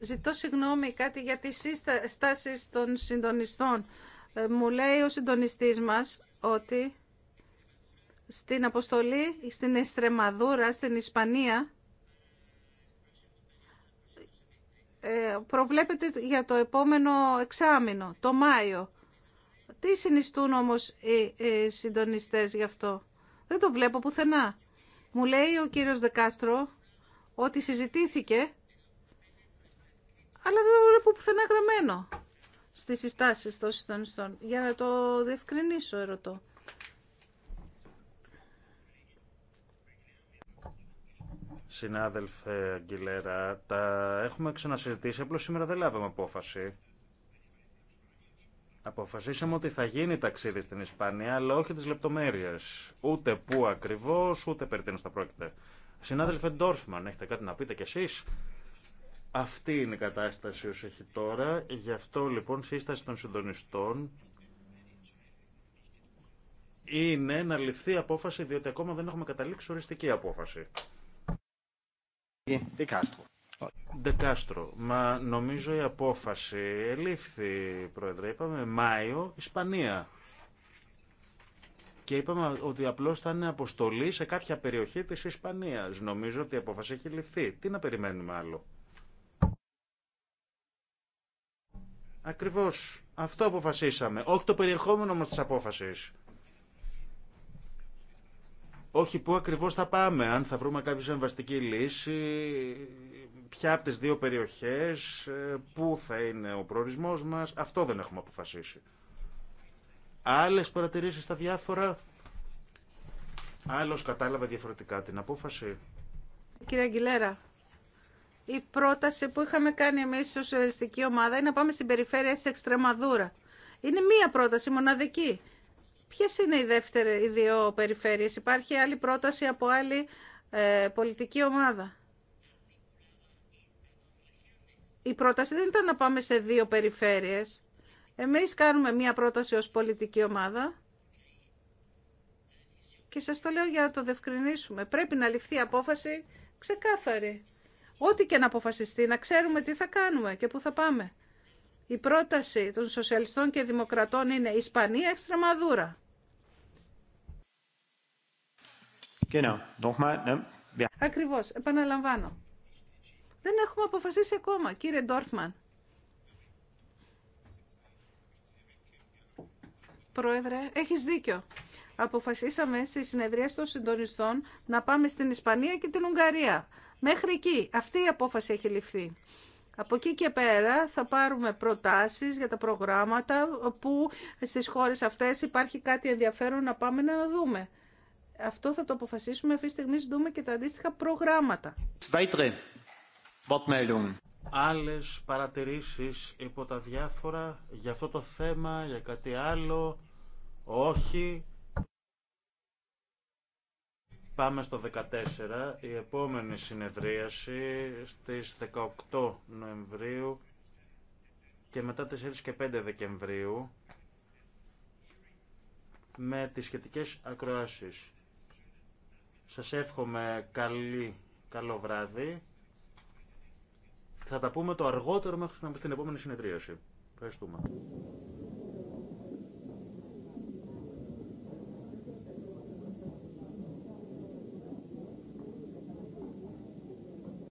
Ζητώ συγγνώμη κάτι για τις στάσεις των συντονιστών. Ε, μου λέει ο συντονιστής μας ότι στην αποστολή, στην Εστρεμαδούρα, στην Ισπανία, ε, προβλέπεται για το επόμενο εξάμεινο, το Μάιο. Τι συνιστούν όμως οι συντονιστές γι' αυτό. Δεν το βλέπω πουθενά. Μου λέει ο κύριος Δεκάστρο ότι συζητήθηκε, αλλά δεν το βλέπω πουθενά γραμμένο στις συστάσεις των συντονιστών. Για να το διευκρινίσω, ερωτώ. Συνάδελφε Αγγιλέρα, τα έχουμε ξανασυζητήσει, απλώς σήμερα δεν λάβαμε απόφαση. Αποφασίσαμε ότι θα γίνει ταξίδι στην Ισπανία, αλλά όχι τι λεπτομέρειε. Ούτε πού ακριβώς, ούτε περί τίνο θα πρόκειται. Συνάδελφε Ντόρφμαν, έχετε κάτι να πείτε κι εσείς. Αυτή είναι η κατάσταση όσο έχει τώρα. Γι' αυτό λοιπόν σύσταση των συντονιστών είναι να ληφθεί απόφαση, διότι ακόμα δεν έχουμε καταλήξει οριστική απόφαση. Ε, ε, Δεκάστρο, μα νομίζω η απόφαση ελήφθη, Πρόεδρε. Είπαμε Μάιο, Ισπανία. Και είπαμε ότι απλώς θα είναι αποστολή σε κάποια περιοχή της Ισπανίας. Νομίζω ότι η απόφαση έχει ληφθεί. Τι να περιμένουμε άλλο. Ακριβώς. Αυτό αποφασίσαμε. Όχι το περιεχόμενο όμως της απόφασης όχι πού ακριβώς θα πάμε, αν θα βρούμε κάποια συμβαστική λύση, ποια από τις δύο περιοχές, ε, πού θα είναι ο προορισμός μας, αυτό δεν έχουμε αποφασίσει. Άλλες παρατηρήσεις στα διάφορα, άλλος κατάλαβε διαφορετικά την απόφαση. Κύριε Αγγιλέρα, η πρόταση που είχαμε κάνει εμείς ως σοσιαλιστική ομάδα είναι να πάμε στην περιφέρεια της Εξτρεμαδούρα. Είναι μία πρόταση μοναδική Ποιε είναι οι, δεύτερες, οι δύο περιφέρειες, υπάρχει άλλη πρόταση από άλλη ε, πολιτική ομάδα. Η πρόταση δεν ήταν να πάμε σε δύο περιφέρειες. Εμείς κάνουμε μία πρόταση ως πολιτική ομάδα και σας το λέω για να το διευκρινίσουμε. Πρέπει να ληφθεί απόφαση ξεκάθαρη. Ό,τι και να αποφασιστεί, να ξέρουμε τι θα κάνουμε και πού θα πάμε. Η πρόταση των σοσιαλιστών και δημοκρατών είναι Ισπανία-Εξτρεμαδούρα. Genau. ne? Ακριβώς. Επαναλαμβάνω. Δεν έχουμε αποφασίσει ακόμα, κύριε Ντόρφμαν. Πρόεδρε, έχεις δίκιο. Αποφασίσαμε στη συνεδρία των συντονιστών να πάμε στην Ισπανία και την Ουγγαρία. Μέχρι εκεί. Αυτή η απόφαση έχει ληφθεί. Από εκεί και πέρα θα πάρουμε προτάσεις για τα προγράμματα που στις χώρες αυτές υπάρχει κάτι ενδιαφέρον να πάμε να δούμε. Αυτό θα το αποφασίσουμε. Αυτή τη στιγμή δούμε και τα αντίστοιχα προγράμματα. Άλλε παρατηρήσει υπό τα διάφορα για αυτό το θέμα, για κάτι άλλο, όχι. Πάμε στο 14, η επόμενη συνεδρίαση στις 18 Νοεμβρίου και μετά 4 και 5 Δεκεμβρίου με τις σχετικές ακροάσεις. Σας εύχομαι καλή, καλό βράδυ. Θα τα πούμε το αργότερο μέχρι στην επόμενη συνεδρίαση. Ευχαριστούμε.